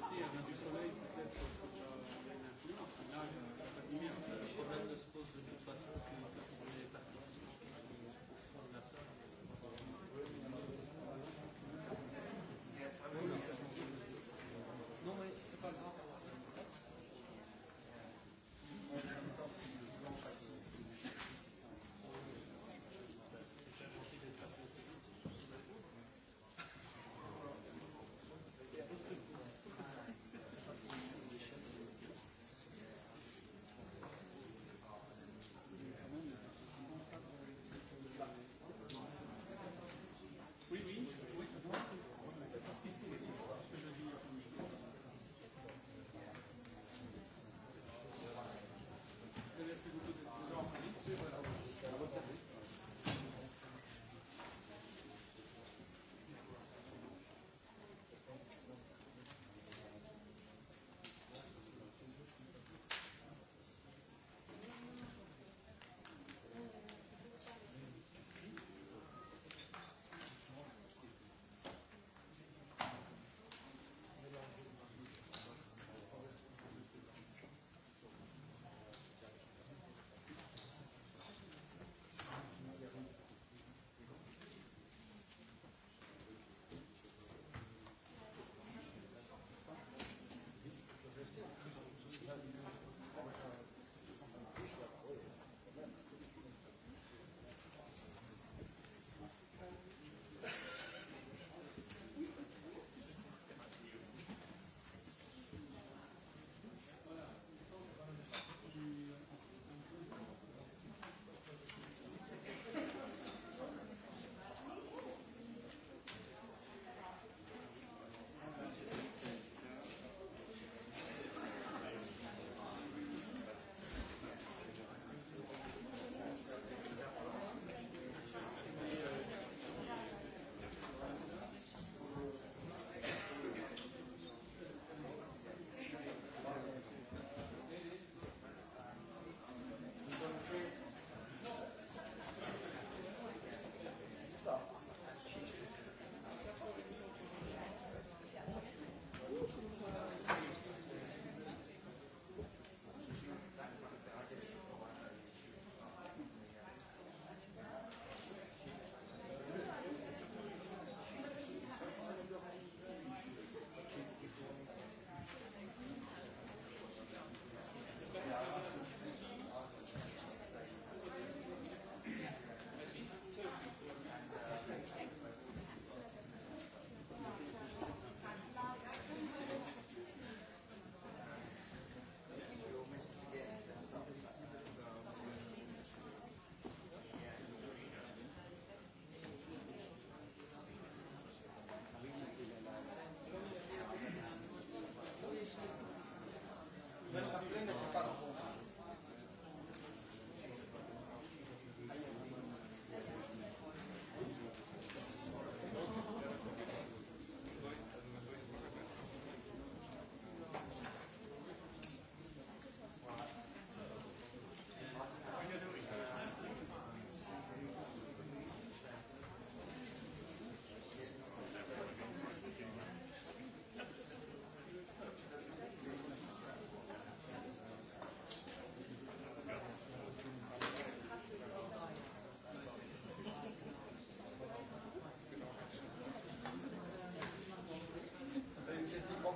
problème de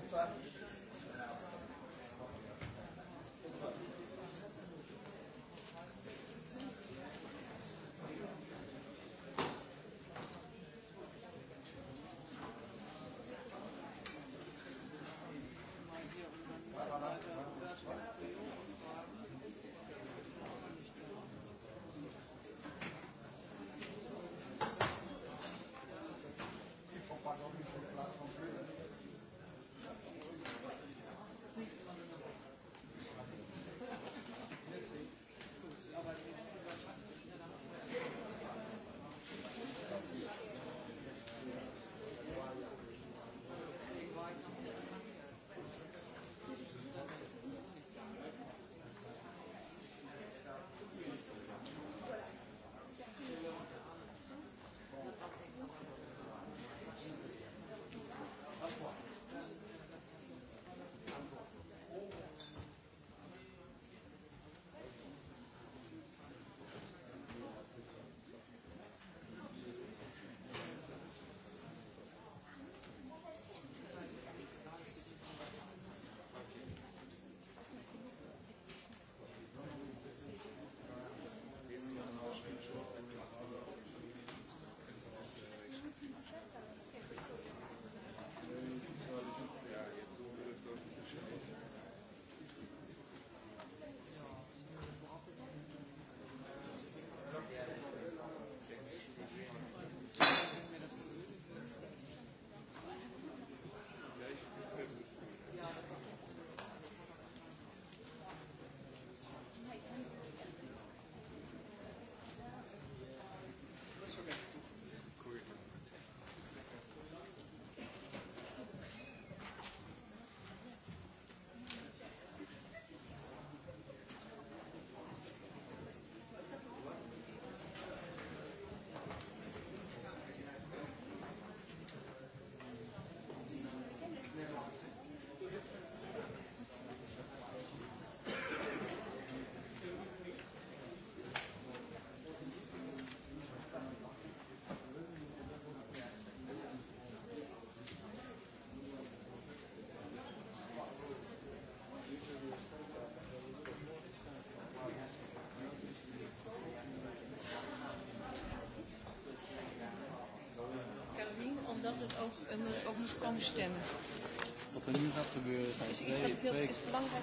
Σας dat het ook, ook moest komen stemmen. Wat er nu gaat gebeuren zijn twee... is belangrijk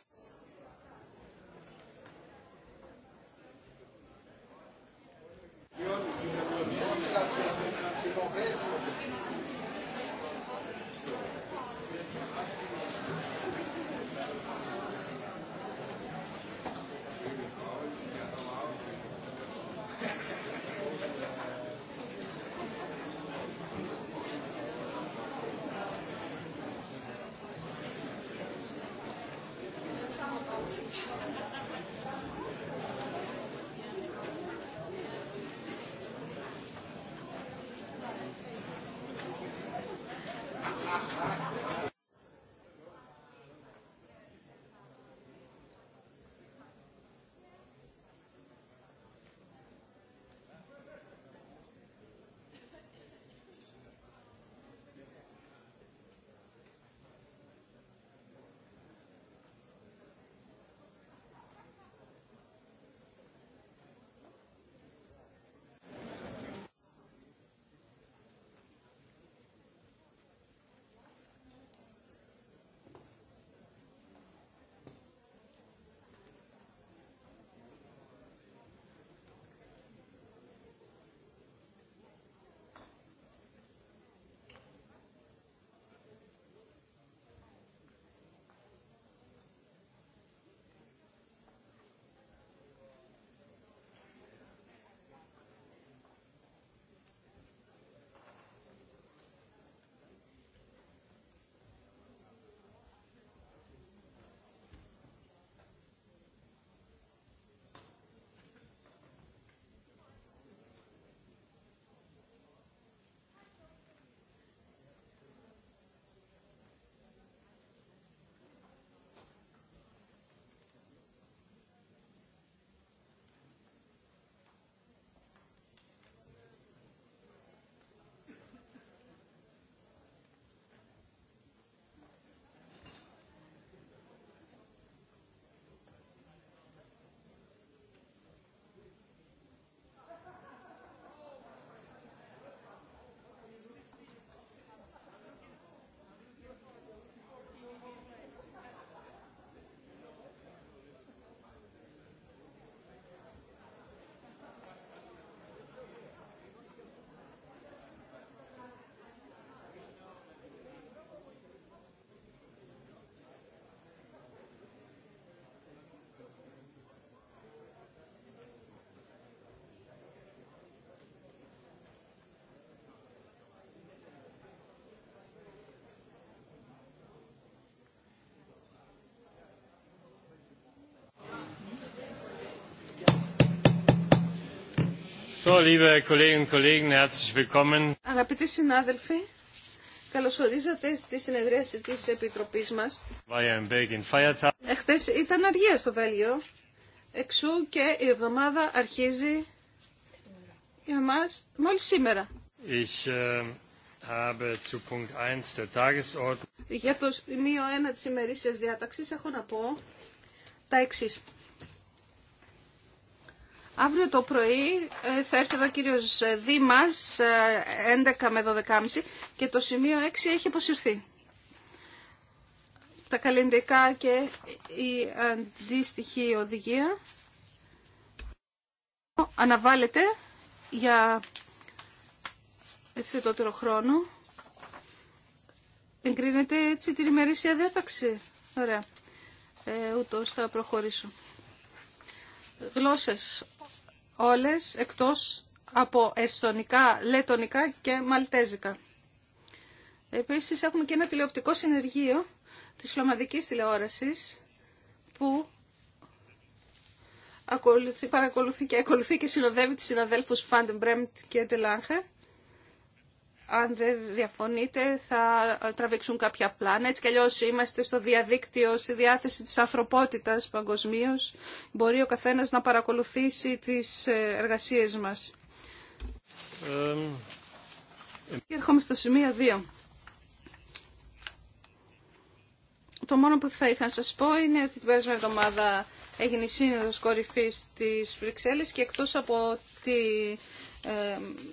Αγαπητοί συνάδελφοι, καλωσορίζατε στη συνεδρίαση της Επιτροπής μας. Εχθές ήταν αργία στο Βέλγιο, εξού και η εβδομάδα αρχίζει για μας μόλις σήμερα. Äh, για το σημείο 1 της ημερήσιας διάταξης έχω να πω τα εξής. Αύριο το πρωί ε, θα έρθει εδώ ο κύριος Δήμας, 11 ε, με 12.30 και το σημείο 6 έχει αποσυρθεί. Τα καλλιντικά και η αντίστοιχη οδηγία αναβάλλεται για ευθετότερο χρόνο. Εγκρίνεται έτσι την ημερήσια διάταξη. Ωραία. Ε, ούτως θα προχωρήσω γλώσσες όλες εκτός από εστονικά, λετονικά και μαλτέζικα. Επίσης έχουμε και ένα τηλεοπτικό συνεργείο της φλαμαδικής τηλεόρασης που παρακολουθεί και ακολουθεί και συνοδεύει τις συναδέλφους Φάντεν και Τελάνχε αν δεν διαφωνείτε θα τραβήξουν κάποια πλάνα. Έτσι κι αλλιώ είμαστε στο διαδίκτυο, στη διάθεση της ανθρωπότητα παγκοσμίω. Μπορεί ο καθένας να παρακολουθήσει τις ε, εργασίες μας. και έρχομαι στο σημείο 2. Το μόνο που θα ήθελα να σας πω είναι ότι την πέρασμένη εβδομάδα έγινε η σύνοδος κορυφής της Βρυξέλλης και εκτός από τη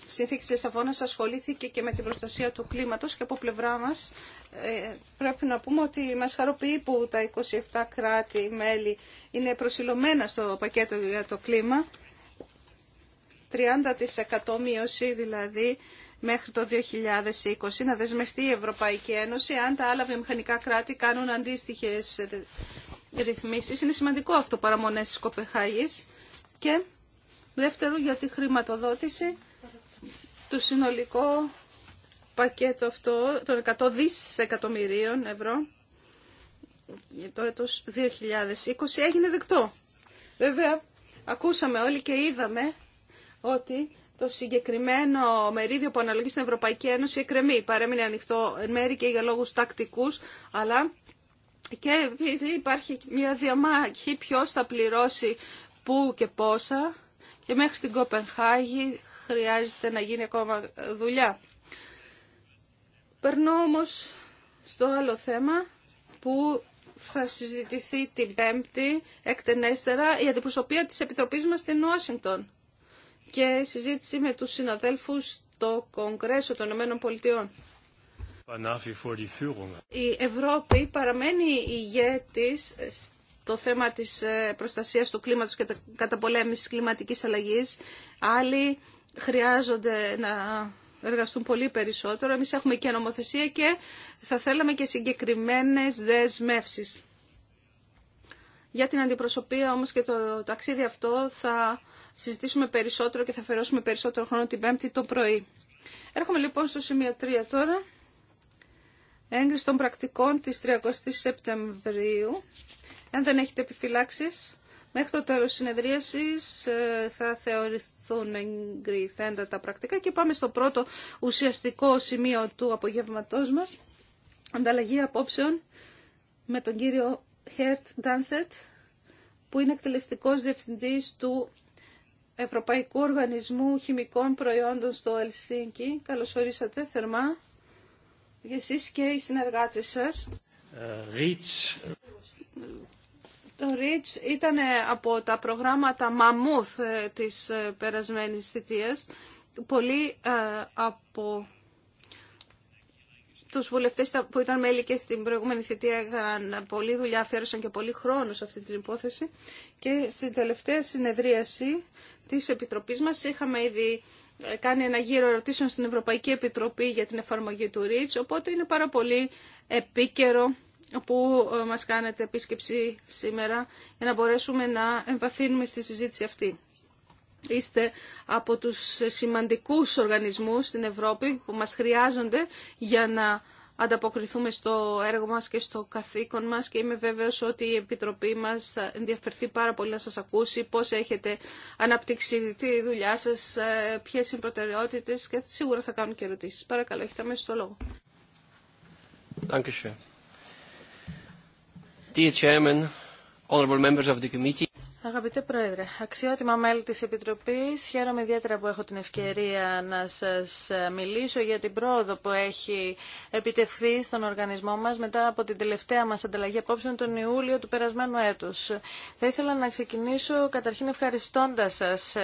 συνθήκη της Σαββόνας ασχολήθηκε και με την προστασία του κλίματος και από πλευρά μας ε, πρέπει να πούμε ότι μας χαροποιεί που τα 27 κράτη-μέλη είναι προσιλωμένα στο πακέτο για το κλίμα. 30% μείωση δηλαδή μέχρι το 2020 να δεσμευτεί η Ευρωπαϊκή Ένωση αν τα άλλα βιομηχανικά κράτη κάνουν αντίστοιχες ρυθμίσεις. Είναι σημαντικό αυτό παραμονές της Κοπεχάγης και Δεύτερον, για τη χρηματοδότηση του συνολικό πακέτο αυτό των 100 δισεκατομμυρίων ευρώ για το έτος 2020 έγινε δεκτό. Βέβαια, ακούσαμε όλοι και είδαμε ότι το συγκεκριμένο μερίδιο που αναλογεί στην Ευρωπαϊκή Ένωση εκκρεμεί. Παρέμεινε ανοιχτό εν μέρη και για λόγους τακτικούς, αλλά και επειδή υπάρχει μια διαμάχη ποιος θα πληρώσει πού και πόσα και μέχρι την Κοπενχάγη χρειάζεται να γίνει ακόμα δουλειά. Περνώ όμως στο άλλο θέμα που θα συζητηθεί την Πέμπτη εκτενέστερα η αντιπροσωπεία της Επιτροπής μας στην Ουάσιγκτον και συζήτηση με τους συναδέλφους στο Κογκρέσο των Ηνωμένων Πολιτειών. Η Ευρώπη παραμένει ηγέτης το θέμα της ε, προστασίας του κλίματος και καταπολέμησης κλιματικής αλλαγής. Άλλοι χρειάζονται να εργαστούν πολύ περισσότερο. Εμείς έχουμε και νομοθεσία και θα θέλαμε και συγκεκριμένες δεσμεύσεις. Για την αντιπροσωπεία όμως και το ταξίδι αυτό θα συζητήσουμε περισσότερο και θα φερώσουμε περισσότερο χρόνο την Πέμπτη το πρωί. Έρχομαι λοιπόν στο σημείο 3 τώρα. Έγκριση των πρακτικών της 30 Σεπτεμβρίου. Αν δεν έχετε επιφυλάξει, μέχρι το τέλος συνεδρίασης ε, θα θεωρηθούν εγκριθέντα τα πρακτικά και πάμε στο πρώτο ουσιαστικό σημείο του απογεύματός μας. Ανταλλαγή απόψεων με τον κύριο Χέρτ Ντάνσετ, που είναι εκτελεστικός διευθυντής του Ευρωπαϊκού Οργανισμού Χημικών Προϊόντων στο Ελσίνκι. Καλώς ορίσατε θερμά. Εσείς και οι συνεργάτες σας. Ε, το REACH ήταν από τα προγράμματα μαμούθ ε, της ε, περασμένης θητείας. Πολλοί ε, από τους βουλευτές που ήταν μέλη και στην προηγούμενη θητεία έκαναν πολλή δουλειά, αφιέρωσαν και πολύ χρόνο σε αυτή την υπόθεση και στην τελευταία συνεδρίαση της Επιτροπής μας είχαμε ήδη κάνει ένα γύρο ερωτήσεων στην Ευρωπαϊκή Επιτροπή για την εφαρμογή του REACH, οπότε είναι πάρα πολύ επίκαιρο που ε, μας κάνετε επίσκεψη σήμερα για να μπορέσουμε να εμβαθύνουμε στη συζήτηση αυτή. Είστε από τους σημαντικούς οργανισμούς στην Ευρώπη που μας χρειάζονται για να ανταποκριθούμε στο έργο μας και στο καθήκον μας και είμαι βέβαιος ότι η Επιτροπή μας θα ενδιαφερθεί πάρα πολύ να σας ακούσει πώς έχετε αναπτύξει τη δουλειά σας, ε, ποιες είναι οι προτεραιότητες και σίγουρα θα κάνουν και ερωτήσεις. Παρακαλώ, έχετε αμέσως το λόγο. Dear Chairman, members of the committee. Αγαπητέ Πρόεδρε, αξιότιμα μέλη της Επιτροπής, χαίρομαι ιδιαίτερα που έχω την ευκαιρία να σας μιλήσω για την πρόοδο που έχει επιτευχθεί στον οργανισμό μας μετά από την τελευταία μας ανταλλαγή απόψεων τον Ιούλιο του περασμένου έτους. Θα ήθελα να ξεκινήσω καταρχήν ευχαριστώντας σας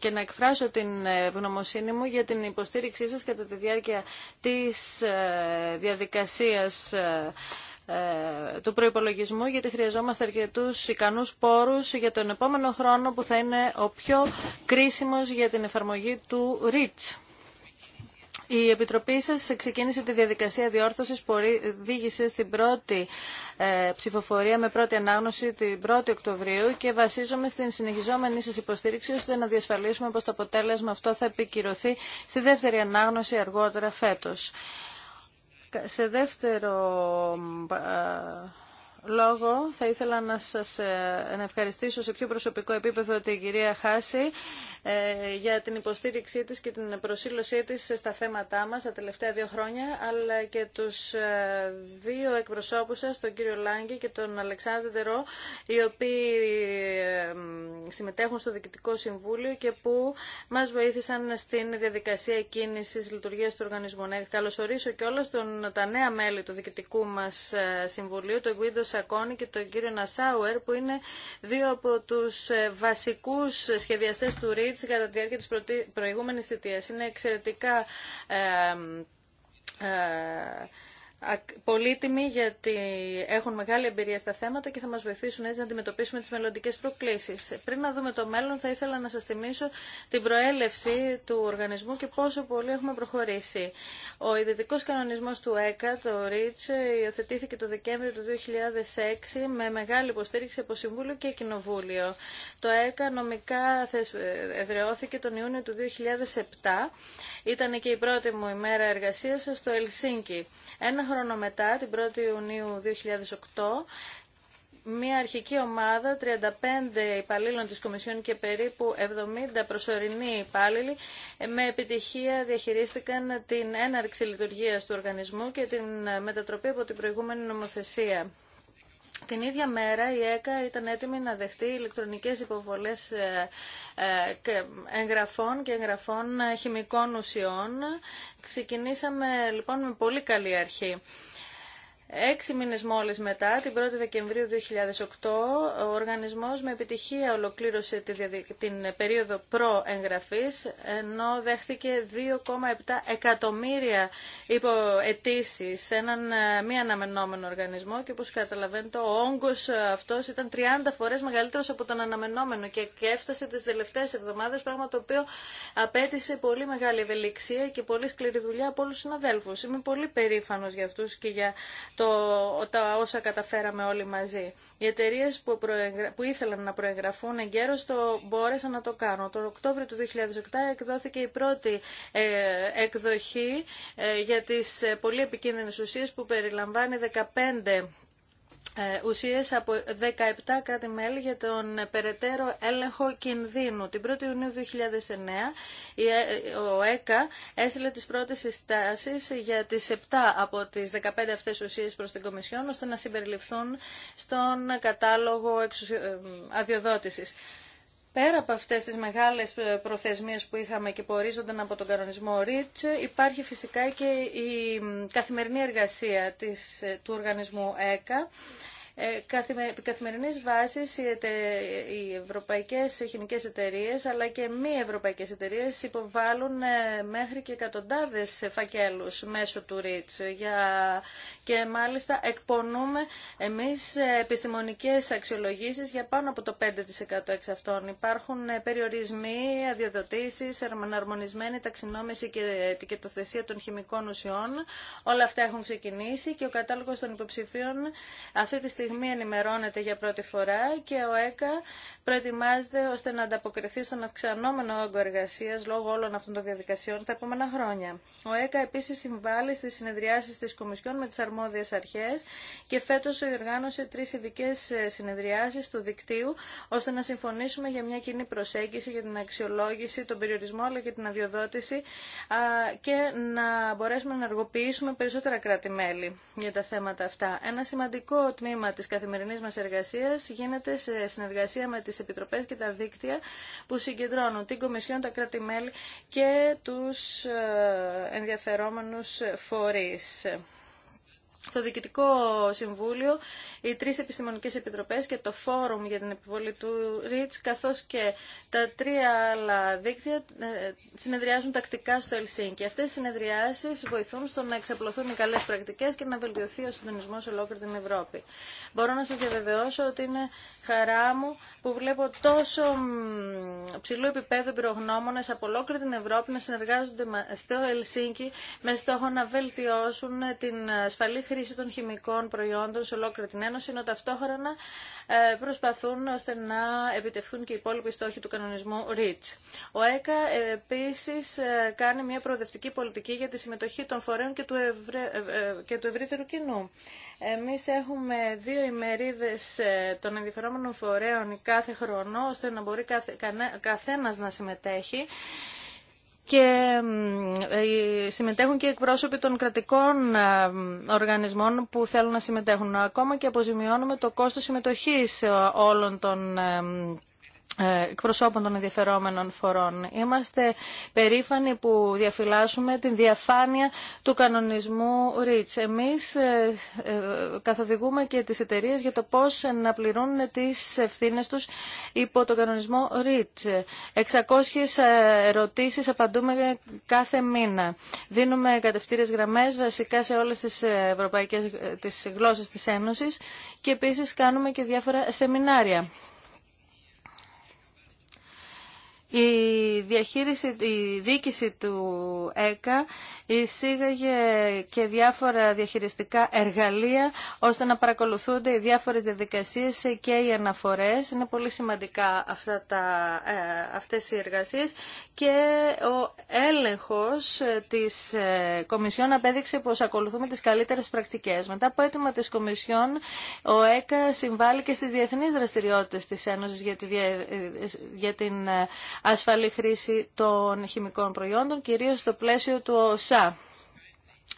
και να εκφράσω την ευγνωμοσύνη μου για την υποστήριξή σας κατά τη διάρκεια της ε, διαδικασίας ε, ε, του προϋπολογισμού γιατί χρειαζόμαστε αρκετούς ικανούς πόρους για τον επόμενο χρόνο που θα είναι ο πιο κρίσιμος για την εφαρμογή του REACH. Η Επιτροπή σα ξεκίνησε τη διαδικασία διόρθωση που οδήγησε στην πρώτη ε, ψηφοφορία με πρώτη ανάγνωση την 1η Οκτωβρίου και βασίζομαι στην συνεχιζόμενη σα υποστήριξη ώστε να διασφαλίσουμε πως το αποτέλεσμα αυτό θα επικυρωθεί στη δεύτερη ανάγνωση αργότερα φέτο σε δεύτερο λόγο θα ήθελα να σας ε, να ευχαριστήσω σε πιο προσωπικό επίπεδο την κυρία Χάση ε, για την υποστήριξή της και την προσήλωσή της στα θέματά μας τα τελευταία δύο χρόνια, αλλά και τους ε, δύο εκπροσώπους σας, τον κύριο Λάγκη και τον Αλεξάνδρου οι οποίοι συμμετέχουν στο Διοικητικό Συμβούλιο και που μας βοήθησαν στην διαδικασία κίνησης λειτουργίας του οργανισμού. Να καλωσορίσω και όλα τα νέα μέλη του Διοικητικού μας Συμβουλίου, τον Guido Σακώνη και τον κύριο Νασάουερ που είναι δύο από ε, του βασικού σχεδιαστέ του ΡΙΤΣ κατά τη διάρκεια τη προηγούμενη θητεία. Είναι εξαιρετικά ε, ε πολύτιμοι γιατί έχουν μεγάλη εμπειρία στα θέματα και θα μας βοηθήσουν έτσι να αντιμετωπίσουμε τις μελλοντικέ προκλήσεις. Πριν να δούμε το μέλλον θα ήθελα να σας θυμίσω την προέλευση του οργανισμού και πόσο πολύ έχουμε προχωρήσει. Ο ιδιωτικό κανονισμός του ΕΚΑ, το ΡΙΤΣ, υιοθετήθηκε το Δεκέμβριο του 2006 με μεγάλη υποστήριξη από Συμβούλιο και Κοινοβούλιο. Το ΕΚΑ νομικά εδρεώθηκε τον Ιούνιο του 2007. Ήταν και η πρώτη μου ημέρα εργασίας στο Ελσίνκι χρόνο μετά, την 1η Ιουνίου 2008, μια αρχική ομάδα, 35 υπαλλήλων της Κομισιόν και περίπου 70 προσωρινοί υπάλληλοι, με επιτυχία διαχειρίστηκαν την έναρξη λειτουργίας του οργανισμού και την μετατροπή από την προηγούμενη νομοθεσία. Την ίδια μέρα η ΕΚΑ ήταν έτοιμη να δεχτεί ηλεκτρονικές υποβολές ε, ε, εγγραφών και εγγραφών ε, χημικών ουσιών. Ξεκινήσαμε λοιπόν με πολύ καλή αρχή. Έξι μήνες μόλις μετά, την 1η Δεκεμβρίου 2008, ο οργανισμός με επιτυχία ολοκλήρωσε την περίοδο προεγγραφής, ενώ δέχτηκε 2,7 εκατομμύρια υποαιτήσεις σε έναν ε, μη αναμενόμενο οργανισμό και όπως καταλαβαίνετε ο όγκος αυτός ήταν 30 φορές μεγαλύτερος από τον αναμενόμενο και έφτασε τις τελευταίες εβδομάδες, πράγμα το οποίο απέτησε πολύ μεγάλη ευελιξία και πολύ σκληρή δουλειά από όλους τους συναδέλφους. Είμαι πολύ περήφανος για αυτούς και για το, τα όσα καταφέραμε όλοι μαζί. Οι εταιρείε που, που ήθελαν να προεγγραφούν εγκαίρω το μπόρεσαν να το κάνουν. Τον Οκτώβριο του 2008 εκδόθηκε η πρώτη ε, εκδοχή ε, για τις ε, πολύ επικίνδυνες ουσίε που περιλαμβάνει 15 ε, ουσίες από 17 κράτη-μέλη για τον περαιτέρω έλεγχο κινδύνου. Την 1η Ιουνίου 2009 ε, ο ΕΚΑ έστειλε τις πρώτες συστάσεις για τις 7 από τις 15 αυτές ουσίες προς την Κομισιόν ώστε να συμπεριληφθούν στον κατάλογο ε, αδειοδότησης. Πέρα από αυτές τις μεγάλες ε, προθεσμίες που είχαμε και που ορίζονταν από τον κανονισμό REACH, υπάρχει φυσικά και η καθημερινή εργασία της, ε, του οργανισμού ΕΚΑ, ε, καθημερινής βάσης οι ευρωπαϊκές χημικές εταιρείες αλλά και μη ευρωπαϊκές εταιρείες υποβάλλουν ε, μέχρι και εκατοντάδες φακέλους μέσω του REACH για... και μάλιστα εκπονούμε εμείς ε, επιστημονικές αξιολογήσεις για πάνω από το 5% εξ αυτών. Υπάρχουν περιορισμοί, αδειοδοτήσεις, αναρμονισμένη ταξινόμηση και ετικετοθεσία των χημικών ουσιών. Όλα αυτά έχουν ξεκινήσει και ο κατάλογος των υποψηφίων αυτή τη στιγμή στιγμή ενημερώνεται για πρώτη φορά και ο ΕΚΑ προετοιμάζεται ώστε να ανταποκριθεί στον αυξανόμενο όγκο εργασία λόγω όλων αυτών των διαδικασιών τα επόμενα χρόνια. Ο ΕΚΑ επίση συμβάλλει στι συνεδριάσει τη Κομισιόν με τι αρμόδιε αρχέ και φέτο οργάνωσε τρει ειδικέ ε, συνεδριάσει του δικτύου ώστε να συμφωνήσουμε για μια κοινή προσέγγιση για την αξιολόγηση, τον περιορισμό αλλά και την αδειοδότηση και να μπορέσουμε να ενεργοποιήσουμε περισσοτερα περισσότερα κράτη-μέλη για τα θέματα αυτά. Ένα σημαντικό τμήμα της καθημερινής μας εργασίας γίνεται σε συνεργασία με τις επιτροπές και τα δίκτυα που συγκεντρώνουν την Κομισιόν, τα κράτη-μέλη και τους ε, ενδιαφερόμενους φορείς το Διοικητικό Συμβούλιο, οι τρεις επιστημονικές επιτροπές και το Φόρουμ για την επιβολή του ΡΙΤΣ, καθώς και τα τρία άλλα δίκτυα ε, συνεδριάζουν τακτικά στο Ελσίνκι. Αυτές οι συνεδριάσεις βοηθούν στο να εξαπλωθούν οι καλές πρακτικές και να βελτιωθεί ο συντονισμός ολόκληρη την Ευρώπη. Μπορώ να σας διαβεβαιώσω ότι είναι χαρά μου που βλέπω τόσο ψηλού επίπεδου πυρογνώμονες από ολόκληρη την Ευρώπη να συνεργάζονται στο Ελσίνκι με στόχο να βελτιώσουν την ασφαλή χρήση των χημικών προϊόντων σε ολόκληρη την Ένωση, ενώ ταυτόχρονα ε, προσπαθούν ώστε να επιτευχθούν και οι υπόλοιποι στόχοι του κανονισμού REACH. Ο ΕΚΑ ε, επίση ε, κάνει μια προοδευτική πολιτική για τη συμμετοχή των φορέων και του, και του ευρύτερου κοινού. Εμεί έχουμε δύο ημερίδες των ενδιαφερόμενων φορέων κάθε χρόνο, ώστε να μπορεί καθένα να συμμετέχει και ε, συμμετέχουν και εκπρόσωποι των κρατικών ε, οργανισμών που θέλουν να συμμετέχουν. Ακόμα και αποζημιώνουμε το κόστος συμμετοχής ε, όλων των ε, εκπροσώπων των ενδιαφερόμενων φορών. Είμαστε περήφανοι που διαφυλάσσουμε την διαφάνεια του κανονισμού REACH. Εμείς ε, ε, καθοδηγούμε και τις εταιρείες για το πώς να πληρούν τις ευθύνες τους υπό τον κανονισμό REACH. 600 ερωτήσεις απαντούμε κάθε μήνα. Δίνουμε κατευθύνες γραμμές βασικά σε όλες τις ευρωπαϊκές τις γλώσσες της Ένωσης και επίσης κάνουμε και διάφορα σεμινάρια. Η διαχείριση, η διοίκηση του ΕΚΑ εισήγαγε και διάφορα διαχειριστικά εργαλεία ώστε να παρακολουθούνται οι διάφορες διαδικασίες και οι αναφορές. Είναι πολύ σημαντικά αυτά τα, ε, αυτές οι εργασίες και ο έλεγχος της ε, Κομισιόν απέδειξε πως ακολουθούμε τις καλύτερες πρακτικές. Μετά από αίτημα της Κομισιόν, ο ΕΚΑ συμβάλλει και στις διεθνείς δραστηριότητες της Ένωσης για, τη, ε, για την ασφαλή χρήση των χημικών προϊόντων, κυρίως στο πλαίσιο του ΟΣΑ.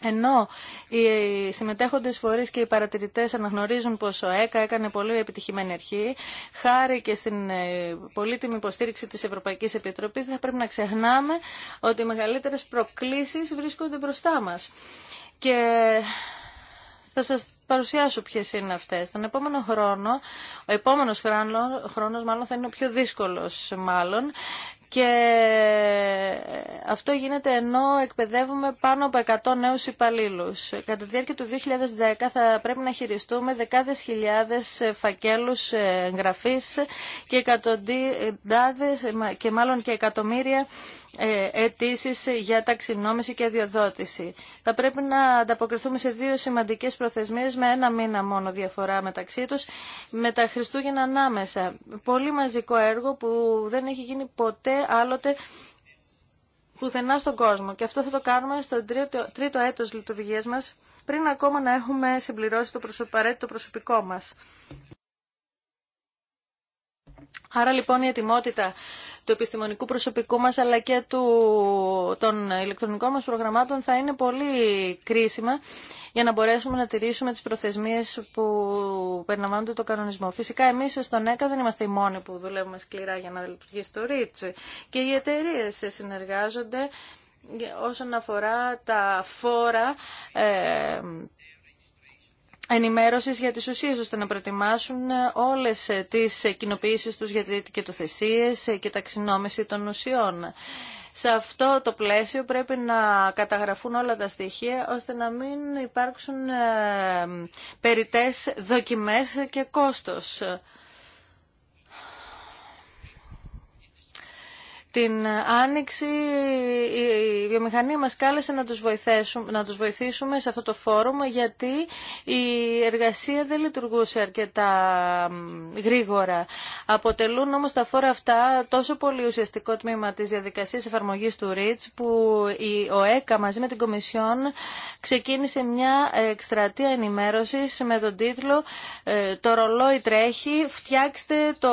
Ενώ οι συμμετέχοντες φορείς και οι παρατηρητές αναγνωρίζουν πως ο ΕΚΑ έκανε πολύ επιτυχημένη αρχή, χάρη και στην ε, πολύτιμη υποστήριξη της Ευρωπαϊκής Επιτροπής, δεν θα πρέπει να ξεχνάμε ότι οι μεγαλύτερες προκλήσεις βρίσκονται μπροστά μας. Και θα σας παρουσιάσω ποιες είναι αυτές. Τον επόμενο χρόνο, ο επόμενος χρόνος, μάλλον θα είναι ο πιο δύσκολος μάλλον και αυτό γίνεται ενώ εκπαιδεύουμε πάνω από 100 νέους υπαλλήλους. Κατά τη διάρκεια του 2010 θα πρέπει να χειριστούμε δεκάδες χιλιάδες φακέλους εγγραφής και εκατοντάδες και μάλλον και εκατομμύρια ε, αιτήσει για ταξινόμηση και διοδότηση. Θα πρέπει να ανταποκριθούμε σε δύο σημαντικέ προθεσμίε με ένα μήνα μόνο διαφορά μεταξύ του, με τα Χριστούγεννα ανάμεσα. Πολύ μαζικό έργο που δεν έχει γίνει ποτέ άλλοτε πουθενά στον κόσμο. Και αυτό θα το κάνουμε στο τρίτο, τρίτο έτος λειτουργίας μας, πριν ακόμα να έχουμε συμπληρώσει το απαραίτητο προσωπικό μας. Άρα λοιπόν η ετοιμότητα του επιστημονικού προσωπικού μας αλλά και του, των ηλεκτρονικών μας προγραμμάτων θα είναι πολύ κρίσιμα για να μπορέσουμε να τηρήσουμε τις προθεσμίες που περιλαμβάνονται το κανονισμό. Φυσικά εμείς στον ΕΚΑ δεν είμαστε οι μόνοι που δουλεύουμε σκληρά για να λειτουργήσει το και οι εταιρείε συνεργάζονται όσον αφορά τα φόρα ε, Ενημέρωση για τις ουσίες ώστε να προετοιμάσουν όλες ε, τις κοινοποιήσει τους για τι ετικετοθεσίες ε, και ταξινόμηση των ουσιών. Σε αυτό το πλαίσιο πρέπει να καταγραφούν όλα τα στοιχεία ώστε να μην υπάρξουν ε, περιτές δοκιμές και κόστος. την Άνοιξη η βιομηχανία μας κάλεσε να τους, βοηθήσουμε, να τους σε αυτό το φόρουμ γιατί η εργασία δεν λειτουργούσε αρκετά γρήγορα. Αποτελούν όμως τα φόρα αυτά τόσο πολύ ουσιαστικό τμήμα της διαδικασίας εφαρμογής του ΡΙΤΣ που η ΟΕΚΑ μαζί με την Κομισιόν ξεκίνησε μια εκστρατεία ενημέρωσης με τον τίτλο ε, «Το ρολόι τρέχει, φτιάξτε το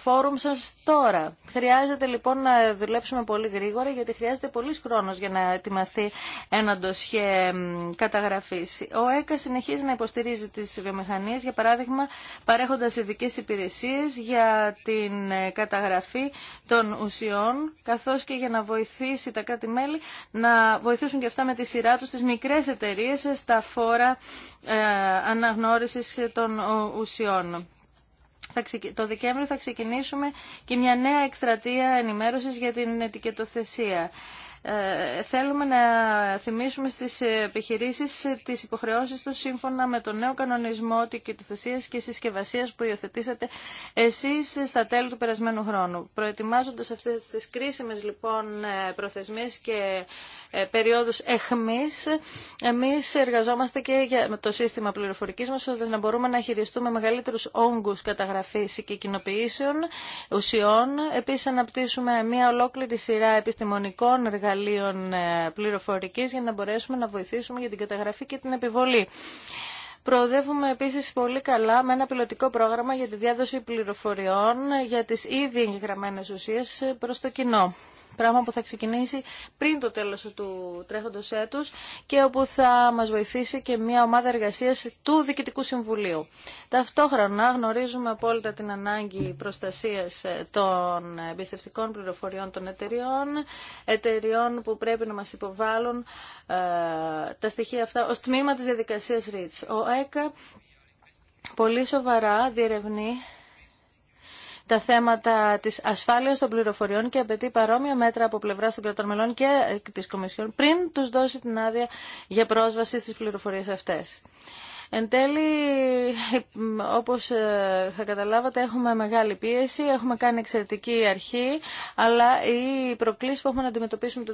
φόρουμ σας τώρα». Χρειάζεται λοιπόν να δουλέψουμε πολύ γρήγορα γιατί χρειάζεται πολύς χρόνος για να ετοιμαστεί ένα ντοσχέ καταγραφής. Ο ΕΚΑ συνεχίζει να υποστηρίζει τις βιομηχανίες, για παράδειγμα παρέχοντας ειδικέ υπηρεσίες για την ε, καταγραφή των ουσιών, καθώς και για να βοηθήσει τα κράτη-μέλη να βοηθήσουν και αυτά με τη σειρά τους τις μικρές εταιρείες στα φόρα ε, αναγνώρισης των ουσιών το Δεκέμβριο θα ξεκινήσουμε και μια νέα εκστρατεία ενημέρωσης για την ετικετοθεσία. Ε, θέλουμε να θυμίσουμε στις επιχειρήσεις τις υποχρεώσεις του σύμφωνα με τον νέο κανονισμό κυκλοθεσίας και συσκευασίας που υιοθετήσατε εσείς στα τέλη του περασμένου χρόνου. Προετοιμάζοντας αυτές τις κρίσιμες λοιπόν ε, προθεσμίες και ε, περιόδους εχμής, εμείς εργαζόμαστε και για το σύστημα πληροφορικής μας ώστε να μπορούμε να χειριστούμε μεγαλύτερους όγκους καταγραφής και κοινοποιήσεων ουσιών. Επίσης αναπτύσσουμε μια ολόκληρη σειρά επιστημονικών εργαζόμενων εργαλείων ε, πληροφορικής για να μπορέσουμε να βοηθήσουμε για την καταγραφή και την επιβολή. Προοδεύουμε επίσης πολύ καλά με ένα πιλωτικό πρόγραμμα για τη διάδοση πληροφοριών ε, για τις ήδη εγγεγραμμένες ουσίες ε, προς το κοινό. Πράγμα που θα ξεκινήσει πριν το τέλος του τρέχοντος έτους και όπου θα μας βοηθήσει και μια ομάδα εργασίας του Διοικητικού Συμβουλίου. Ταυτόχρονα γνωρίζουμε απόλυτα την ανάγκη προστασίας ε, των εμπιστευτικών πληροφοριών των εταιριών, εταιριών που πρέπει να μας υποβάλουν ε, τα στοιχεία αυτά ως τμήμα της διαδικασίας REACH. Ο ΕΚΑ πολύ σοβαρά διερευνεί τα θέματα της ασφάλειας των πληροφοριών και απαιτεί παρόμοια μέτρα από πλευρά των κρατών και ε, της Κομισιόν πριν τους δώσει την άδεια για πρόσβαση στις πληροφορίες αυτές. Εν τέλει, όπως ε, θα καταλάβατε, έχουμε μεγάλη πίεση, έχουμε κάνει εξαιρετική αρχή, αλλά οι προκλήσεις που έχουμε να αντιμετωπίσουμε το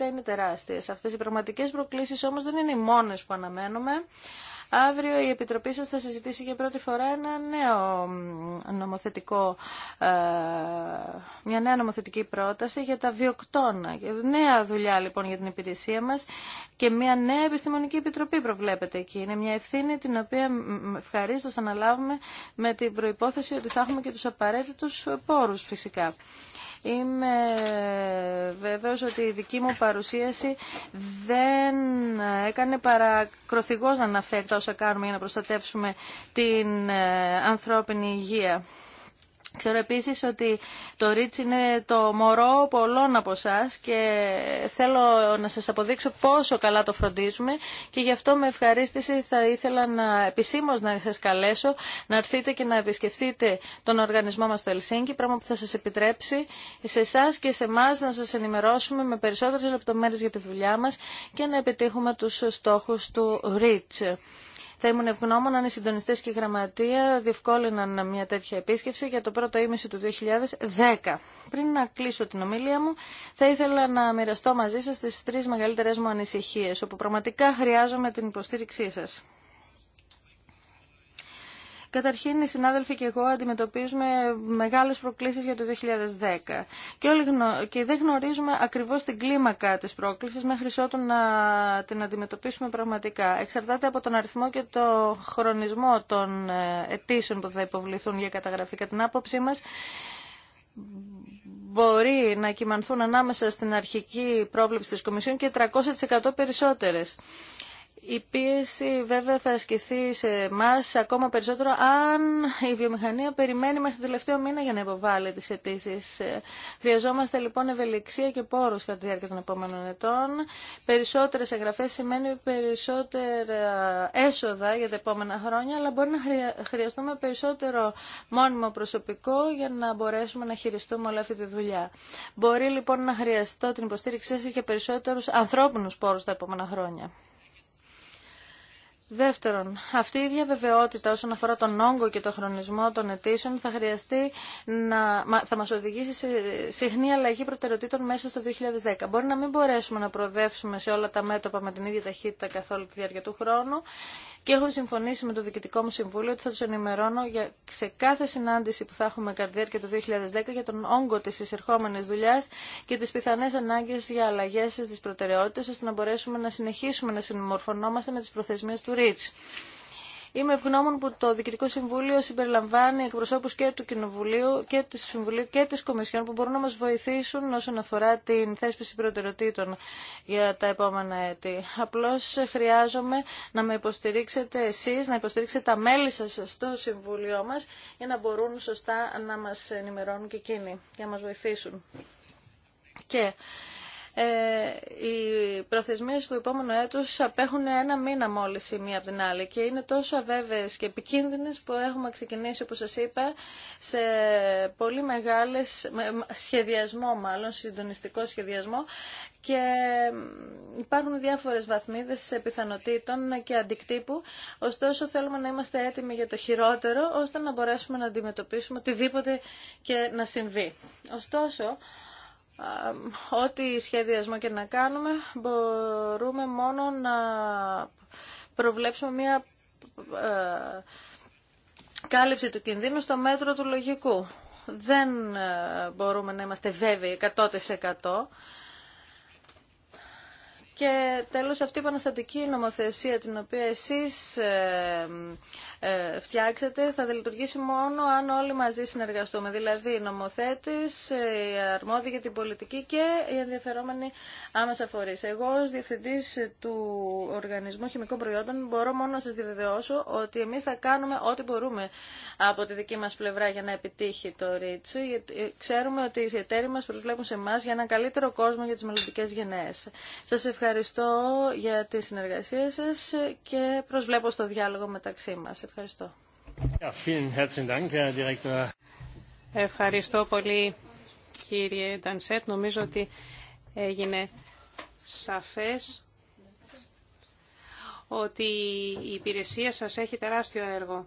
2010 είναι τεράστιες. Αυτές οι πραγματικές προκλήσεις όμως δεν είναι οι μόνες που αναμένουμε. Αύριο η Επιτροπή σας θα συζητήσει για πρώτη φορά ένα νέο νομοθετικό, ε, μια νέα νομοθετική πρόταση για τα βιοκτώνα. Νέα δουλειά λοιπόν για την υπηρεσία μας και μια νέα επιστημονική επιτροπή προβλέπεται εκεί. Είναι μια ευθύνη την οποία ευχαρίστως αναλάβουμε με την προϋπόθεση ότι θα έχουμε και τους απαραίτητους πόρους φυσικά. Είμαι βέβαιος ότι η δική μου παρουσίαση δεν έκανε παρά να αναφέρει όσα κάνουμε για να προστατεύσουμε την ε, ανθρώπινη υγεία. Ξέρω επίσης ότι το Ρίτς είναι το μωρό πολλών από εσά και θέλω να σας αποδείξω πόσο καλά το φροντίζουμε και γι' αυτό με ευχαρίστηση θα ήθελα να επισήμως να σας καλέσω να έρθετε και να επισκεφτείτε τον οργανισμό μας στο Ελσίνκι, πράγμα που θα σας επιτρέψει σε εσά και σε εμά να σας ενημερώσουμε με περισσότερες λεπτομέρειες για τη δουλειά μας και να επιτύχουμε τους στόχους του Ρίτς. Θα ήμουν ευγνώμων αν οι συντονιστές και η γραμματεία διευκόλυναν μια τέτοια επίσκεψη για το πρώτο ήμιση του 2010. Πριν να κλείσω την ομιλία μου, θα ήθελα να μοιραστώ μαζί σας τις τρεις μεγαλύτερες μου ανησυχίες, όπου πραγματικά χρειάζομαι την υποστήριξή σας. Καταρχήν, οι συνάδελφοι και εγώ αντιμετωπίζουμε μεγάλες προκλήσεις για το 2010 και, και δεν γνωρίζουμε ακριβώς την κλίμακα της πρόκλησης μέχρι ότου να την αντιμετωπίσουμε πραγματικά. Εξαρτάται από τον αριθμό και το χρονισμό των ε, αιτήσεων που θα υποβληθούν για καταγραφή. Κατά την άποψή μας, μπορεί να κυμανθούν ανάμεσα στην αρχική πρόβλεψη της Κομισιόν και 300% περισσότερες. Η πίεση βέβαια θα ασκηθεί σε εμά ακόμα περισσότερο αν η βιομηχανία περιμένει μέχρι το τελευταίο μήνα για να υποβάλει τι αιτήσει. Χρειαζόμαστε λοιπόν ευελιξία και πόρου κατά τη διάρκεια των επόμενων ετών. Περισσότερε εγγραφέ σημαίνει περισσότερα έσοδα για τα επόμενα χρόνια, αλλά μπορεί να χρειαστούμε περισσότερο μόνιμο προσωπικό για να μπορέσουμε να χειριστούμε όλη αυτή τη δουλειά. Μπορεί λοιπόν να χρειαστώ την υποστήριξή σα και περισσότερου ανθρώπινου πόρου τα επόμενα χρόνια. Δεύτερον, αυτή η διαβεβαιότητα όσον αφορά τον όγκο και τον χρονισμό των αιτήσεων θα χρειαστεί να θα μας οδηγήσει σε συχνή αλλαγή προτεραιοτήτων μέσα στο 2010. Μπορεί να μην μπορέσουμε να προοδεύσουμε σε όλα τα μέτωπα με την ίδια ταχύτητα καθόλου όλη τη διάρκεια του χρόνου και έχω συμφωνήσει με το Διοικητικό μου Συμβούλιο ότι θα του ενημερώνω για, σε κάθε συνάντηση που θα έχουμε καρδιέρ και το 2010 για τον όγκο τη εισερχόμενη δουλειά και τι πιθανέ ανάγκε για αλλαγέ στι προτεραιότητε, ώστε να μπορέσουμε να συνεχίσουμε να συμμορφωνόμαστε με τι προθεσμίε του ΡΙΤΣ. Είμαι ευγνώμων που το Διοικητικό Συμβούλιο συμπεριλαμβάνει εκπροσώπους και του Κοινοβουλίου και της Συμβουλίου και τη Κομισιόν που μπορούν να μα βοηθήσουν όσον αφορά την θέσπιση προτεραιοτήτων για τα επόμενα έτη. Απλώ χρειάζομαι να με υποστηρίξετε εσεί, να υποστηρίξετε τα μέλη σα στο Συμβούλιο μα για να μπορούν σωστά να μα ενημερώνουν και εκείνοι, για να μα βοηθήσουν. Και ε, οι προθεσμίες του επόμενου έτους απέχουν ένα μήνα μόλις η μία από την άλλη και είναι τόσο αβέβαιες και επικίνδυνες που έχουμε ξεκινήσει, όπως σας είπα, σε πολύ μεγάλες, σχεδιασμό μάλλον, συντονιστικό σχεδιασμό και υπάρχουν διάφορες βαθμίδες πιθανότητων και αντικτύπου, ωστόσο θέλουμε να είμαστε έτοιμοι για το χειρότερο, ώστε να μπορέσουμε να αντιμετωπίσουμε οτιδήποτε και να συμβεί. Ωστόσο, ό,τι σχεδιασμό και να κάνουμε μπορούμε μόνο να προβλέψουμε μια ε, κάλυψη του κινδύνου στο μέτρο του λογικού. Δεν ε, μπορούμε να είμαστε βέβαιοι 100% και τέλος αυτή η επαναστατική νομοθεσία την οποία εσείς ε, ε, φτιάξετε θα λειτουργήσει μόνο αν όλοι μαζί συνεργαστούμε. Δηλαδή οι νομοθέτης, οι ε, αρμόδιοι για την πολιτική και οι ενδιαφερόμενοι άμεσα φορείς. Εγώ ως διευθυντής του Οργανισμού Χημικών Προϊόντων μπορώ μόνο να σας διαβεβαιώσω ότι εμείς θα κάνουμε ό,τι μπορούμε από τη δική μας πλευρά για να επιτύχει το ρίτσι. Ξέρουμε ότι οι εταίροι μας προσβλέπουν σε εμά για έναν καλύτερο κόσμο για τις μελλοντικές γενναίες. Σας ευχαριστώ ευχαριστώ για τη συνεργασία σας και προσβλέπω στο διάλογο μεταξύ μας. Ευχαριστώ. Ευχαριστώ πολύ κύριε Ντανσέτ. Νομίζω ότι έγινε σαφές ότι η υπηρεσία σας έχει τεράστιο έργο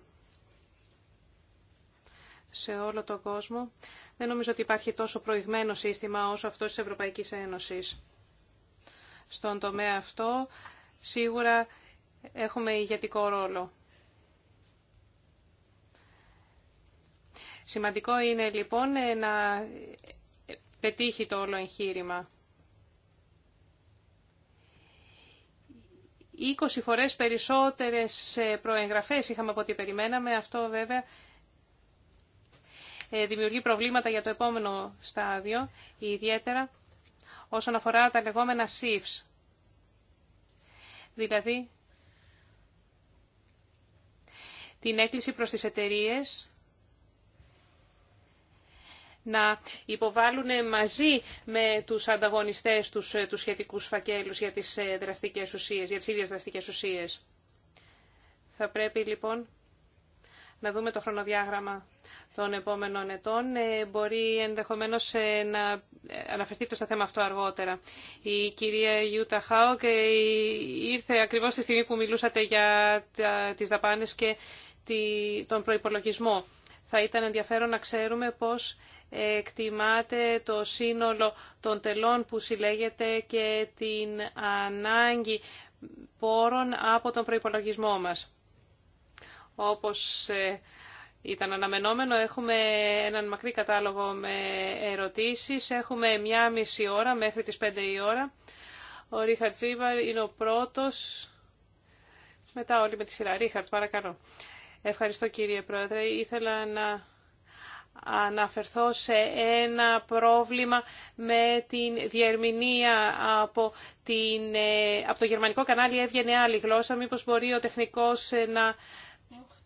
σε όλο τον κόσμο. Δεν νομίζω ότι υπάρχει τόσο προηγμένο σύστημα όσο αυτό της Ευρωπαϊκής Ένωσης στον τομέα αυτό σίγουρα έχουμε ηγετικό ρόλο. Σημαντικό είναι λοιπόν να πετύχει το όλο εγχείρημα. 20 φορές περισσότερες ε, προεγγραφές είχαμε από ό,τι περιμέναμε. Αυτό βέβαια ε, δημιουργεί προβλήματα για το επόμενο στάδιο, ιδιαίτερα όσον αφορά τα λεγόμενα SIFs. Δηλαδή, την έκκληση προς τις εταιρείες να υποβάλουν μαζί με τους ανταγωνιστές τους, ε, τους σχετικούς φακέλους για τις, ε, δραστικές ουσίες, για τις ίδιες δραστικές ουσίες. Θα πρέπει λοιπόν να δούμε το χρονοδιάγραμμα των επόμενων ετών. Ε, μπορεί ενδεχομένως ε, να ε, αναφερθείτε στο θέμα αυτό αργότερα. Η κυρία Ιούτα και ήρθε ακριβώς τη στιγμή που μιλούσατε για τις δαπάνες και τον προϋπολογισμό. Θα ήταν ενδιαφέρον να ξέρουμε πώς εκτιμάται το σύνολο των τελών που συλλέγεται και την ανάγκη πόρων από τον προϋπολογισμό μας. Όπως ήταν αναμενόμενο, έχουμε έναν μακρύ κατάλογο με ερωτήσεις, έχουμε μία μισή ώρα μέχρι τις πέντε η ώρα. Ο Ρίχαρτ Ζίβαρ είναι ο πρώτος, μετά όλοι με τη σειρά. Ρίχαρτ, παρακαλώ. Ευχαριστώ κύριε Πρόεδρε. Ήθελα να αναφερθώ σε ένα πρόβλημα με την διερμηνία από, την, ε, από το γερμανικό κανάλι έβγαινε άλλη γλώσσα. Μήπως μπορεί ο τεχνικός ε, να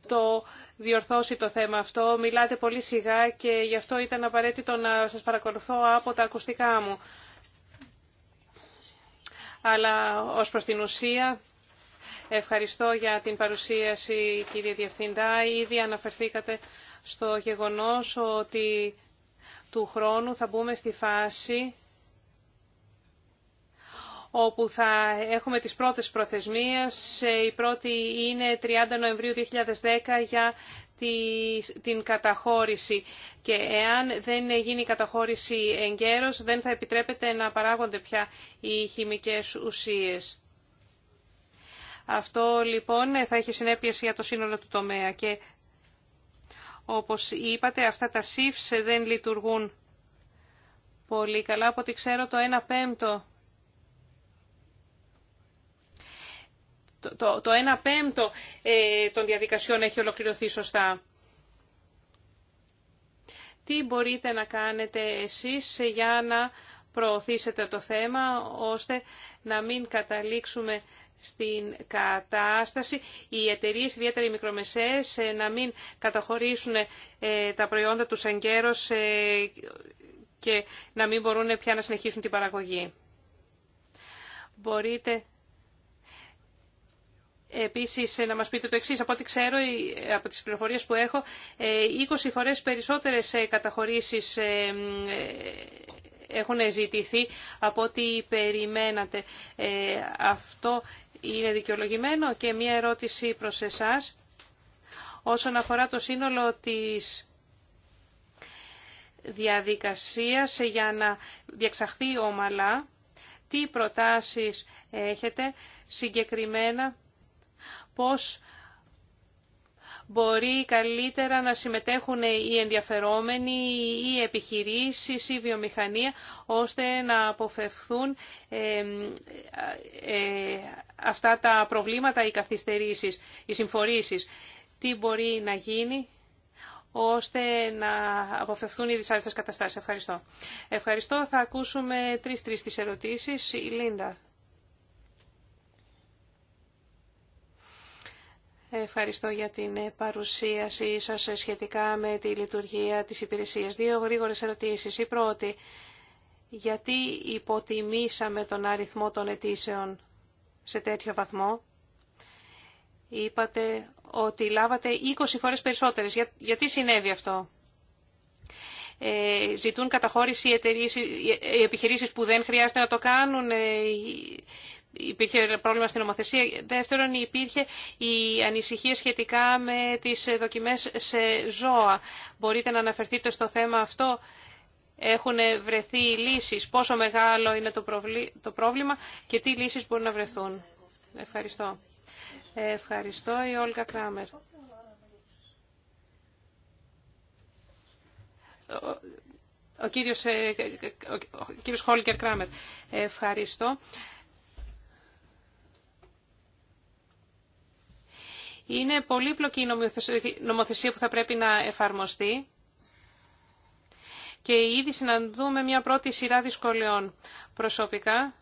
το διορθώσει το θέμα αυτό. Μιλάτε πολύ σιγά και γι' αυτό ήταν απαραίτητο να σας παρακολουθώ από τα ακουστικά μου. Αλλά ως προς την ουσία, ευχαριστώ για την παρουσίαση κύριε Διευθυντά. Ήδη αναφερθήκατε στο γεγονός ότι του χρόνου θα μπούμε στη φάση όπου θα έχουμε τις πρώτες προθεσμίες. Ε, η πρώτη είναι 30 Νοεμβρίου 2010 για την καταχώρηση και εάν δεν γίνει η καταχώρηση εγκαίρως δεν θα επιτρέπεται να παράγονται πια οι χημικές ουσίες. Αυτό λοιπόν θα έχει συνέπειες για το σύνολο του τομέα και όπως είπατε αυτά τα ΣΥΦΣ δεν λειτουργούν πολύ καλά. Από ό,τι ξέρω το 1 πέμπτο το, το, 1 πέμπτο ε, των διαδικασιών έχει ολοκληρωθεί σωστά. Τι μπορείτε να κάνετε εσείς για να προωθήσετε το θέμα, ώστε να μην καταλήξουμε στην κατάσταση οι εταιρείε, ιδιαίτερα οι μικρομεσαίες, ε, να μην καταχωρήσουν ε, τα προϊόντα τους εγκαίρως ε, και να μην μπορούν πια να συνεχίσουν την παραγωγή. Μπορείτε Επίσης, να μας πείτε το εξής, από ό,τι ξέρω, από τις πληροφορίες που έχω, 20 ε, φορές περισσότερες ε, καταχωρήσεις ε, έχουν ζητηθεί από ό,τι περιμένατε. Αυτό είναι δικαιολογημένο και μία ερώτηση προς εσάς όσον αφορά το σύνολο της διαδικασίας για να διεξαχθεί ομαλά. Τι προτάσεις έχετε συγκεκριμένα πώς μπορεί καλύτερα να συμμετέχουν οι ενδιαφερόμενοι, οι επιχειρήσεις, η βιομηχανία, ώστε να αποφευθούν ε, ε, αυτά τα προβλήματα, οι καθυστερήσεις, οι συμφορήσεις. Τι μπορεί να γίνει ώστε να αποφευθούν οι δυσάρεστες καταστάσεις. Ευχαριστώ. Ευχαριστώ. Θα ακούσουμε τρεις-τρεις τις ερωτήσεις. Η Λίντα. Ευχαριστώ για την παρουσίασή σας σχετικά με τη λειτουργία της υπηρεσίας. Δύο γρήγορες ερωτήσεις. Η πρώτη, γιατί υποτιμήσαμε τον αριθμό των αιτήσεων σε τέτοιο βαθμό. Είπατε ότι λάβατε 20 φορές περισσότερες. γιατί συνέβη αυτό. Ε, ζητούν καταχώρηση οι, οι επιχειρήσεις που δεν χρειάζεται να το κάνουν. Ε, υπήρχε πρόβλημα στην νομοθεσία. Δεύτερον, υπήρχε η ανησυχία σχετικά με τις δοκιμές σε ζώα. Μπορείτε να αναφερθείτε στο θέμα αυτό. Έχουν βρεθεί λύσεις. Πόσο μεγάλο είναι το πρόβλημα και τι λύσεις μπορούν να βρεθούν. Ευχαριστώ. Ευχαριστώ η Όλγα Κράμερ. Ο κύριος, ε, ε, ε, ο κύριος Χόλκερ Κράμερ. Ευχαριστώ. Είναι πολύπλοκη η νομοθεσία που θα πρέπει να εφαρμοστεί και ήδη συναντούμε μια πρώτη σειρά δυσκολιών. Προσωπικά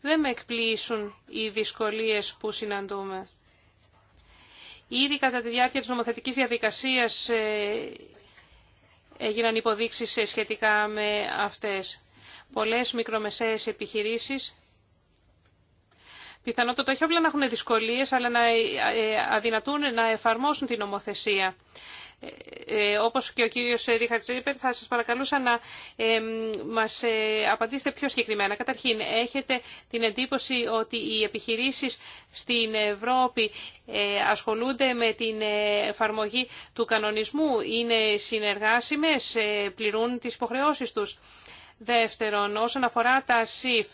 δεν με εκπλήσουν οι δυσκολίες που συναντούμε. Ήδη κατά τη διάρκεια της νομοθετικής διαδικασίας ε, έγιναν υποδείξεις ε, σχετικά με αυτές. Πολλές μικρομεσαίες επιχειρήσεις Πιθανότατα όχι απλά να έχουν δυσκολίες, αλλά να ε, ε, αδυνατούν να εφαρμόσουν την νομοθεσία. Ε, ε όπως και ο κύριος Ρίχαρτ Ζήπερ, θα σας παρακαλούσα να ε, μας απαντήσετε πιο συγκεκριμένα. Καταρχήν, έχετε την εντύπωση ότι οι επιχειρήσεις στην Ευρώπη ασχολούνται με την εφαρμογή του κανονισμού, είναι συνεργάσιμες, πληρούν τις υποχρεώσεις τους. Δεύτερον, όσον αφορά τα ΣΥΦ,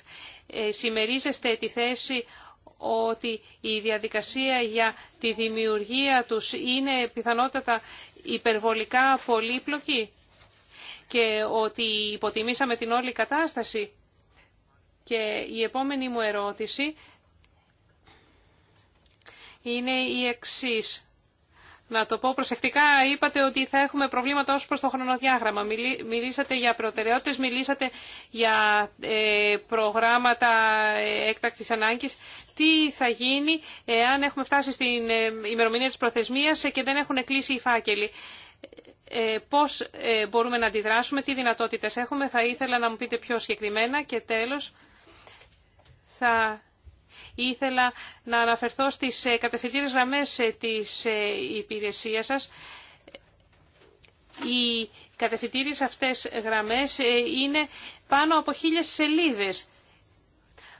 συμμερίζεστε τη θέση ότι η διαδικασία για τη δημιουργία τους είναι πιθανότατα υπερβολικά πολύπλοκη και ότι υποτιμήσαμε την όλη κατάσταση. Και η επόμενη μου ερώτηση είναι η εξής να το πω προσεκτικά, είπατε ότι θα έχουμε προβλήματα ως προς το χρονοδιάγραμμα. Μιλήσατε για προτεραιότητες, μιλήσατε για ε, προγράμματα ε, έκτακτης ανάγκης. Τι θα γίνει εάν έχουμε φτάσει στην ε, ημερομηνία της προθεσμίας και δεν έχουν κλείσει οι φάκελοι. Πώς μπορούμε να αντιδράσουμε, τι δυνατότητες έχουμε. Θα ήθελα να μου πείτε πιο συγκεκριμένα και τέλος θα Ήθελα να αναφερθώ στις ε, κατευθυντήρες γραμμές ε, της ε, υπηρεσίας σας. Οι κατευθυντήρες αυτές γραμμές είναι πάνω από χίλιες σελίδες.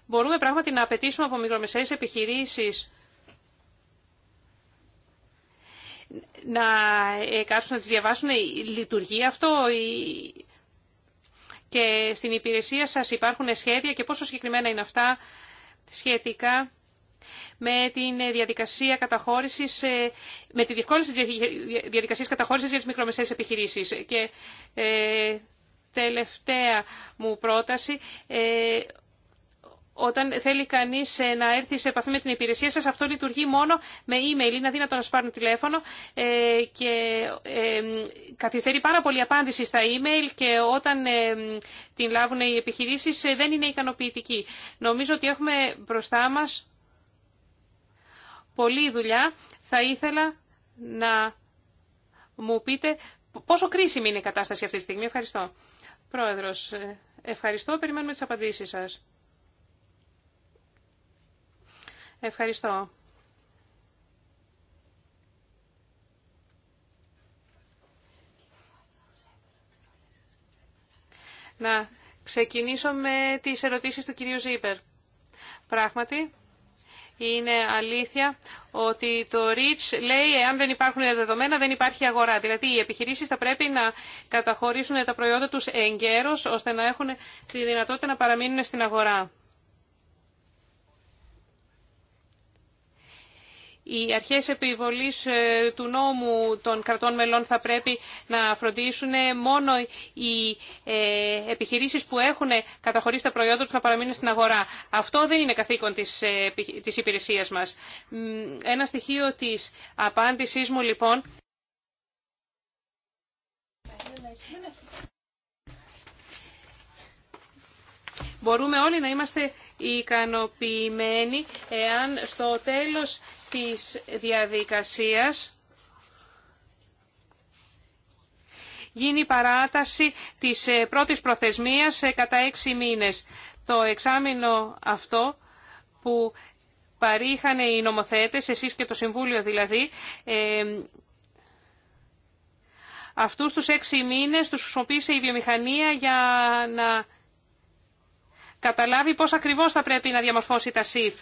Μπορούμε πράγματι να απαιτήσουμε από μικρομεσαίες επιχειρήσεις να κάτσουν να τις διαβάσουν. Λειτουργεί αυτό και στην υπηρεσία σας υπάρχουν σχέδια και πόσο συγκεκριμένα είναι αυτά σχετικά με την διαδικασία καταχώρησης, ε, με τη διευκόλυνση της διαδικασίας καταχώρησης για τις μικρομεσαίες επιχειρήσεις. Και ε, τελευταία μου πρόταση, ε, όταν θέλει κανεί ε, να έρθει σε επαφή με την υπηρεσία σα, αυτό λειτουργεί μόνο με email. Είναι αδύνατο να σου πάρουν τηλέφωνο ε, και ε, καθυστερεί πάρα πολύ απάντηση στα email και όταν την λάβουν οι επιχειρήσει δεν είναι ικανοποιητική. Νομίζω ότι έχουμε μπροστά μα πολλή δουλειά. Θα ήθελα να μου πείτε πόσο κρίσιμη είναι η κατάσταση αυτή τη στιγμή. Ευχαριστώ. Πρόεδρος, ευχαριστώ. Περιμένουμε τις απαντήσεις σας. Ευχαριστώ. Να ξεκινήσω με τις ερωτήσεις του κυρίου Ζήπερ. Πράγματι, είναι αλήθεια ότι το REACH λέει εάν δεν υπάρχουν δεδομένα δεν υπάρχει αγορά. Δηλαδή οι επιχειρήσεις θα πρέπει να καταχωρήσουν τα προϊόντα τους εγκαίρως ώστε να έχουν τη δυνατότητα να παραμείνουν στην αγορά. Οι αρχές επιβολής ε, του νόμου των κρατών μελών θα πρέπει να φροντίσουν μόνο οι ε, επιχειρήσεις που έχουν καταχωρήσει τα προϊόντα τους να παραμείνουν στην αγορά. Αυτό δεν είναι καθήκον της, ε, της υπηρεσίας μας. Ένα στοιχείο της απάντησής μου λοιπόν... Μπορούμε όλοι να είμαστε ικανοποιημένη εάν στο τέλος της διαδικασίας γίνει παράταση της ε, πρώτης προθεσμίας ε, κατά έξι μήνες. Το εξάμεινο αυτό που παρήχανε οι νομοθέτες, εσείς και το Συμβούλιο δηλαδή, ε, αυτούς τους έξι μήνες τους χρησιμοποίησε η βιομηχανία για να καταλάβει πώς ακριβώς θα πρέπει να διαμορφώσει τα ΣΥΦ.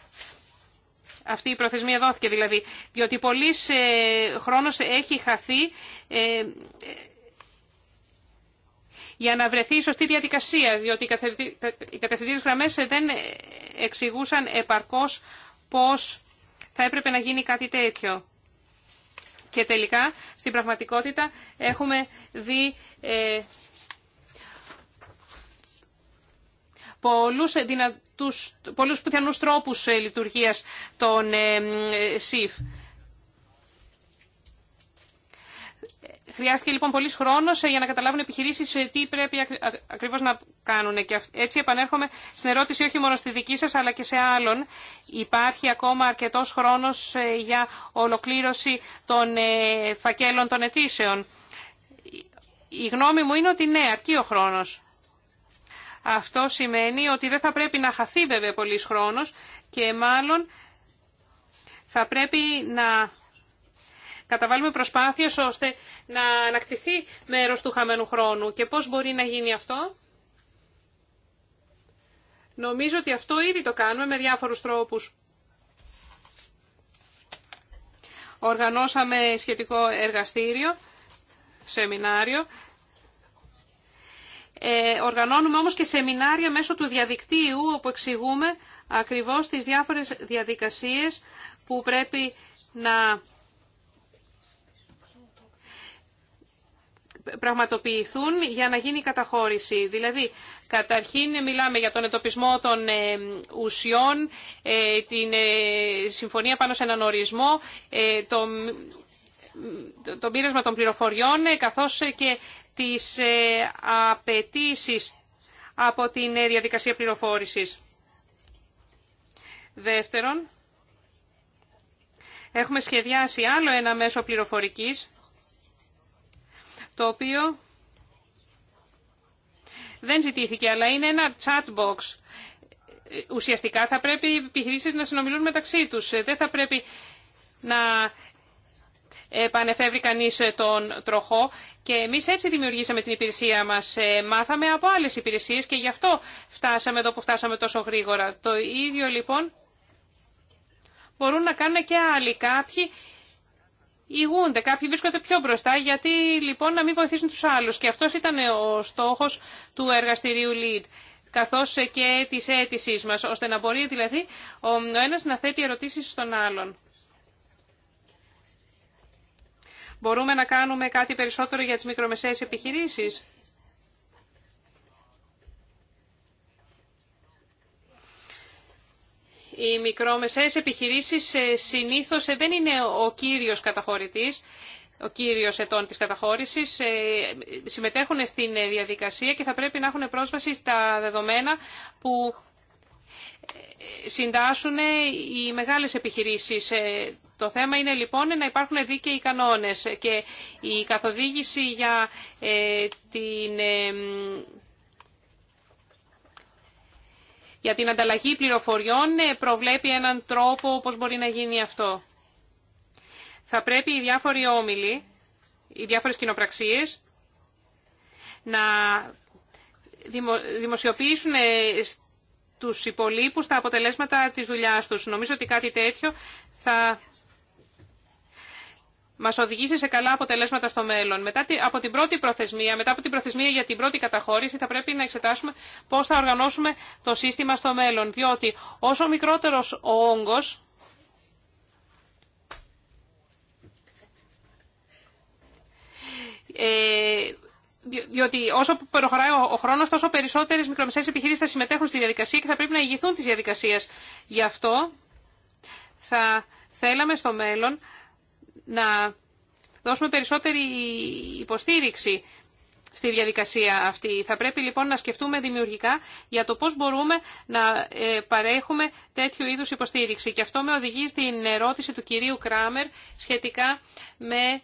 Αυτή η προθεσμία δόθηκε δηλαδή, διότι πολλή ε, χρόνος έχει χαθεί ε, ε, για να βρεθεί η σωστή διαδικασία, διότι οι κατευθυντήρες γραμμές δεν εξηγούσαν επαρκώς πώς θα έπρεπε να γίνει κάτι τέτοιο. Και τελικά, στην πραγματικότητα, έχουμε δει πολλούς, δυνατούς, πολλούς πιθανούς τρόπους ε, λειτουργίας των ε, ΣΥΦ. Χρειάστηκε λοιπόν πολύς χρόνο ε, για να καταλάβουν επιχειρήσει τι πρέπει ακριβώ να κάνουν. Και έτσι επανέρχομαι στην ερώτηση όχι μόνο στη δική σα αλλά και σε άλλων. Υπάρχει ακόμα αρκετό χρόνο για ολοκλήρωση των φακέλων των αιτήσεων. Η γνώμη μου είναι ότι ναι, αρκεί ο χρόνος. Αυτό σημαίνει ότι δεν θα πρέπει να χαθεί βέβαια πολύς χρόνος και μάλλον θα πρέπει να καταβάλουμε προσπάθειες ώστε να ανακτηθεί μέρος του χαμένου χρόνου. Και πώς μπορεί να γίνει αυτό. Νομίζω ότι αυτό ήδη το κάνουμε με διάφορους τρόπους. Οργανώσαμε σχετικό εργαστήριο, σεμινάριο, ε, οργανώνουμε όμως και σεμινάρια μέσω του διαδικτύου όπου εξηγούμε ακριβώς τις διάφορες διαδικασίες που πρέπει να πραγματοποιηθούν για να γίνει η καταχώρηση. Δηλαδή, καταρχήν μιλάμε για τον εντοπισμό των ε, ουσιών, ε, την ε, συμφωνία πάνω σε έναν ορισμό, το το πείρασμα των πληροφοριών καθώς και τις ε, απαιτήσει από την ε, διαδικασία πληροφόρησης. Δεύτερον, έχουμε σχεδιάσει άλλο ένα μέσο πληροφορικής, το οποίο δεν ζητήθηκε, αλλά είναι ένα chat box. Ε, ουσιαστικά θα πρέπει οι επιχειρήσεις να συνομιλούν μεταξύ τους. Δεν θα πρέπει να επανεφεύρει κανείς ε, τον τροχό και εμείς έτσι δημιουργήσαμε την υπηρεσία μας. Ε, μάθαμε από άλλες υπηρεσίες και γι' αυτό φτάσαμε εδώ που φτάσαμε τόσο γρήγορα. Το ίδιο λοιπόν μπορούν να κάνουν και άλλοι. Κάποιοι ηγούνται, κάποιοι βρίσκονται πιο μπροστά, γιατί λοιπόν να μην βοηθήσουν τους άλλους. Και αυτός ήταν ε, ο στόχος του εργαστηρίου LEAD καθώς και της αίτησή μας, ώστε να μπορεί δηλαδή ο ένας να θέτει ερωτήσεις στον άλλον. Μπορούμε να κάνουμε κάτι περισσότερο για τις μικρομεσαίες επιχειρήσεις. Οι μικρομεσαίες επιχειρήσεις ε, συνήθως ε, δεν είναι ο κύριος καταχωρητής, ο κύριος ετών της καταχώρησης, ε, συμμετέχουν στην διαδικασία και θα πρέπει να έχουν πρόσβαση στα δεδομένα που συντάσσουν οι μεγάλες επιχειρήσεις. Ε, το θέμα είναι λοιπόν να υπάρχουν δίκαιοι κανόνες και η καθοδήγηση για ε, την ε, για την ανταλλαγή πληροφοριών προβλέπει έναν τρόπο πώς μπορεί να γίνει αυτό. Θα πρέπει οι διάφοροι όμιλοι, οι διάφορες κοινοπραξίες να δημοσιοποιήσουν τους υπολείπους τα αποτελέσματα της δουλειάς τους. Νομίζω ότι κάτι τέτοιο θα μας οδηγήσει σε καλά αποτελέσματα στο μέλλον. Μετά από την πρώτη προθεσμία, μετά από την προθεσμία για την πρώτη καταχώρηση, θα πρέπει να εξετάσουμε πώς θα οργανώσουμε το σύστημα στο μέλλον. Διότι όσο μικρότερος ο όγκος, ε, διότι όσο προχωράει ο χρόνο, τόσο περισσότερε μικρομεσαίε επιχειρήσει θα συμμετέχουν στη διαδικασία και θα πρέπει να ηγηθούν τη διαδικασία. Γι' αυτό θα θέλαμε στο μέλλον να δώσουμε περισσότερη υποστήριξη στη διαδικασία αυτή. Θα πρέπει λοιπόν να σκεφτούμε δημιουργικά για το πώς μπορούμε να ε, παρέχουμε τέτοιου είδους υποστήριξη. Και αυτό με οδηγεί στην ερώτηση του κυρίου Κράμερ σχετικά με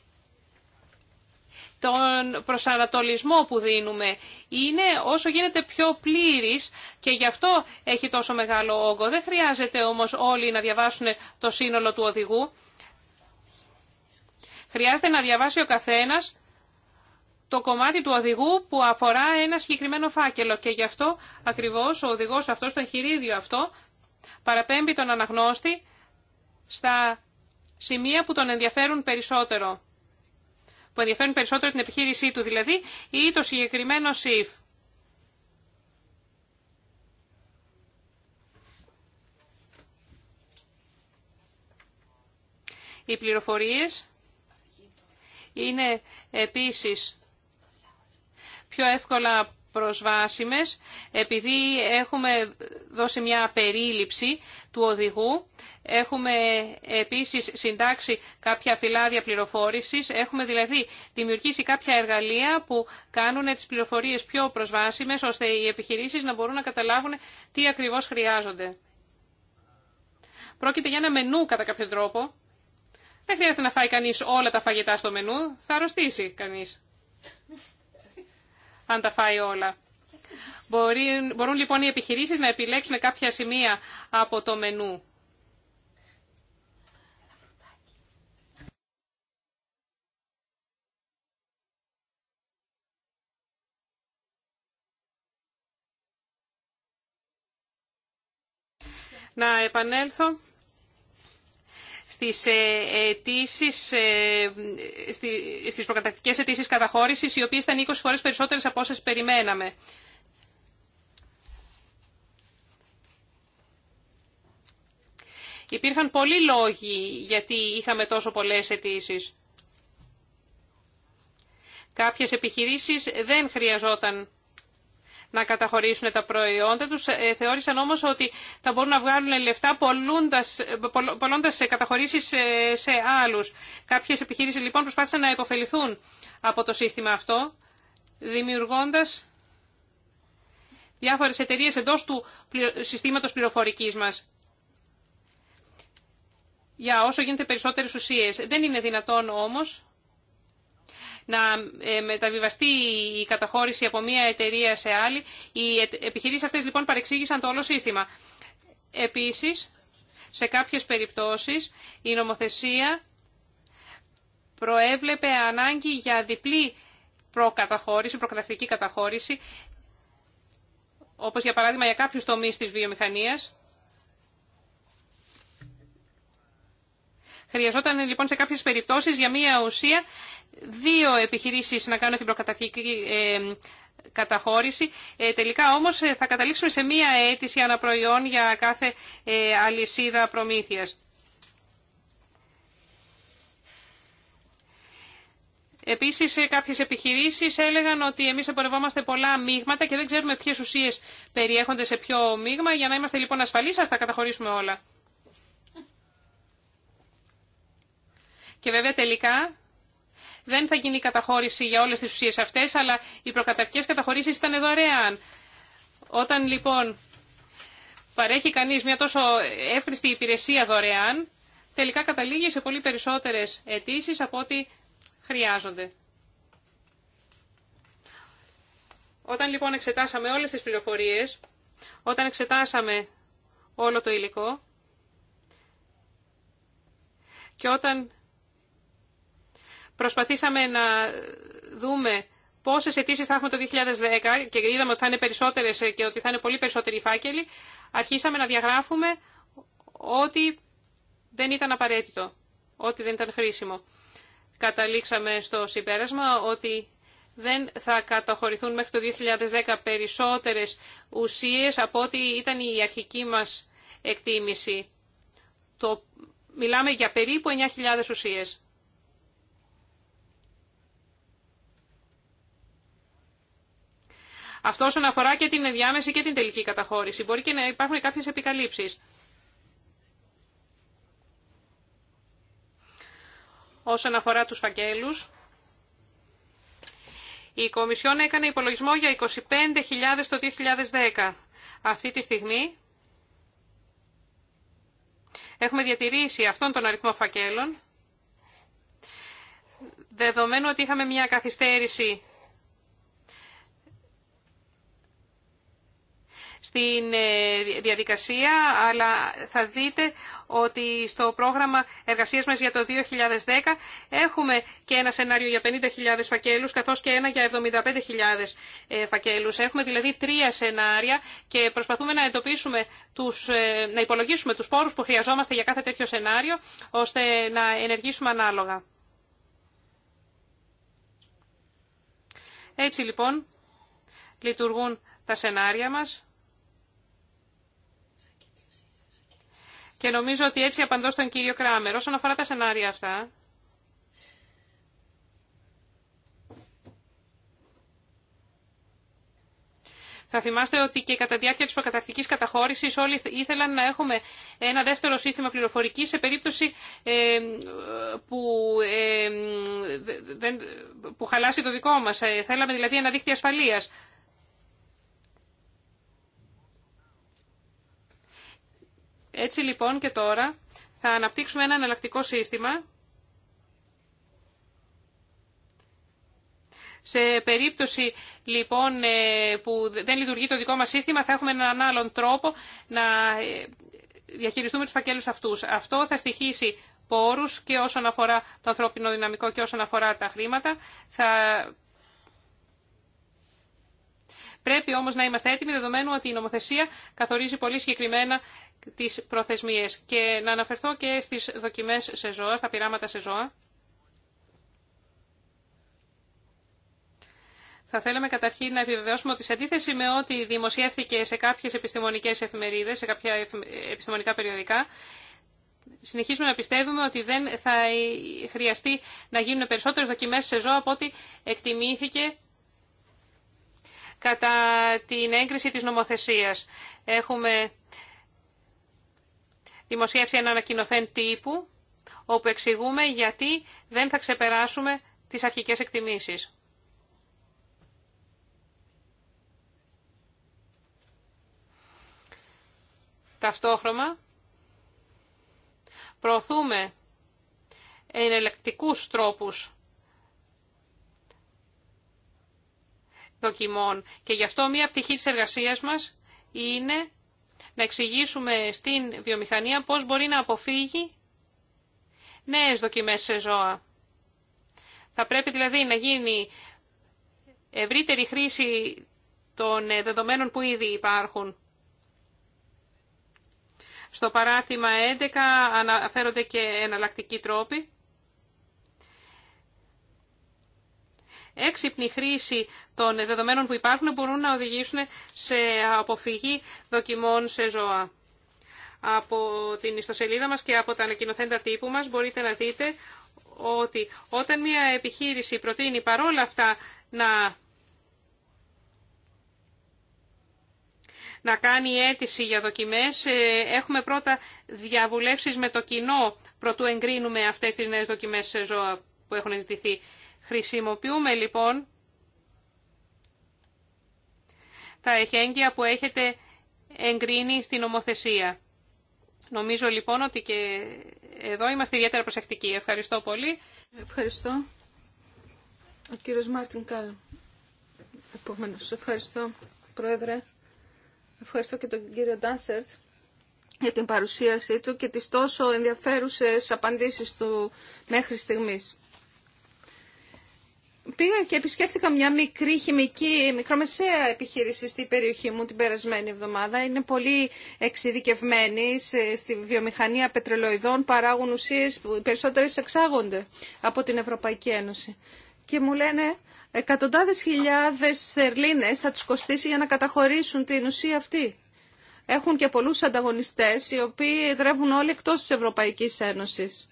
τον προσανατολισμό που δίνουμε. Είναι όσο γίνεται πιο πλήρης και γι' αυτό έχει τόσο μεγάλο όγκο. Δεν χρειάζεται όμως όλοι να διαβάσουν το σύνολο του οδηγού. Χρειάζεται να διαβάσει ο καθένας το κομμάτι του οδηγού που αφορά ένα συγκεκριμένο φάκελο και γι' αυτό ακριβώς ο οδηγός αυτός, το εγχειρίδιο αυτό, παραπέμπει τον αναγνώστη στα σημεία που τον ενδιαφέρουν περισσότερο που ενδιαφέρουν περισσότερο την επιχείρησή του δηλαδή ή το συγκεκριμένο ΣΥΦ. Οι πληροφορίες είναι επίσης πιο εύκολα προσβάσιμες επειδή έχουμε δώσει μια περίληψη του οδηγού Έχουμε επίσης συντάξει κάποια φυλάδια πληροφόρησης. Έχουμε δηλαδή δημιουργήσει κάποια εργαλεία που κάνουν τις πληροφορίες πιο προσβάσιμες, ώστε οι επιχειρήσεις να μπορούν να καταλάβουν τι ακριβώς χρειάζονται. Πρόκειται για ένα μενού κατά κάποιο τρόπο. Δεν χρειάζεται να φάει κανείς όλα τα φαγητά στο μενού, θα αρρωστήσει κανείς. Αν τα φάει όλα. Μπορούν, μπορούν λοιπόν οι επιχειρήσεις να επιλέξουν κάποια σημεία από το μενού. Να επανέλθω στις, ε, αιτήσεις, ε, στις προκατακτικές αιτήσει καταχώρησης, οι οποίες ήταν 20 φορές περισσότερες από όσες περιμέναμε. Υπήρχαν πολλοί λόγοι γιατί είχαμε τόσο πολλές αιτήσει. Κάποιες επιχειρήσεις δεν χρειαζόταν να καταχωρήσουν τα προϊόντα τους. Ε, θεώρησαν όμως ότι θα μπορούν να βγάλουν λεφτά πολλώντας, πολλώντας καταχωρήσεις ε, σε άλλους. Κάποιες επιχείρησεις λοιπόν προσπάθησαν να υποφεληθούν από το σύστημα αυτό, δημιουργώντας διάφορες εταιρείες εντός του συστήματος πληροφορικής μας για όσο γίνεται περισσότερες ουσίες. Δεν είναι δυνατόν όμως να ε, μεταβιβαστεί η καταχώρηση από μία εταιρεία σε άλλη. Οι επιχειρήσεις αυτές λοιπόν παρεξήγησαν το όλο σύστημα. Επίσης, σε κάποιες περιπτώσεις η νομοθεσία προέβλεπε ανάγκη για διπλή προκαταχώρηση, προκαταρκτική καταχώρηση, όπως για παράδειγμα για κάποιους τομείς της βιομηχανίας, Χρειαζόταν λοιπόν σε κάποιες περιπτώσεις για μία ουσία δύο επιχειρήσεις να κάνουν την προκαταθήκη ε, καταχώρηση. Ε, τελικά όμως ε, θα καταλήξουμε σε μία αίτηση αναπροϊόν για κάθε αλυσίδα προμήθειας. Επίσης κάποιες επιχειρήσεις έλεγαν ότι εμείς εμπορευόμαστε πολλά μείγματα και δεν ξέρουμε ποιες ουσίες περιέχονται σε ποιο μείγμα. Για να είμαστε λοιπόν ασφαλείς, ας τα καταχωρήσουμε όλα. Και βέβαια τελικά δεν θα γίνει καταχώρηση για όλες τις ουσίες αυτές, αλλά οι προκαταρκτικές καταχωρήσεις ήταν δωρεάν. Όταν λοιπόν παρέχει κανείς μια τόσο εύκριστη υπηρεσία δωρεάν, τελικά καταλήγει σε πολύ περισσότερες αιτήσει από ό,τι χρειάζονται. Όταν λοιπόν εξετάσαμε όλες τις πληροφορίες, όταν εξετάσαμε όλο το υλικό και όταν Προσπαθήσαμε να δούμε πόσε αιτήσει θα έχουμε το 2010 και είδαμε ότι θα είναι περισσότερε και ότι θα είναι πολύ περισσότεροι οι φάκελοι. Αρχίσαμε να διαγράφουμε ό,τι δεν ήταν απαραίτητο, ό,τι δεν ήταν χρήσιμο. Καταλήξαμε στο συμπέρασμα ότι δεν θα καταχωρηθούν μέχρι το 2010 περισσότερες ουσίες από ό,τι ήταν η αρχική μας εκτίμηση. Το... Μιλάμε για περίπου 9.000 ουσίες. Αυτό όσον αφορά και την ενδιάμεση και την τελική καταχώρηση. Μπορεί και να υπάρχουν κάποιε επικαλύψει. Όσον αφορά του φακέλου, η Κομισιόν έκανε υπολογισμό για 25.000 το 2010. Αυτή τη στιγμή έχουμε διατηρήσει αυτόν τον αριθμό φακέλων, δεδομένου ότι είχαμε μια καθυστέρηση στην ε, διαδικασία, αλλά θα δείτε ότι στο πρόγραμμα εργασίας μας για το 2010 έχουμε και ένα σενάριο για 50.000 φακέλους καθώς και ένα για 75.000 ε, φακέλους. Έχουμε δηλαδή τρία σενάρια και προσπαθούμε να, εντοπίσουμε τους, ε, να υπολογίσουμε τους πόρους που χρειαζόμαστε για κάθε τέτοιο σενάριο ώστε να ενεργήσουμε ανάλογα. Έτσι λοιπόν λειτουργούν τα σενάρια μας. Και νομίζω ότι έτσι απαντώ στον κύριο Κράμερ. Όσον αφορά τα σενάρια αυτά, Θα θυμάστε ότι και κατά διάρκεια τη προκαταρκτική καταχώρηση όλοι ήθελαν να έχουμε ένα δεύτερο σύστημα πληροφορική σε περίπτωση ε, που, ε, που χαλάσει το δικό μα. Ε, θέλαμε δηλαδή ένα δίκτυο ασφαλεία. Έτσι λοιπόν και τώρα θα αναπτύξουμε ένα εναλλακτικό σύστημα Σε περίπτωση λοιπόν ε, που δεν λειτουργεί το δικό μας σύστημα θα έχουμε έναν άλλον τρόπο να ε, διαχειριστούμε τους φακέλους αυτούς. Αυτό θα στοιχήσει πόρους και όσον αφορά το ανθρώπινο δυναμικό και όσον αφορά τα χρήματα. Θα Πρέπει όμω να είμαστε έτοιμοι δεδομένου ότι η νομοθεσία καθορίζει πολύ συγκεκριμένα τι προθεσμίε. Και να αναφερθώ και στι δοκιμέ σε ζώα, στα πειράματα σε ζώα. Θα θέλαμε καταρχήν να επιβεβαιώσουμε ότι σε αντίθεση με ό,τι δημοσιεύθηκε σε κάποιες επιστημονικές εφημερίδες, σε κάποια επιστημονικά περιοδικά, συνεχίζουμε να πιστεύουμε ότι δεν θα χρειαστεί να γίνουν περισσότερες δοκιμές σε ζώα από ό,τι εκτιμήθηκε κατά την έγκριση της νομοθεσίας. Έχουμε δημοσιεύσει ένα ανακοινωθέν τύπου, όπου εξηγούμε γιατί δεν θα ξεπεράσουμε τις αρχικές εκτιμήσεις. Ταυτόχρονα, προωθούμε ενελεκτικούς τρόπους δοκιμών. Και γι' αυτό μία πτυχή της εργασίας μας είναι να εξηγήσουμε στην βιομηχανία πώς μπορεί να αποφύγει νέες δοκιμές σε ζώα. Θα πρέπει δηλαδή να γίνει ευρύτερη χρήση των ε, δεδομένων που ήδη υπάρχουν. Στο παράθυμα 11 αναφέρονται και εναλλακτικοί τρόποι. Έξυπνη χρήση των δεδομένων που υπάρχουν μπορούν να οδηγήσουν σε αποφυγή δοκιμών σε ζώα. Από την ιστοσελίδα μας και από τα ανακοινοθέντα τύπου μας μπορείτε να δείτε ότι όταν μια επιχείρηση προτείνει παρόλα αυτά να να κάνει αίτηση για δοκιμές. Ε, έχουμε πρώτα διαβουλεύσεις με το κοινό προτού εγκρίνουμε αυτές τις νέες δοκιμές σε ζώα που έχουν ζητηθεί. Χρησιμοποιούμε λοιπόν τα εχέγγυα που έχετε εγκρίνει στην ομοθεσία. Νομίζω λοιπόν ότι και εδώ είμαστε ιδιαίτερα προσεκτικοί. Ευχαριστώ πολύ. Ευχαριστώ. Ο κύριος Μάρτιν Κάλ. Επόμενος. Ευχαριστώ, Πρόεδρε. Ευχαριστώ και τον κύριο Ντάνσερτ για την παρουσίασή του και τις τόσο ενδιαφέρουσες απαντήσεις του μέχρι στιγμής. Πήγα και επισκέφθηκα μια μικρή χημική, μικρομεσαία επιχείρηση στην περιοχή μου την περασμένη εβδομάδα. Είναι πολύ εξειδικευμένη στη βιομηχανία πετρελοειδών, παράγουν ουσίες που οι περισσότερες εξάγονται από την Ευρωπαϊκή Ένωση. Και μου λένε εκατοντάδε χιλιάδε σερλίνες θα τους κοστίσει για να καταχωρήσουν την ουσία αυτή. Έχουν και πολλούς ανταγωνιστές οι οποίοι δρεύουν όλοι εκτός της Ευρωπαϊκής Ένωσης.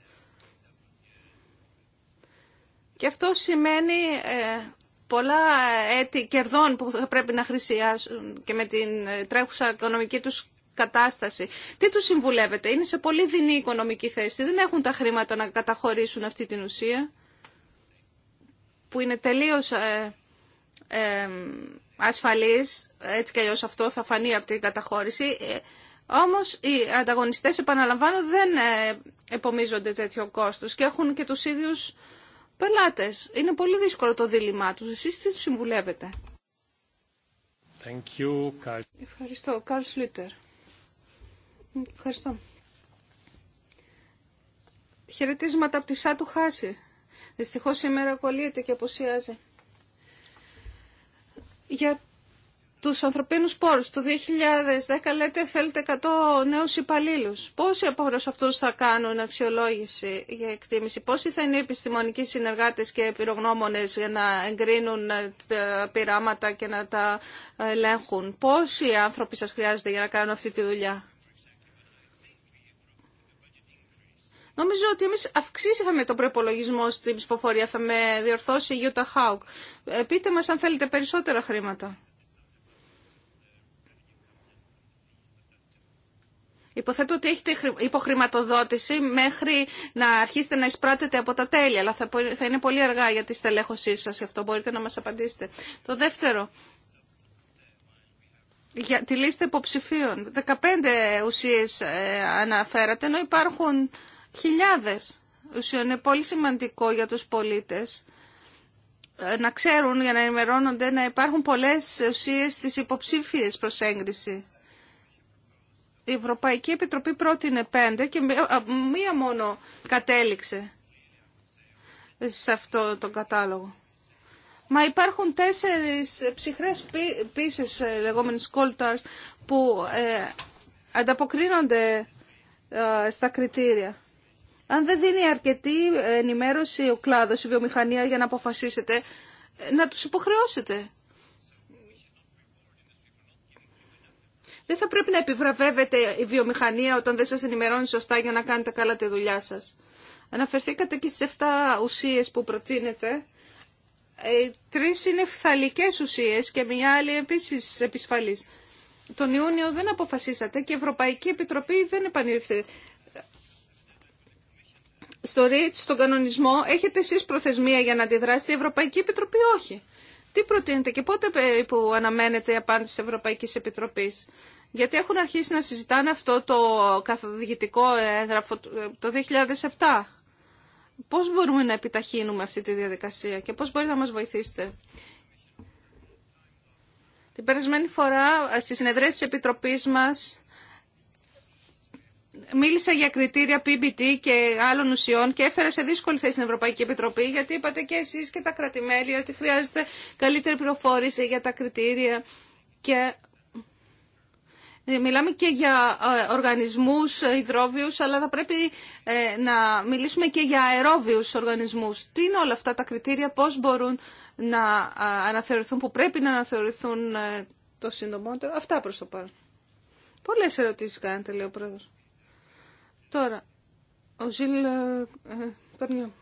Και αυτό σημαίνει ε, πολλά έτη κερδών που θα πρέπει να χρησιάσουν και με την ε, τρέχουσα οικονομική τους κατάσταση. Τι τους συμβουλεύετε, είναι σε πολύ δεινή οικονομική θέση, δεν έχουν τα χρήματα να καταχωρήσουν αυτή την ουσία που είναι τελείως ε, ε ασφαλής, έτσι κι αλλιώς αυτό θα φανεί από την καταχώρηση. Όμως οι ανταγωνιστές, επαναλαμβάνω, δεν επομίζονται τέτοιο κόστος και έχουν και τους ίδιους Πελάτε. Είναι πολύ δύσκολο το δίλημά του. Εσείς τι του συμβουλεύετε. Ευχαριστώ. Καρλ Σλίτερ. Ευχαριστώ. Χαιρετίσματα από τη Σάτου Χάση. Δυστυχώς σήμερα κολλείται και αποσιάζει. Για τους ανθρωπίνους πόρους. Το 2010 λέτε θέλετε 100 νέους υπαλλήλους. Πόσοι από όλους αυτούς θα κάνουν αξιολόγηση για εκτίμηση, πόσοι θα είναι οι επιστημονικοί συνεργάτες και επιρρογνώμονες για να εγκρίνουν τα πειράματα και να τα ελέγχουν. Πόσοι άνθρωποι σας χρειάζεται για να κάνουν αυτή τη δουλειά. Νομίζω ότι εμεί αυξήσαμε τον προπολογισμό στην ψηφοφορία. Θα με διορθώσει η Γιούτα Χάουκ. Ε, πείτε μας αν θέλετε περισσότερα χρήματα. Υποθέτω ότι έχετε υποχρηματοδότηση μέχρι να αρχίσετε να εισπράτετε από τα τέλη, αλλά θα είναι πολύ αργά για τη στελέχωσή σας. Αυτό μπορείτε να μας απαντήσετε. Το δεύτερο, για τη λίστα υποψηφίων. 15 ουσίες ε, αναφέρατε, ενώ υπάρχουν χιλιάδες ουσιών. Είναι πολύ σημαντικό για τους πολίτες ε, να ξέρουν, για να ενημερώνονται, να υπάρχουν πολλές ουσίες στις υποψήφιες προς έγκριση η Ευρωπαϊκή Επιτροπή πρότεινε πέντε και μία μόνο κατέληξε σε αυτό τον κατάλογο. Μα υπάρχουν τέσσερις ψυχρές πίσες, ε, λεγόμενες κόλταρς, που ε, ανταποκρίνονται ε, στα κριτήρια. Αν δεν δίνει αρκετή ενημέρωση ο κλάδος, η βιομηχανία για να αποφασίσετε, να τους υποχρεώσετε. Δεν θα πρέπει να επιβραβεύεται η βιομηχανία όταν δεν σας ενημερώνει σωστά για να κάνετε καλά τη δουλειά σας. Αναφερθήκατε και στις 7 ουσίες που προτείνετε. Ε, τρεις είναι φθαλικές ουσίες και μια άλλη επίσης επισφαλής. Τον Ιούνιο δεν αποφασίσατε και η Ευρωπαϊκή Επιτροπή δεν επανήλθε. Στο ΡΙΤ, στον κανονισμό, έχετε εσείς προθεσμία για να αντιδράσετε, η Ευρωπαϊκή Επιτροπή όχι. Τι προτείνετε και πότε ε, που αναμένεται η απάντηση της Ευρωπαϊκής Επιτροπής γιατί έχουν αρχίσει να συζητάνε αυτό το καθοδηγητικό έγγραφο ε, το 2007. Πώς μπορούμε να επιταχύνουμε αυτή τη διαδικασία και πώς μπορείτε να μας βοηθήσετε. Την περασμένη φορά ε, στη συνεδρία της Επιτροπής μας μίλησα για κριτήρια PBT και άλλων ουσιών και έφερα σε δύσκολη θέση την Ευρωπαϊκή Επιτροπή γιατί είπατε και εσείς και τα κρατημέλια ότι χρειάζεται καλύτερη πληροφόρηση για τα κριτήρια και Μιλάμε και για ε, οργανισμούς υδρόβιους, αλλά θα πρέπει ε, να μιλήσουμε και για αερόβιους οργανισμούς. Τι είναι όλα αυτά τα κριτήρια, πώς μπορούν να ε, αναθεωρηθούν, που πρέπει να αναθεωρηθούν το σύντομότερο. Αυτά προς το παρόν. Πολλές ερωτήσεις κάνετε, λέει ο πρόεδρος. Τώρα, ο Ζήλ Περνιό.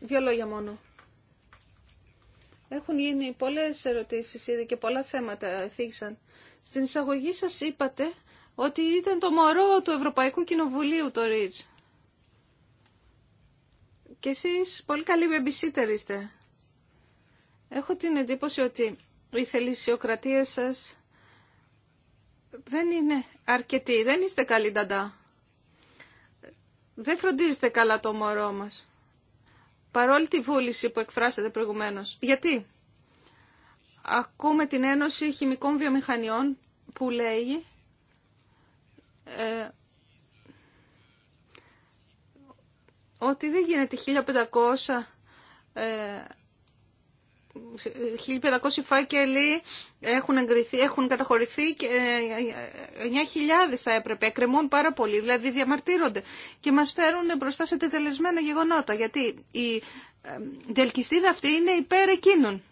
Δύο λόγια μόνο. Έχουν γίνει πολλές ερωτήσεις ήδη και πολλά θέματα θίξαν. Στην εισαγωγή σας είπατε ότι ήταν το μωρό του Ευρωπαϊκού Κοινοβουλίου το ΡΙΤΣ. Και εσείς πολύ καλή μεμπισίτερ είστε. Έχω την εντύπωση ότι η θελησιοκρατία σας δεν είναι αρκετή. Δεν είστε καλή νταντά. Δεν φροντίζετε καλά το μωρό μας παρόλη τη βούληση που εκφράσατε προηγουμένως. Γιατί ακούμε την Ένωση Χημικών Βιομηχανιών που λέει ε, ότι δεν γίνεται 1500 ε, 1.500 φάκελοι έχουν, εγκριθεί, έχουν καταχωρηθεί και 9.000 ε, ε, ε, θα έπρεπε. Εκκρεμούν πάρα πολύ, δηλαδή διαμαρτύρονται και μας φέρουν μπροστά σε τελεσμένα γεγονότα. Γιατί η διελκυστίδα αυτή είναι υπέρ εκείνων.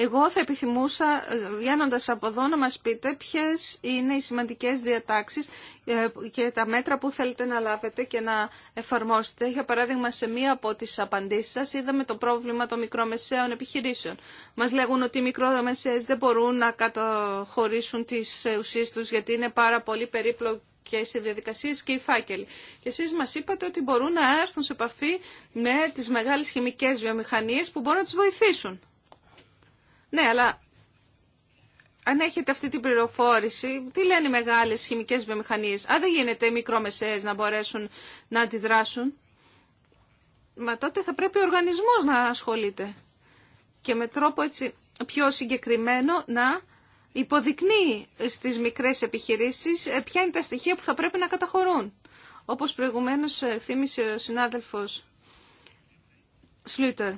Εγώ θα επιθυμούσα, ε, βγαίνοντας από εδώ, να μας πείτε ποιες είναι οι σημαντικές διατάξεις ε, και τα μέτρα που θέλετε να λάβετε και να εφαρμόσετε. Για παράδειγμα, σε μία από τις απαντήσεις σας είδαμε το πρόβλημα των μικρομεσαίων επιχειρήσεων. Μας λέγουν ότι οι μικρομεσαίες δεν μπορούν να καταχωρήσουν τις ουσίες τους γιατί είναι πάρα πολύ περίπλοκο οι διαδικασίε και οι φάκελοι. Και εσεί μα είπατε ότι μπορούν να έρθουν σε επαφή με τι μεγάλε χημικέ βιομηχανίε που μπορούν να τι βοηθήσουν. Ναι, αλλά αν έχετε αυτή την πληροφόρηση, τι λένε οι μεγάλες χημικές βιομηχανίες. Αν δεν γίνεται οι να μπορέσουν να αντιδράσουν, μα τότε θα πρέπει ο οργανισμός να ασχολείται. Και με τρόπο έτσι πιο συγκεκριμένο να υποδεικνύει στις μικρές επιχειρήσεις ε, ποια είναι τα στοιχεία που θα πρέπει να καταχωρούν. Όπως προηγουμένως ε, θύμισε ο συνάδελφος Σλούτερ.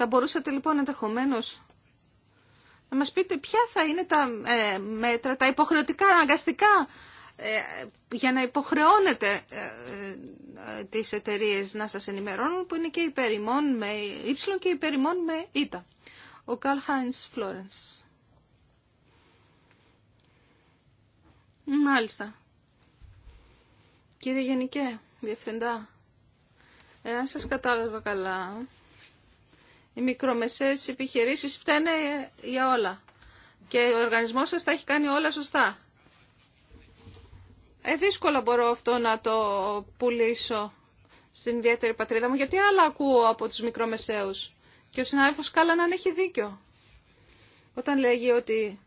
Θα μπορούσατε λοιπόν ενδεχομένω να μας πείτε ποια θα είναι τα ε, μέτρα, τα υποχρεωτικά, αγκαστικά ε, για να υποχρεώνετε ε, ε, τις εταιρείες να σας ενημερώνουν, που είναι και υπερημών με Y και υπερημών με Ήτα. Ο Καλ Χάινς Φλόρενς. Μάλιστα. Κύριε Γενικέ, Διευθυντά, εάν σας κατάλαβα καλά, οι μικρομεσαίες επιχειρήσεις φταίνε για όλα. Και ο οργανισμός σας θα έχει κάνει όλα σωστά. Ε, δύσκολα μπορώ αυτό να το πουλήσω στην ιδιαίτερη πατρίδα μου, γιατί άλλα ακούω από τους μικρομεσαίους. Και ο συνάδελφος να έχει δίκιο. Όταν λέγει ότι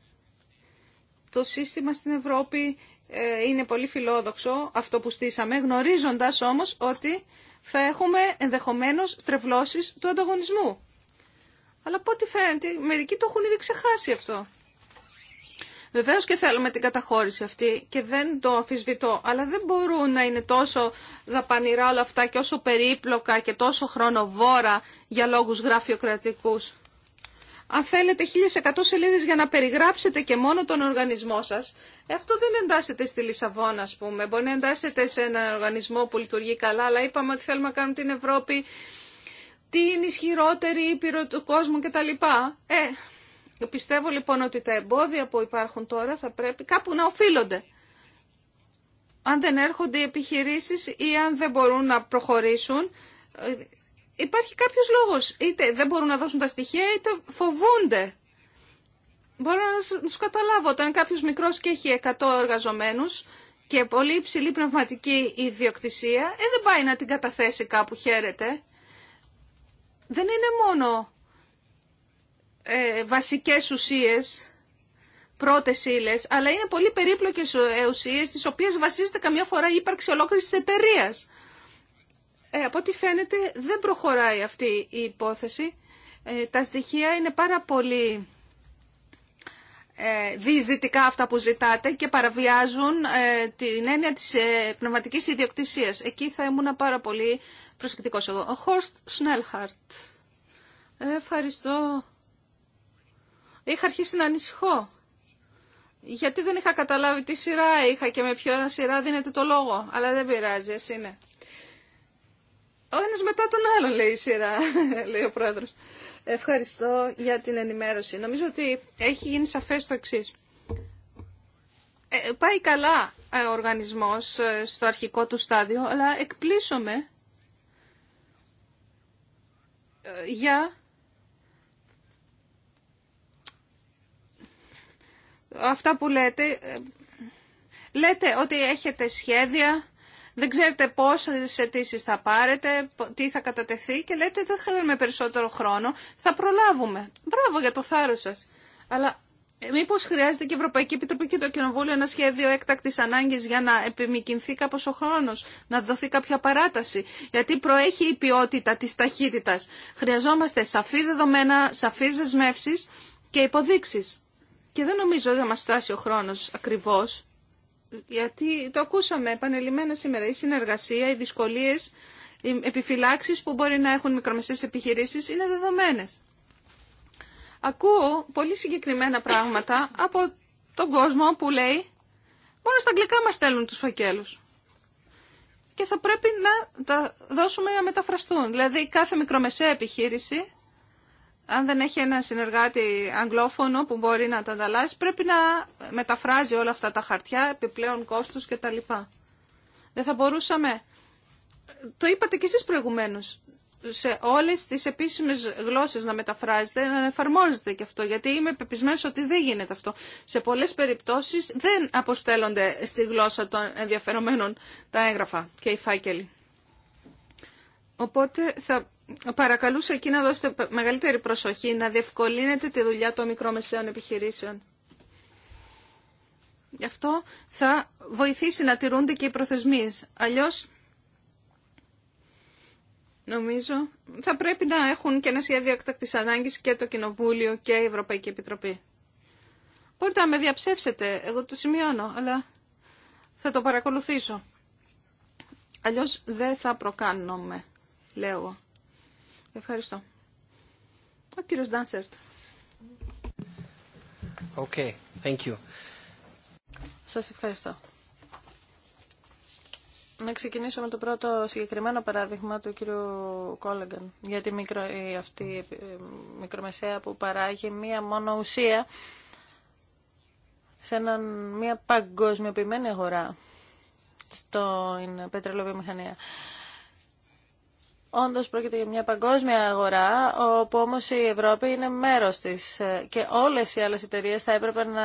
το σύστημα στην Ευρώπη ε, είναι πολύ φιλόδοξο, αυτό που στήσαμε, γνωρίζοντας όμως ότι θα έχουμε ενδεχομένως στρεβλώσεις του ανταγωνισμού. Αλλά από ό,τι φαίνεται, μερικοί το έχουν ήδη ξεχάσει αυτό. Βεβαίως και θέλουμε την καταχώρηση αυτή και δεν το αμφισβητώ, αλλά δεν μπορούν να είναι τόσο δαπανηρά όλα αυτά και όσο περίπλοκα και τόσο χρονοβόρα για λόγους γραφειοκρατικούς. Αν θέλετε 1100 σελίδες για να περιγράψετε και μόνο τον οργανισμό σας, ε, αυτό δεν εντάσσεται στη Λισαβόνα, ας πούμε. Μπορεί να εντάσσεται σε έναν οργανισμό που λειτουργεί καλά, αλλά είπαμε ότι θέλουμε να κάνουμε την Ευρώπη τι είναι ισχυρότερη ήπειρο του κόσμου κτλ. Ε, πιστεύω λοιπόν ότι τα εμπόδια που υπάρχουν τώρα θα πρέπει κάπου να οφείλονται. Αν δεν έρχονται οι επιχειρήσεις ή αν δεν μπορούν να προχωρήσουν, ε, υπάρχει κάποιος λόγος. Είτε δεν μπορούν να δώσουν τα στοιχεία, είτε φοβούνται. Μπορώ να τους καταλάβω. Όταν κάποιος μικρός και έχει 100 εργαζομένους και πολύ υψηλή πνευματική ιδιοκτησία, ε, δεν πάει να την καταθέσει κάπου χαίρεται δεν είναι μόνο ε, βασικές ουσίες, πρώτες αλλά είναι πολύ περίπλοκες ε, ουσίες, τις οποίες βασίζεται καμιά φορά η ύπαρξη ολόκληρης της Ε, από ό,τι φαίνεται δεν προχωράει αυτή η υπόθεση. Ε, τα στοιχεία είναι πάρα πολύ ε, διεισδυτικά αυτά που ζητάτε και παραβιάζουν ε, την έννοια της πνευματικής ιδιοκτησίας. Εκεί θα ήμουν πάρα πολύ προσεκτικός εγώ. Ο Χόρστ Σνέλχαρτ. Ευχαριστώ. Είχα αρχίσει να ανησυχώ. Γιατί δεν είχα καταλάβει τι σειρά είχα και με ποια σειρά δίνεται το λόγο. Αλλά δεν πειράζει, εσύ είναι. Ο ένας μετά τον άλλον λέει η σειρά, λέει ο πρόεδρος. Ευχαριστώ για την ενημέρωση. Νομίζω ότι έχει γίνει σαφές το εξή. Ε, πάει καλά ε, ο οργανισμός ε, στο αρχικό του στάδιο, αλλά εκπλήσωμε ε, για αυτά που λέτε. Ε, λέτε ότι έχετε σχέδια, δεν ξέρετε πόσες αιτήσει θα πάρετε, τι θα κατατεθεί και λέτε δεν δούμε περισσότερο χρόνο, θα προλάβουμε. Μπράβο για το θάρρος σας. Αλλά ε, Μήπω χρειάζεται και η Ευρωπαϊκή Επιτροπή και το Κοινοβούλιο ένα σχέδιο έκτακτη ανάγκη για να επιμηκυνθεί κάπω ο χρόνο, να δοθεί κάποια παράταση, γιατί προέχει η ποιότητα τη ταχύτητα, Χρειαζόμαστε σαφή δεδομένα, σαφεί δεσμεύσει και υποδείξει. Και δεν νομίζω ότι θα μας φτάσει ο χρόνο ακριβώ, γιατί το ακούσαμε επανελειμμένα σήμερα, η συνεργασία, οι δυσκολίε, οι επιφυλάξει που μπορεί να έχουν μικρομεσαίε επιχειρήσει είναι δεδομένε. Ακούω πολύ συγκεκριμένα πράγματα από τον κόσμο που λέει μόνο στα αγγλικά μας στέλνουν τους φακέλους. Και θα πρέπει να τα δώσουμε να μεταφραστούν. Δηλαδή κάθε μικρομεσαία επιχείρηση, αν δεν έχει ένα συνεργάτη αγγλόφωνο που μπορεί να τα ανταλλάσσει, πρέπει να μεταφράζει όλα αυτά τα χαρτιά, επιπλέον κόστος κτλ. Δεν θα μπορούσαμε... Το είπατε κι εσείς προηγουμένως σε όλες τις επίσημες γλώσσες να μεταφράζεται, να εφαρμόζεται και αυτό, γιατί είμαι πεπισμένος ότι δεν γίνεται αυτό. Σε πολλές περιπτώσεις δεν αποστέλλονται στη γλώσσα των ενδιαφερομένων τα έγγραφα και οι φάκελοι. Οπότε θα παρακαλούσα εκεί να δώσετε μεγαλύτερη προσοχή, να διευκολύνετε τη δουλειά των μικρομεσαίων επιχειρήσεων. Γι' αυτό θα βοηθήσει να τηρούνται και οι προθεσμίες. Αλλιώς Νομίζω θα πρέπει να έχουν και ένα σχέδιο εκτακτή ανάγκη και το Κοινοβούλιο και η Ευρωπαϊκή Επιτροπή. Μπορείτε να με διαψεύσετε, εγώ το σημειώνω, αλλά θα το παρακολουθήσω. Αλλιώ δεν θα προκάνομαι, λέω εγώ. Ευχαριστώ. Ο κύριο Ντάνσερτ. Okay, thank Σας ευχαριστώ. Να ξεκινήσω με το πρώτο συγκεκριμένο παράδειγμα του κύριου Κόλεγκαν για τη μικρο, αυτή μικρομεσαία που παράγει μία μόνο ουσία σε έναν, μία παγκοσμιοποιημένη αγορά στην πετρελοβιομηχανία. μηχανία. Όντως πρόκειται για μια παγκόσμια αγορά, όπου όμως η Ευρώπη είναι μέρος της ε, και όλες οι άλλες εταιρείε θα έπρεπε να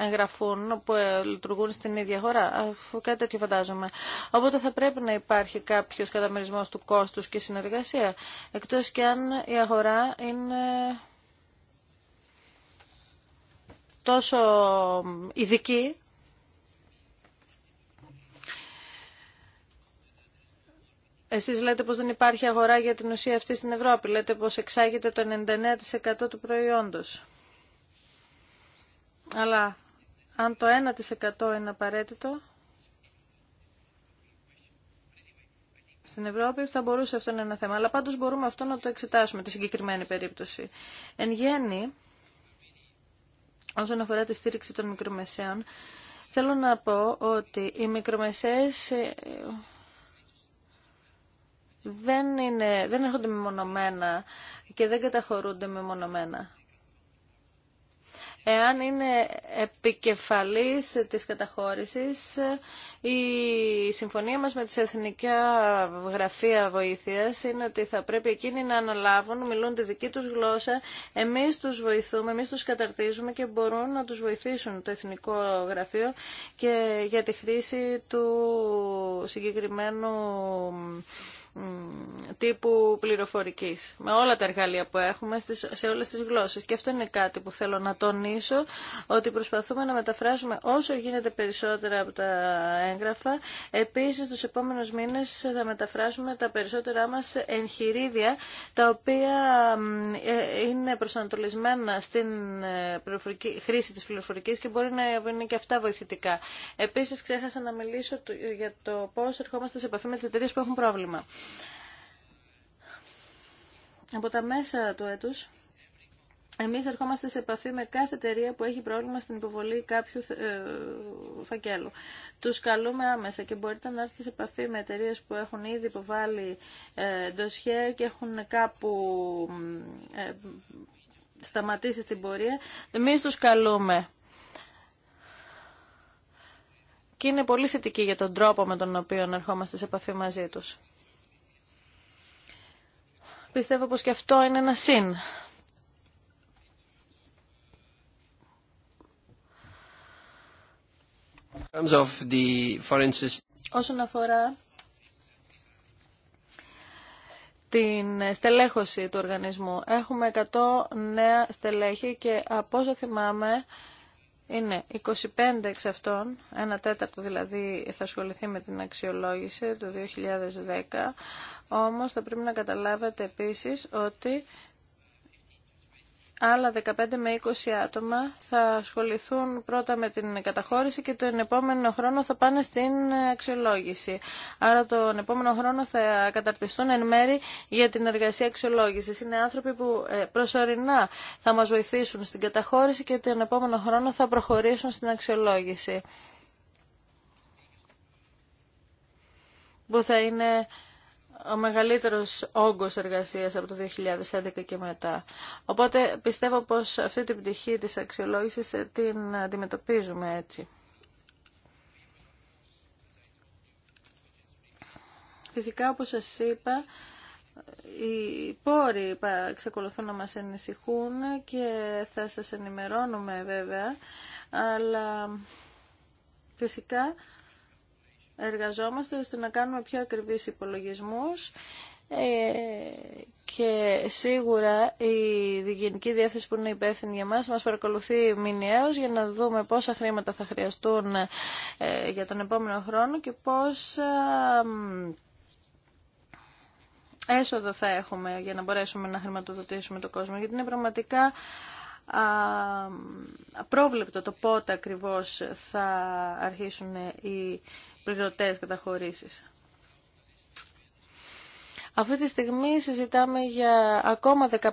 εγγραφούν που ε, λειτουργούν στην ίδια αγορά. Αφού κάτι τέτοιο φαντάζομαι. Οπότε θα πρέπει να υπάρχει κάποιος καταμερισμός του κόστους και συνεργασία, εκτός και αν η αγορά είναι τόσο ειδική Εσείς λέτε πως δεν υπάρχει αγορά για την ουσία αυτή στην Ευρώπη. Λέτε πως εξάγεται το 99% του προϊόντος. Αλλά αν το 1% είναι απαραίτητο, στην Ευρώπη θα μπορούσε αυτό να είναι ένα θέμα. Αλλά πάντως μπορούμε αυτό να το εξετάσουμε, τη συγκεκριμένη περίπτωση. Εν γέννη, όσον αφορά τη στήριξη των μικρομεσαίων, θέλω να πω ότι οι μικρομεσαίες ε, δεν, είναι, δεν έρχονται μεμονωμένα και δεν καταχωρούνται μεμονωμένα. Εάν είναι επικεφαλής της καταχώρησης, η συμφωνία μας με τις Εθνικά Γραφεία Βοήθειας είναι ότι θα πρέπει εκείνοι να αναλάβουν, μιλούν τη δική τους γλώσσα, εμείς τους βοηθούμε, εμείς τους καταρτίζουμε και μπορούν να τους βοηθήσουν το Εθνικό Γραφείο και για τη χρήση του συγκεκριμένου τύπου πληροφορικής με όλα τα εργαλεία που έχουμε σε όλες τις γλώσσες και αυτό είναι κάτι που θέλω να τονίσω ότι προσπαθούμε να μεταφράσουμε όσο γίνεται περισσότερα από τα έγγραφα επίσης τους επόμενους μήνες θα μεταφράσουμε τα περισσότερά μας εγχειρίδια τα οποία ε, είναι προσανατολισμένα στην ε, χρήση της πληροφορικής και μπορεί να είναι και αυτά βοηθητικά. Επίσης ξέχασα να μιλήσω για το πώς ερχόμαστε σε επαφή με τις εταιρείε που έχουν πρόβλημα. Από τα μέσα του έτους, εμείς ερχόμαστε σε επαφή με κάθε εταιρεία που έχει πρόβλημα στην υποβολή κάποιου ε, φακέλου. Τους καλούμε άμεσα και μπορείτε να έρθετε σε επαφή με εταιρείε που έχουν ήδη υποβάλει ε, ντοσχέ και έχουν κάπου ε, σταματήσει στην πορεία. Εμείς τους καλούμε. Και είναι πολύ θετική για τον τρόπο με τον οποίο ερχόμαστε σε επαφή μαζί τους. Πιστεύω πως και αυτό είναι ένα συν. Όσον αφορά την στελέχωση του οργανισμού, έχουμε 100 νέα στελέχη και από όσο θυμάμαι είναι 25 εξ αυτών, ένα τέταρτο δηλαδή θα ασχοληθεί με την αξιολόγηση το 2010, όμως θα πρέπει να καταλάβετε επίσης ότι άλλα 15 με 20 άτομα θα ασχοληθούν πρώτα με την καταχώρηση και τον επόμενο χρόνο θα πάνε στην αξιολόγηση. Άρα τον επόμενο χρόνο θα καταρτιστούν εν μέρη για την εργασία αξιολόγηση. Είναι άνθρωποι που ε, προσωρινά θα μας βοηθήσουν στην καταχώρηση και τον επόμενο χρόνο θα προχωρήσουν στην αξιολόγηση. Που θα είναι ο μεγαλύτερος όγκος εργασίας από το 2011 και μετά. Οπότε πιστεύω πως αυτή την πτυχή της αξιολόγησης ε, την αντιμετωπίζουμε έτσι. Φυσικά, όπως σας είπα, οι πόροι ξεκολουθούν να μας ενησυχούν και θα σας ενημερώνουμε βέβαια, αλλά φυσικά εργαζόμαστε ώστε να κάνουμε πιο ακριβείς υπολογισμούς ε, και σίγουρα η Γενική Διεύθυνση που είναι υπεύθυνη για μας μας παρακολουθεί μηνιαίως για να δούμε πόσα χρήματα θα χρειαστούν ε, για τον επόμενο χρόνο και πόσα έσοδο θα έχουμε για να μπορέσουμε να χρηματοδοτήσουμε το κόσμο γιατί είναι πραγματικά απρόβλεπτο το πότε ακριβώς θα αρχίσουν οι πληρωτές καταχωρήσεις. Αυτή τη στιγμή συζητάμε για ακόμα 15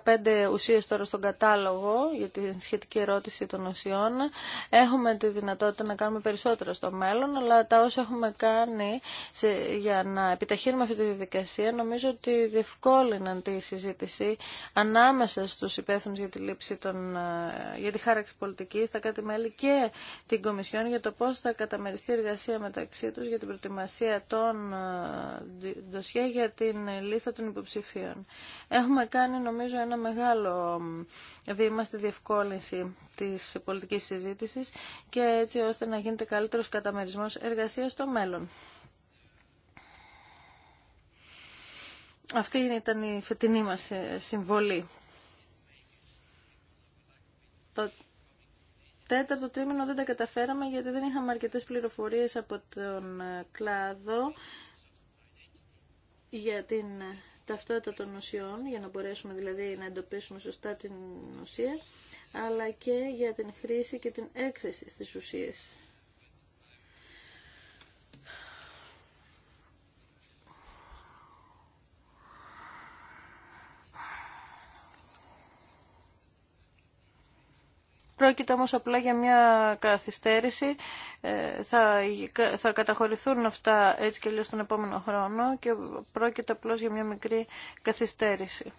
ουσίες τώρα στον κατάλογο για τη σχετική ερώτηση των ουσιών. Έχουμε τη δυνατότητα να κάνουμε περισσότερα στο μέλλον, αλλά τα όσα έχουμε κάνει για να επιταχύνουμε αυτή τη διαδικασία νομίζω ότι διευκόλυναν τη συζήτηση ανάμεσα στους υπεύθυνους για τη, λήψη των, ε, για τη χάραξη πολιτικής, τα κάτι μέλη και την Κομισιόν για το πώς θα καταμεριστεί η εργασία μεταξύ τους για την προετοιμασία των ντοσιέ ε, για την λίστα των υποψηφίων. Έχουμε κάνει νομίζω ένα μεγάλο βήμα στη διευκόλυνση της πολιτικής συζήτησης και έτσι ώστε να γίνεται καλύτερος καταμερισμός εργασίας στο μέλλον. Αυτή ήταν η φετινή μας ε, συμβολή. Το τέταρτο τρίμηνο δεν τα καταφέραμε γιατί δεν είχαμε αρκετές πληροφορίες από τον ε, κλάδο για την ταυτότητα των ουσιών, για να μπορέσουμε δηλαδή να εντοπίσουμε σωστά την ουσία, αλλά και για την χρήση και την έκθεση στις ουσίες. Πρόκειται όμως απλά για μια καθυστέρηση. Ε, θα, θα καταχωρηθούν αυτά έτσι και λίγο στον επόμενο χρόνο και πρόκειται απλώς για μια μικρή καθυστέρηση.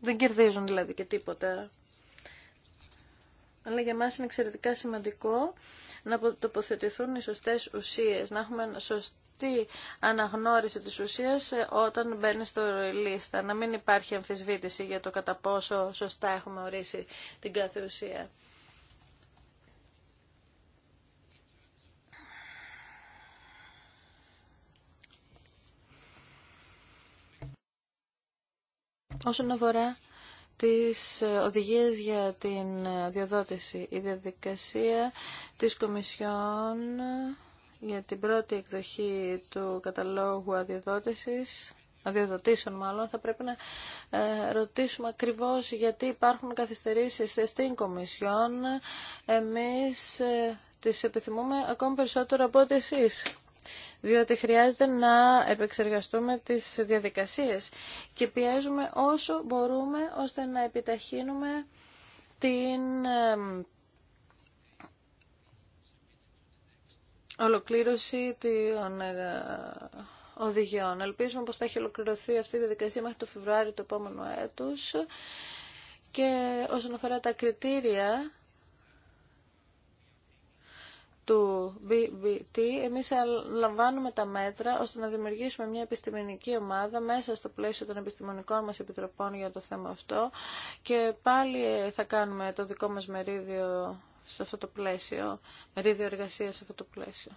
Δεν κερδίζουν δηλαδή και τίποτα αλλά για μας είναι εξαιρετικά σημαντικό να τοποθετηθούν οι σωστές ουσίες, να έχουμε σωστή αναγνώριση της ουσίας ε, όταν μπαίνει στο λίστα, να μην υπάρχει αμφισβήτηση για το κατά πόσο σωστά έχουμε ορίσει την κάθε ουσία. Όσον αφορά τις οδηγίες για την διοδότηση. Η διαδικασία της Κομισιόν για την πρώτη εκδοχή του καταλόγου αδειοδότησης αδειοδοτήσεων μάλλον, θα πρέπει να ε, ρωτήσουμε ακριβώς γιατί υπάρχουν καθυστερήσεις στην Κομισιόν. Εμείς ε, τις επιθυμούμε ακόμη περισσότερο από ό,τι εσείς διότι χρειάζεται να επεξεργαστούμε τις διαδικασίες και πιέζουμε όσο μπορούμε ώστε να επιταχύνουμε την ολοκλήρωση των ε, οδηγιών. Ελπίζουμε πως θα έχει ολοκληρωθεί αυτή η διαδικασία μέχρι το Φεβρουάριο του επόμενου έτους και όσον αφορά τα κριτήρια του BBT, εμείς λαμβάνουμε τα μέτρα ώστε να δημιουργήσουμε μια επιστημονική ομάδα μέσα στο πλαίσιο των επιστημονικών μας επιτροπών για το θέμα αυτό και πάλι θα κάνουμε το δικό μας μερίδιο σε αυτό το πλαίσιο, μερίδιο εργασίας σε αυτό το πλαίσιο.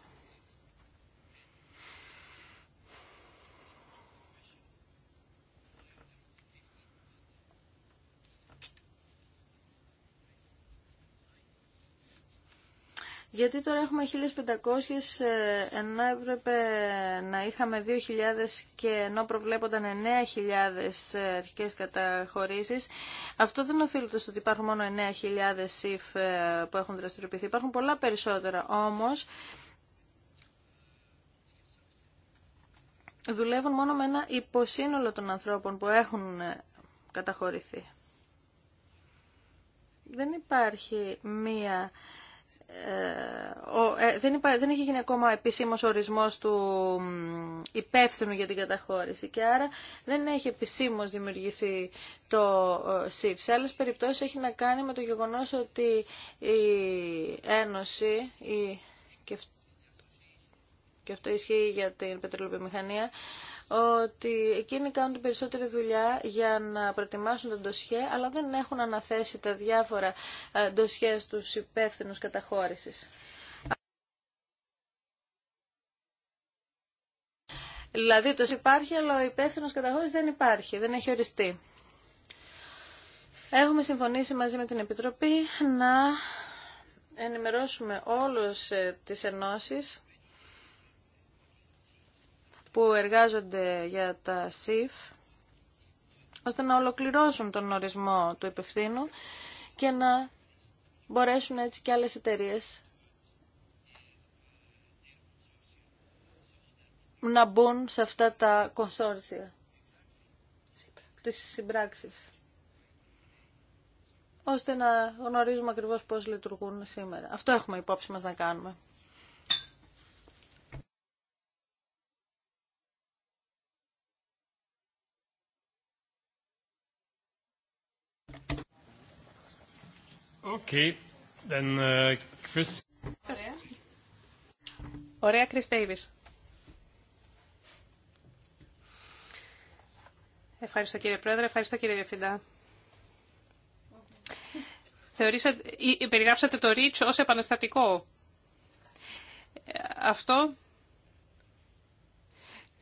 Γιατί τώρα έχουμε 1500, ε, ενώ έπρεπε να είχαμε 2000 και ενώ προβλέπονταν 9000 ε, αρχικές καταχωρήσεις. Αυτό δεν οφείλεται στο ότι υπάρχουν μόνο 9000 ΣΥΦ ε, που έχουν δραστηριοποιηθεί. Υπάρχουν πολλά περισσότερα. Όμως, δουλεύουν μόνο με ένα υποσύνολο των ανθρώπων που έχουν καταχωρηθεί. Δεν υπάρχει μία ε, ε, δεν, δεν έχει γίνει ακόμα επισήμως ορισμός του υπεύθυνου για την καταχώρηση και άρα δεν έχει επισήμως δημιουργηθεί το ε, ΣΥΠ. Σε άλλες περιπτώσεις έχει να κάνει με το γεγονός ότι η Ένωση, η, και αυτό ισχύει για την πετρελαιομηχανία ότι εκείνοι κάνουν την περισσότερη δουλειά για να προετοιμάσουν τα ντοσιέ, αλλά δεν έχουν αναθέσει τα διάφορα ε, ντοσιέ στους υπεύθυνους καταχώρησης. Δηλαδή το υπάρχει, αλλά ο υπεύθυνο καταχώρηση δεν υπάρχει, δεν έχει οριστεί. Έχουμε συμφωνήσει μαζί με την Επιτροπή να ενημερώσουμε όλους ε, τις ενώσεις που εργάζονται για τα ΣΥΦ ώστε να ολοκληρώσουν τον ορισμό του υπευθύνου και να μπορέσουν έτσι και άλλες εταιρείε να μπουν σε αυτά τα κονσόρσια της συμπράξης, ώστε να γνωρίζουμε ακριβώς πώς λειτουργούν σήμερα. Αυτό έχουμε υπόψη μας να κάνουμε. Uh, Ωραία. Ωραία, Ευχαριστώ κύριε Πρόεδρε, ευχαριστώ κύριε Διευθυντά. Θεωρήσατε, περιγράψατε το ρίτσο ως επαναστατικό. Ε, αυτό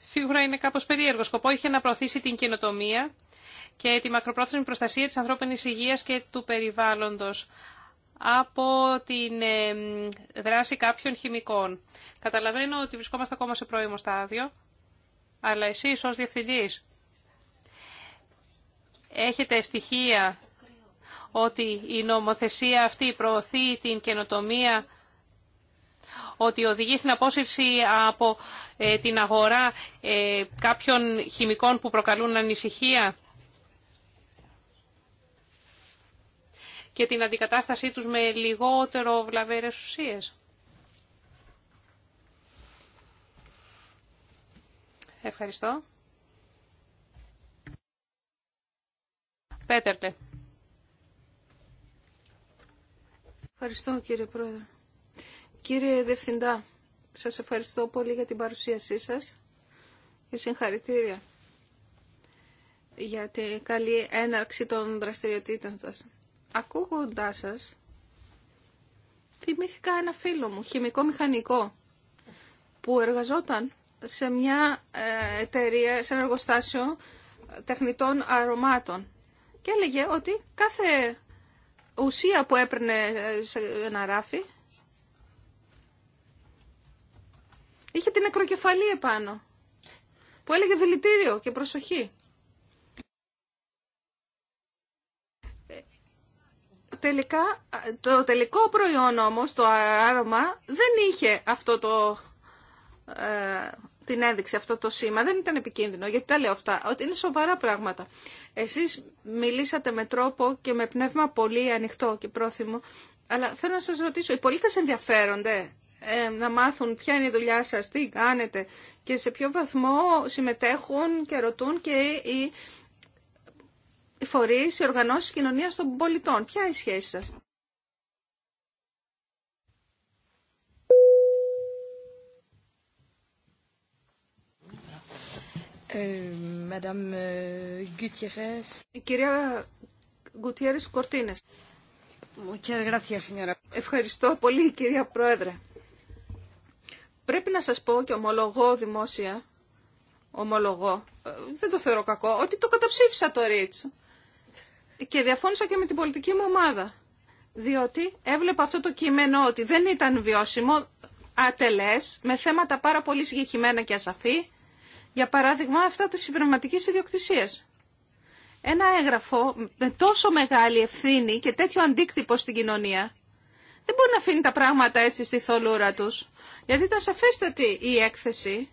σίγουρα είναι κάπως περίεργο. Σκοπό είχε να προωθήσει την καινοτομία και τη μακροπρόθεσμη προστασία της ανθρώπινης υγείας και του περιβάλλοντος από την ε, δράση κάποιων χημικών. Καταλαβαίνω ότι βρισκόμαστε ακόμα σε πρώιμο στάδιο, αλλά εσείς ως διευθυντής έχετε στοιχεία ότι η νομοθεσία αυτή προωθεί την καινοτομία ότι οδηγεί στην απόσυρση από ε, την αγορά ε, κάποιων χημικών που προκαλούν ανησυχία και την αντικατάστασή τους με λιγότερο βλαβερές ουσίες. Ευχαριστώ. Πέτερτε. Ευχαριστώ κύριε Πρόεδρε. Κύριε Διευθυντά, σας ευχαριστώ πολύ για την παρουσίασή σας και συγχαρητήρια για την καλή έναρξη των δραστηριοτήτων σας. Ακούγοντάς σας, θυμήθηκα ένα φίλο μου, χημικό μηχανικό, που εργαζόταν σε μια ε, εταιρεία, σε ένα εργοστάσιο ε, τεχνητών αρωμάτων και έλεγε ότι κάθε ουσία που έπαιρνε ε, σε ένα ράφι Είχε την ακροκεφαλή επάνω που έλεγε δηλητήριο και προσοχή. Τελικά, το τελικό προϊόν όμως, το άρωμα, δεν είχε αυτό το, ε, την ένδειξη, αυτό το σήμα. Δεν ήταν επικίνδυνο, γιατί τα λέω αυτά, ότι είναι σοβαρά πράγματα. Εσείς μιλήσατε με τρόπο και με πνεύμα πολύ ανοιχτό και πρόθυμο, αλλά θέλω να σας ρωτήσω, οι πολίτες ενδιαφέρονται ε, να μάθουν ποια είναι η δουλειά σας, τι κάνετε και σε ποιο βαθμό συμμετέχουν και ρωτούν και οι, οι φορείς, οι οργανώσεις κοινωνίας των πολιτών. Ποια είναι η σχέση σας. Ευχαριστώ πολύ κυρία Πρόεδρε. Πρέπει να σας πω και ομολογώ δημόσια, ομολογώ, ε, δεν το θεωρώ κακό, ότι το καταψήφισα το Ρίτς. Και διαφώνησα και με την πολιτική μου ομάδα. Διότι έβλεπα αυτό το κείμενο ότι δεν ήταν βιώσιμο, ατελές, με θέματα πάρα πολύ συγκεκριμένα και ασαφή. Για παράδειγμα αυτά τη συμπνευματική ιδιοκτησία. Ένα έγγραφο με τόσο μεγάλη ευθύνη και τέτοιο αντίκτυπο στην κοινωνία δεν μπορεί να αφήνει τα πράγματα έτσι στη θολούρα τους. Γιατί ήταν σαφέστατη η έκθεση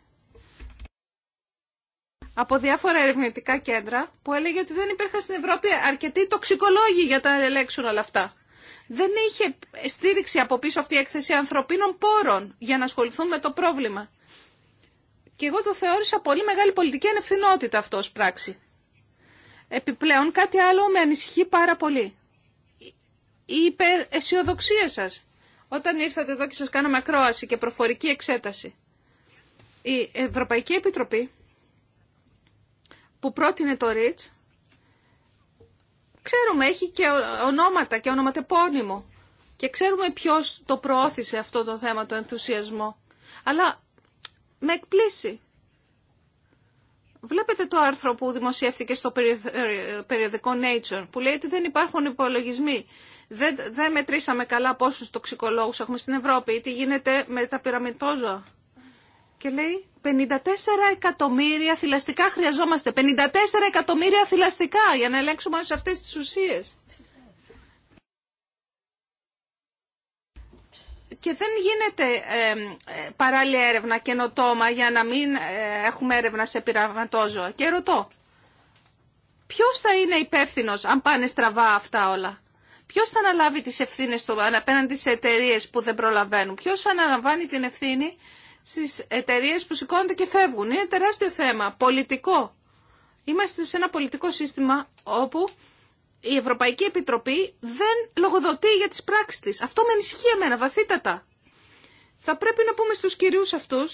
από διάφορα ερευνητικά κέντρα που έλεγε ότι δεν υπήρχαν στην Ευρώπη αρκετοί τοξικολόγοι για να ελέγξουν όλα αυτά. Δεν είχε στήριξη από πίσω αυτή η έκθεση ανθρωπίνων πόρων για να ασχοληθούν με το πρόβλημα. Και εγώ το θεώρησα πολύ μεγάλη πολιτική ανευθυνότητα αυτό ως πράξη. Επιπλέον κάτι άλλο με ανησυχεί πάρα πολύ. Η υπεραισιοδοξία σας όταν ήρθατε εδώ και σας κάναμε ακρόαση και προφορική εξέταση, η Ευρωπαϊκή Επιτροπή που πρότεινε το ΡΙΤΣ, ξέρουμε έχει και ονόματα και ονοματεπώνυμο και ξέρουμε ποιος το προώθησε αυτό το θέμα, το ενθουσιασμό. Αλλά με εκπλήσει. Βλέπετε το άρθρο που δημοσιεύθηκε στο ε, περιοδικό Nature που λέει ότι δεν υπάρχουν υπολογισμοί δεν, μετρήσαμε καλά πόσους τοξικολόγους έχουμε στην Ευρώπη ή τι γίνεται με τα πυραμιτόζωα. Και λέει 54 εκατομμύρια θηλαστικά χρειαζόμαστε. 54 εκατομμύρια θηλαστικά για να ελέγξουμε όλες αυτές τις ουσίες. Και δεν γίνεται ε, παράλληλη έρευνα καινοτόμα για να μην ε, έχουμε έρευνα σε πειραματόζωα. Και ρωτώ, ποιος θα είναι υπεύθυνο αν πάνε στραβά αυτά όλα. Ποιο θα αναλάβει τι ευθύνε απέναντι σε εταιρείε που δεν προλαβαίνουν, Ποιο αναλαμβάνει την ευθύνη στι εταιρείε που σηκώνονται και φεύγουν. Είναι τεράστιο θέμα, πολιτικό. Είμαστε σε ένα πολιτικό σύστημα όπου η Ευρωπαϊκή Επιτροπή δεν λογοδοτεί για τις πράξεις τη. Αυτό με ανησυχεί εμένα βαθύτατα. Θα πρέπει να πούμε στου κυρίους αυτού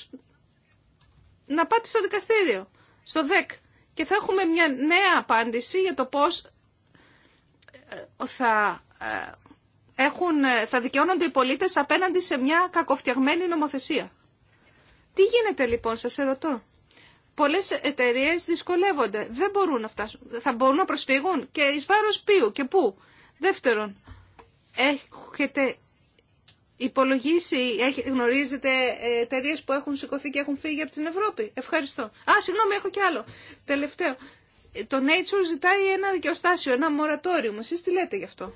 να πάτε στο δικαστήριο, στο ΔΕΚ και θα έχουμε μια νέα απάντηση για το πώς ε, θα ε, έχουν, ε, θα δικαιώνονται οι πολίτες απέναντι σε μια κακοφτιαγμένη νομοθεσία. Τι γίνεται λοιπόν, σας ερωτώ. Πολλές εταιρείε δυσκολεύονται, δεν μπορούν να φτάσουν, θα μπορούν να προσφύγουν και εις βάρος ποιου και πού. Δεύτερον, έχετε υπολογίσει, γνωρίζετε εταιρείε που έχουν σηκωθεί και έχουν φύγει από την Ευρώπη. Ευχαριστώ. Α, συγγνώμη, έχω κι άλλο. Τελευταίο το Nature ζητάει ένα δικαιοστάσιο, ένα μορατόριο. Εσείς τι λέτε γι' αυτό.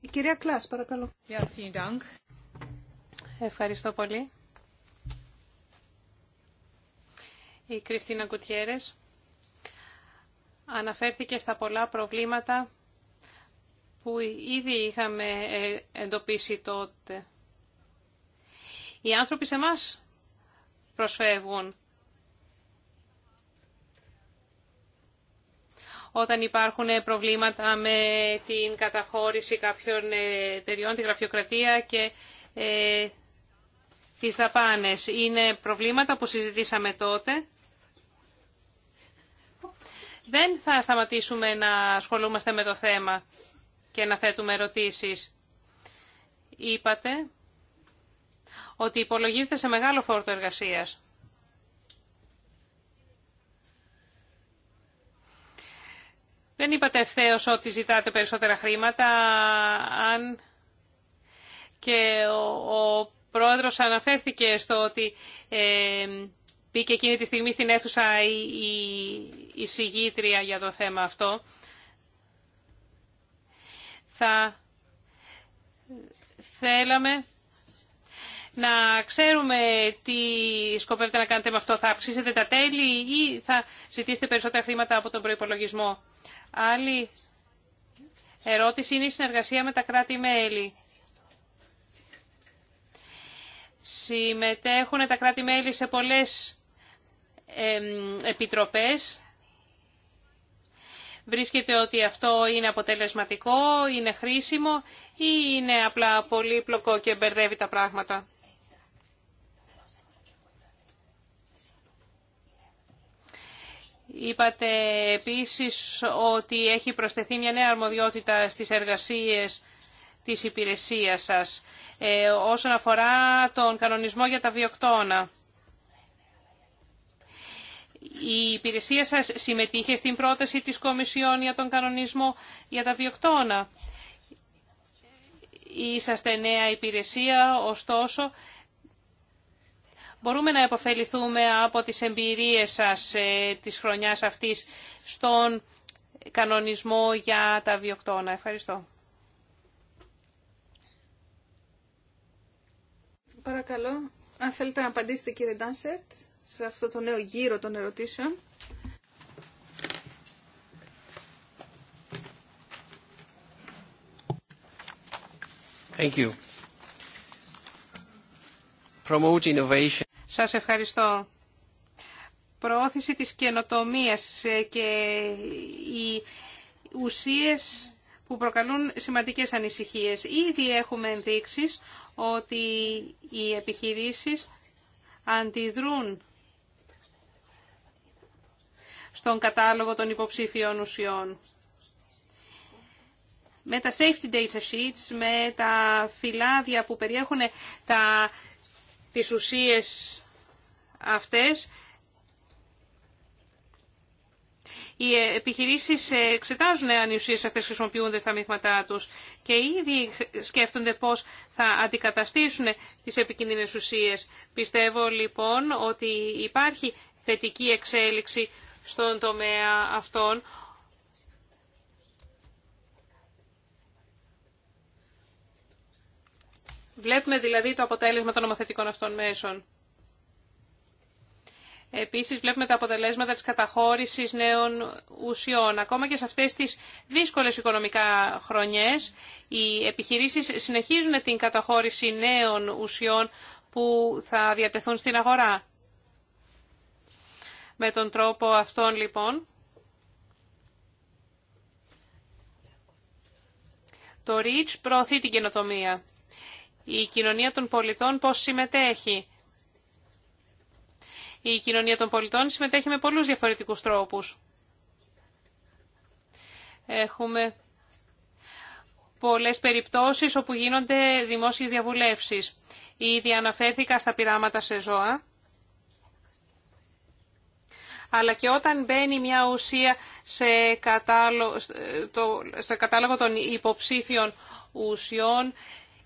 Η κυρία Κλάς, παρακαλώ. Ευχαριστώ πολύ. Η Κριστίνα Κουτιέρες αναφέρθηκε στα πολλά προβλήματα που ήδη είχαμε ε, εντοπίσει τότε. Οι άνθρωποι σε μας όταν υπάρχουν προβλήματα με την καταχώρηση κάποιων ε, εταιριών, τη γραφειοκρατία και ε, τις δαπάνες. Είναι προβλήματα που συζητήσαμε τότε. Δεν θα σταματήσουμε να ασχολούμαστε με το θέμα και να θέτουμε ερωτήσεις. Είπατε ότι υπολογίζεται σε μεγάλο φόρτο εργασίας. Δεν είπατε ευθέω ότι ζητάτε περισσότερα χρήματα, αν και ο πρόεδρος αναφέρθηκε στο ότι ε, πήκε εκείνη τη στιγμή στην αίθουσα η συγγήτρια για το θέμα αυτό. Θα θέλαμε να ξέρουμε τι σκοπεύετε να κάνετε με αυτό. Θα αυξήσετε τα τέλη ή θα ζητήσετε περισσότερα χρήματα από τον προϋπολογισμό. Άλλη ερώτηση είναι η συνεργασία με τα κράτη-μέλη. Συμμετέχουν τα κράτη-μέλη σε πολλές επιτροπές. Βρίσκεται ότι αυτό είναι αποτελεσματικό, είναι χρήσιμο ή είναι απλά πολύπλοκο και μπερδεύει τα πράγματα. Είπατε επίσης ότι έχει προσθεθεί μια νέα αρμοδιότητα στις εργασίες της υπηρεσίας σας ε, όσον αφορά τον κανονισμό για τα βιοκτώνα. Η υπηρεσία σας συμμετείχε στην πρόταση της Κομισιόν για τον κανονισμό για τα βιοκτώνα. Είσαστε νέα υπηρεσία, ωστόσο Μπορούμε να επωφεληθούμε από τις εμπειρίες σας ε, της χρονιάς αυτής στον κανονισμό για τα βιοκτώνα. Ευχαριστώ. Παρακαλώ, αν θέλετε να απαντήσετε κύριε Ντάνσερτ σε αυτό το νέο γύρο των ερωτήσεων. Thank you. Promote innovation. Σας ευχαριστώ. Προώθηση της καινοτομίας ε, και οι ουσίες που προκαλούν σημαντικές ανησυχίες. Ήδη έχουμε ενδείξεις ότι οι επιχειρήσεις αντιδρούν στον κατάλογο των υποψήφιων ουσιών. Με τα safety data sheets, με τα φυλάδια που περιέχουν τα, τις ουσίες αυτές οι επιχειρήσεις εξετάζουν αν οι ουσίες αυτές χρησιμοποιούνται στα μείγματά τους και ήδη σκέφτονται πώς θα αντικαταστήσουν τις επικίνδυνες ουσίες. Πιστεύω λοιπόν ότι υπάρχει θετική εξέλιξη στον τομέα αυτών. Βλέπουμε δηλαδή το αποτέλεσμα των νομοθετικών αυτών μέσων. Επίσης βλέπουμε τα αποτελέσματα της καταχώρησης νέων ουσιών. Ακόμα και σε αυτές τις δύσκολες οικονομικά χρονιές, οι επιχειρήσεις συνεχίζουν την καταχώρηση νέων ουσιών που θα διατεθούν στην αγορά. Με τον τρόπο αυτόν λοιπόν, το REACH προωθεί την καινοτομία. Η κοινωνία των πολιτών πώς συμμετέχει. Η κοινωνία των πολιτών συμμετέχει με πολλούς διαφορετικούς τρόπους. Έχουμε πολλές περιπτώσεις όπου γίνονται δημόσιες διαβουλεύσεις. Ήδη αναφέρθηκα στα πειράματα σε ζώα. Αλλά και όταν μπαίνει μια ουσία σε κατάλογο των υποψήφιων ουσιών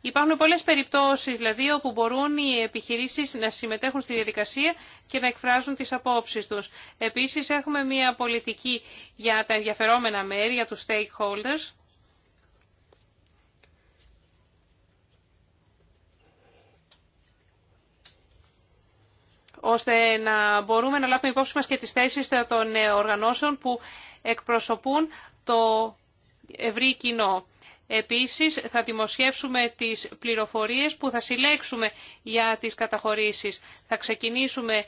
Υπάρχουν πολλές περιπτώσεις δηλαδή όπου μπορούν οι επιχειρήσεις να συμμετέχουν στη διαδικασία και να εκφράζουν τις απόψεις τους. Επίσης έχουμε μια πολιτική για τα ενδιαφερόμενα μέρη, για τους stakeholders. ώστε να μπορούμε να λάβουμε υπόψη μας και τις θέσεις των οργανώσεων που εκπροσωπούν το ευρύ κοινό. Επίσης θα δημοσιεύσουμε τις πληροφορίες που θα συλλέξουμε για τις καταχωρήσεις. Θα ξεκινήσουμε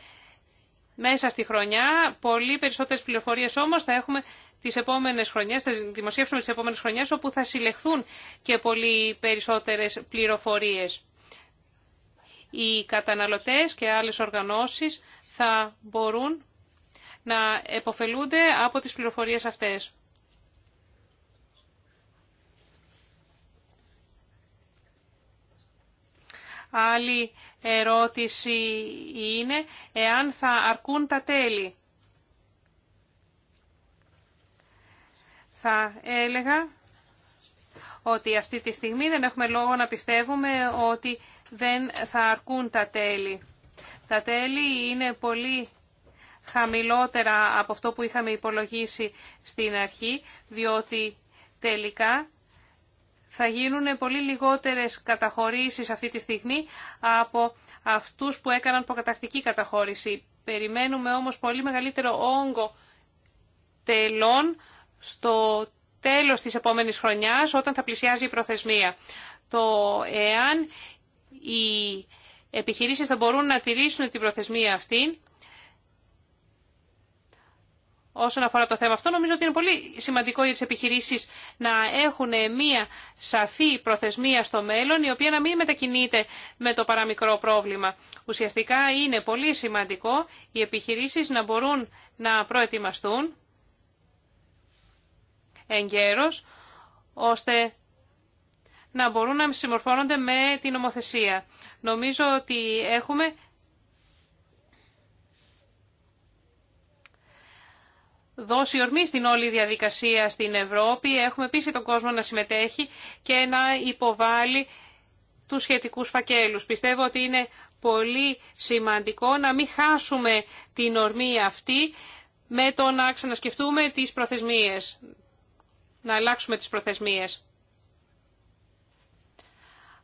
μέσα στη χρονιά, πολύ περισσότερες πληροφορίες όμως θα έχουμε τις επόμενες χρονιές, θα δημοσιεύσουμε τις επόμενες χρονιές όπου θα συλλεχθούν και πολύ περισσότερες πληροφορίες. Οι καταναλωτές και άλλες οργανώσεις θα μπορούν να επωφελούνται από τις πληροφορίες αυτές. Άλλη ερώτηση είναι εάν θα αρκούν τα τέλη. Θα έλεγα ότι αυτή τη στιγμή δεν έχουμε λόγο να πιστεύουμε ότι δεν θα αρκούν τα τέλη. Τα τέλη είναι πολύ χαμηλότερα από αυτό που είχαμε υπολογίσει στην αρχή, διότι τελικά θα γίνουν πολύ λιγότερες καταχωρήσεις αυτή τη στιγμή από αυτούς που έκαναν προκατακτική καταχώρηση. Περιμένουμε όμως πολύ μεγαλύτερο όγκο τελών στο τέλος της επόμενης χρονιάς όταν θα πλησιάζει η προθεσμία. Το εάν οι επιχειρήσεις θα μπορούν να τηρήσουν την προθεσμία αυτή όσον αφορά το θέμα αυτό, νομίζω ότι είναι πολύ σημαντικό για τι επιχειρήσει να έχουν μία σαφή προθεσμία στο μέλλον, η οποία να μην μετακινείται με το παραμικρό πρόβλημα. Ουσιαστικά είναι πολύ σημαντικό οι επιχειρήσει να μπορούν να προετοιμαστούν εγκαίρως, ώστε να μπορούν να συμμορφώνονται με την νομοθεσία. Νομίζω ότι έχουμε δώσει ορμή στην όλη διαδικασία στην Ευρώπη. Έχουμε πείσει τον κόσμο να συμμετέχει και να υποβάλει τους σχετικούς φακέλους. Πιστεύω ότι είναι πολύ σημαντικό να μην χάσουμε την ορμή αυτή με το να ξανασκεφτούμε τις προθεσμίες, να αλλάξουμε τις προθεσμίες.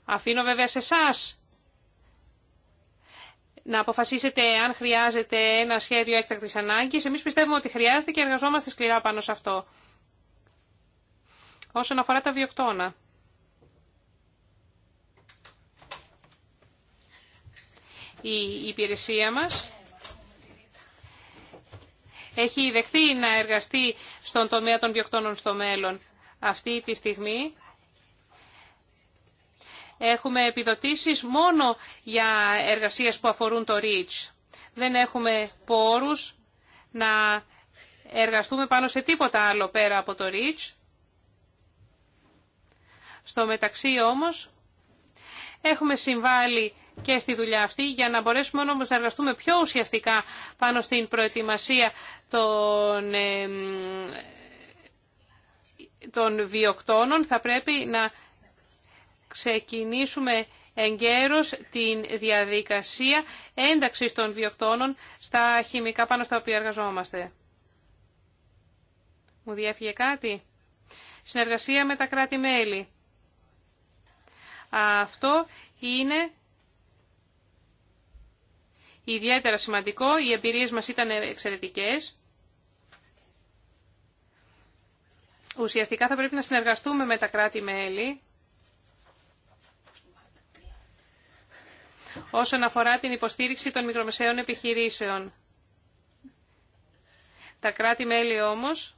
Αφήνω βέβαια σε εσά να αποφασίσετε αν χρειάζεται ένα σχέδιο έκτακτης ανάγκης. Εμείς πιστεύουμε ότι χρειάζεται και εργαζόμαστε σκληρά πάνω σε αυτό. Όσον αφορά τα βιοκτώνα. Η υπηρεσία μας έχει δεχθεί να εργαστεί στον τομέα των βιοκτώνων στο μέλλον. Αυτή τη στιγμή Έχουμε επιδοτήσεις μόνο για εργασίες που αφορούν το REACH. Δεν έχουμε πόρους να εργαστούμε πάνω σε τίποτα άλλο πέρα από το REACH. Στο μεταξύ όμως έχουμε συμβάλει και στη δουλειά αυτή για να μπορέσουμε όμως να εργαστούμε πιο ουσιαστικά πάνω στην προετοιμασία των, των βιοκτώνων θα πρέπει να ξεκινήσουμε εγκαίρως την διαδικασία ένταξης των βιοκτώνων στα χημικά πάνω στα οποία εργαζόμαστε. Μου διέφυγε κάτι. Συνεργασία με τα κράτη-μέλη. Αυτό είναι ιδιαίτερα σημαντικό. Οι εμπειρίες μας ήταν εξαιρετικές. Ουσιαστικά θα πρέπει να συνεργαστούμε με τα κράτη-μέλη όσον αφορά την υποστήριξη των μικρομεσαίων επιχειρήσεων. Τα κράτη-μέλη όμως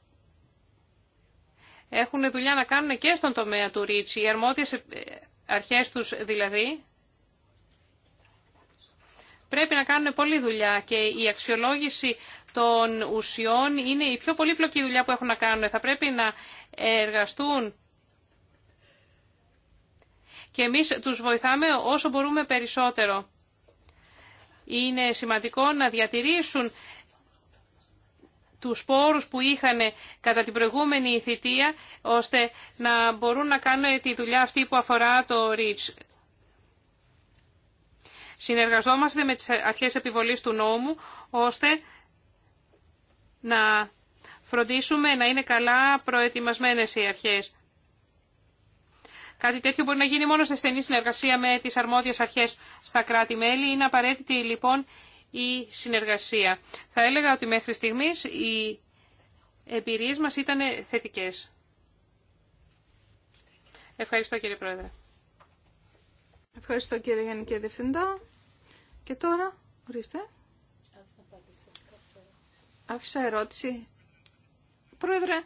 έχουν δουλειά να κάνουν και στον τομέα του ρίτσι. Οι αρμόδιες αρχές τους δηλαδή πρέπει να κάνουν πολλή δουλειά και η αξιολόγηση των ουσιών είναι η πιο πολύπλοκη δουλειά που έχουν να κάνουν. Θα πρέπει να εργαστούν και εμείς τους βοηθάμε όσο μπορούμε περισσότερο. Είναι σημαντικό να διατηρήσουν τους σπόρους που είχαν κατά την προηγούμενη θητεία, ώστε να μπορούν να κάνουν τη δουλειά αυτή που αφορά το REACH. Συνεργαζόμαστε με τις αρχές επιβολής του νόμου, ώστε να φροντίσουμε να είναι καλά προετοιμασμένες οι αρχές. Κάτι τέτοιο μπορεί να γίνει μόνο σε στενή συνεργασία με τις αρμόδιες αρχές στα κράτη-μέλη. Είναι απαραίτητη λοιπόν η συνεργασία. Θα έλεγα ότι μέχρι στιγμής οι εμπειρίες μας ήταν θετικές. Ευχαριστώ κύριε Πρόεδρε. Ευχαριστώ κύριε Γενική Διευθυντά. Και τώρα, ορίστε. Άφησα ερώτηση. Πρόεδρε,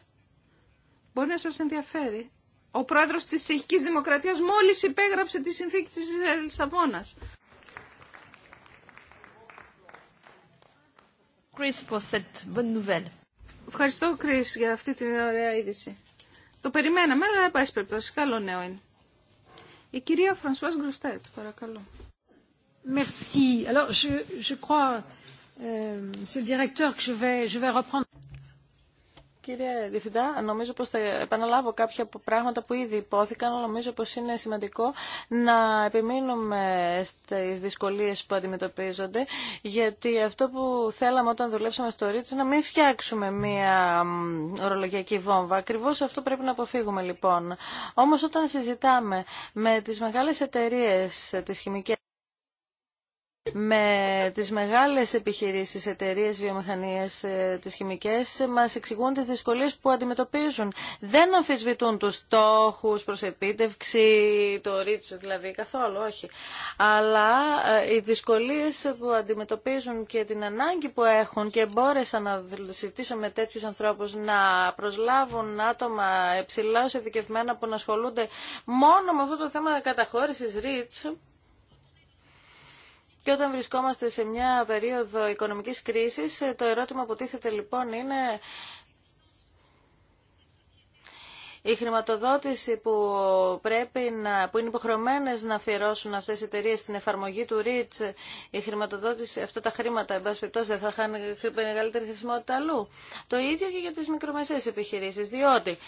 μπορεί να σας ενδιαφέρει ο πρόεδρος της Τσεχικής Δημοκρατίας μόλις υπέγραψε τη συνθήκη της Λισαβόνας. Ευχαριστώ, Κρίς, για αυτή την ωραία είδηση. Το περιμέναμε, αλλά δεν πάει περιπτώσει. Καλό νέο είναι. Η κυρία Φρανσουάς Γκροστέτ, παρακαλώ. Merci. Alors, je, je crois, euh, Monsieur Directeur, que je vais, je vais reprendre. Κύριε Διευθυντά, νομίζω πως θα επαναλάβω κάποια πράγματα που ήδη υπόθηκαν, αλλά νομίζω πως είναι σημαντικό να επιμείνουμε στις δυσκολίες που αντιμετωπίζονται, γιατί αυτό που θέλαμε όταν δουλέψαμε στο ΡΙΤΣ να μην φτιάξουμε μία ορολογιακή βόμβα. Ακριβώς αυτό πρέπει να αποφύγουμε λοιπόν. Όμως όταν συζητάμε με τις μεγάλες εταιρείες, ε, τις χημικές, με τις μεγάλες επιχειρήσεις, εταιρείες, βιομηχανίες, ε, τις χημικές, μας εξηγούν τις δυσκολίες που αντιμετωπίζουν. Δεν αμφισβητούν τους στόχους προς επίτευξη, το ρίτσο δηλαδή καθόλου, όχι. Αλλά ε, οι δυσκολίες που αντιμετωπίζουν και την ανάγκη που έχουν και μπόρεσα να συζητήσω με τέτοιους ανθρώπους να προσλάβουν άτομα ψηλά ως που να ασχολούνται μόνο με αυτό το θέμα καταχώρησης ρίτσο και όταν βρισκόμαστε σε μια περίοδο οικονομικής κρίσης, ε, το ερώτημα που τίθεται λοιπόν είναι η χρηματοδότηση που, πρέπει να, που είναι υποχρεωμένες να αφιερώσουν αυτές οι εταιρείε στην εφαρμογή του REACH, η χρηματοδότηση, αυτά τα χρήματα, εν πάση περιπτώσει, θα χάνουν μεγαλύτερη χρησιμότητα αλλού. Το ίδιο και για τις μικρομεσαίες επιχειρήσεις, διότι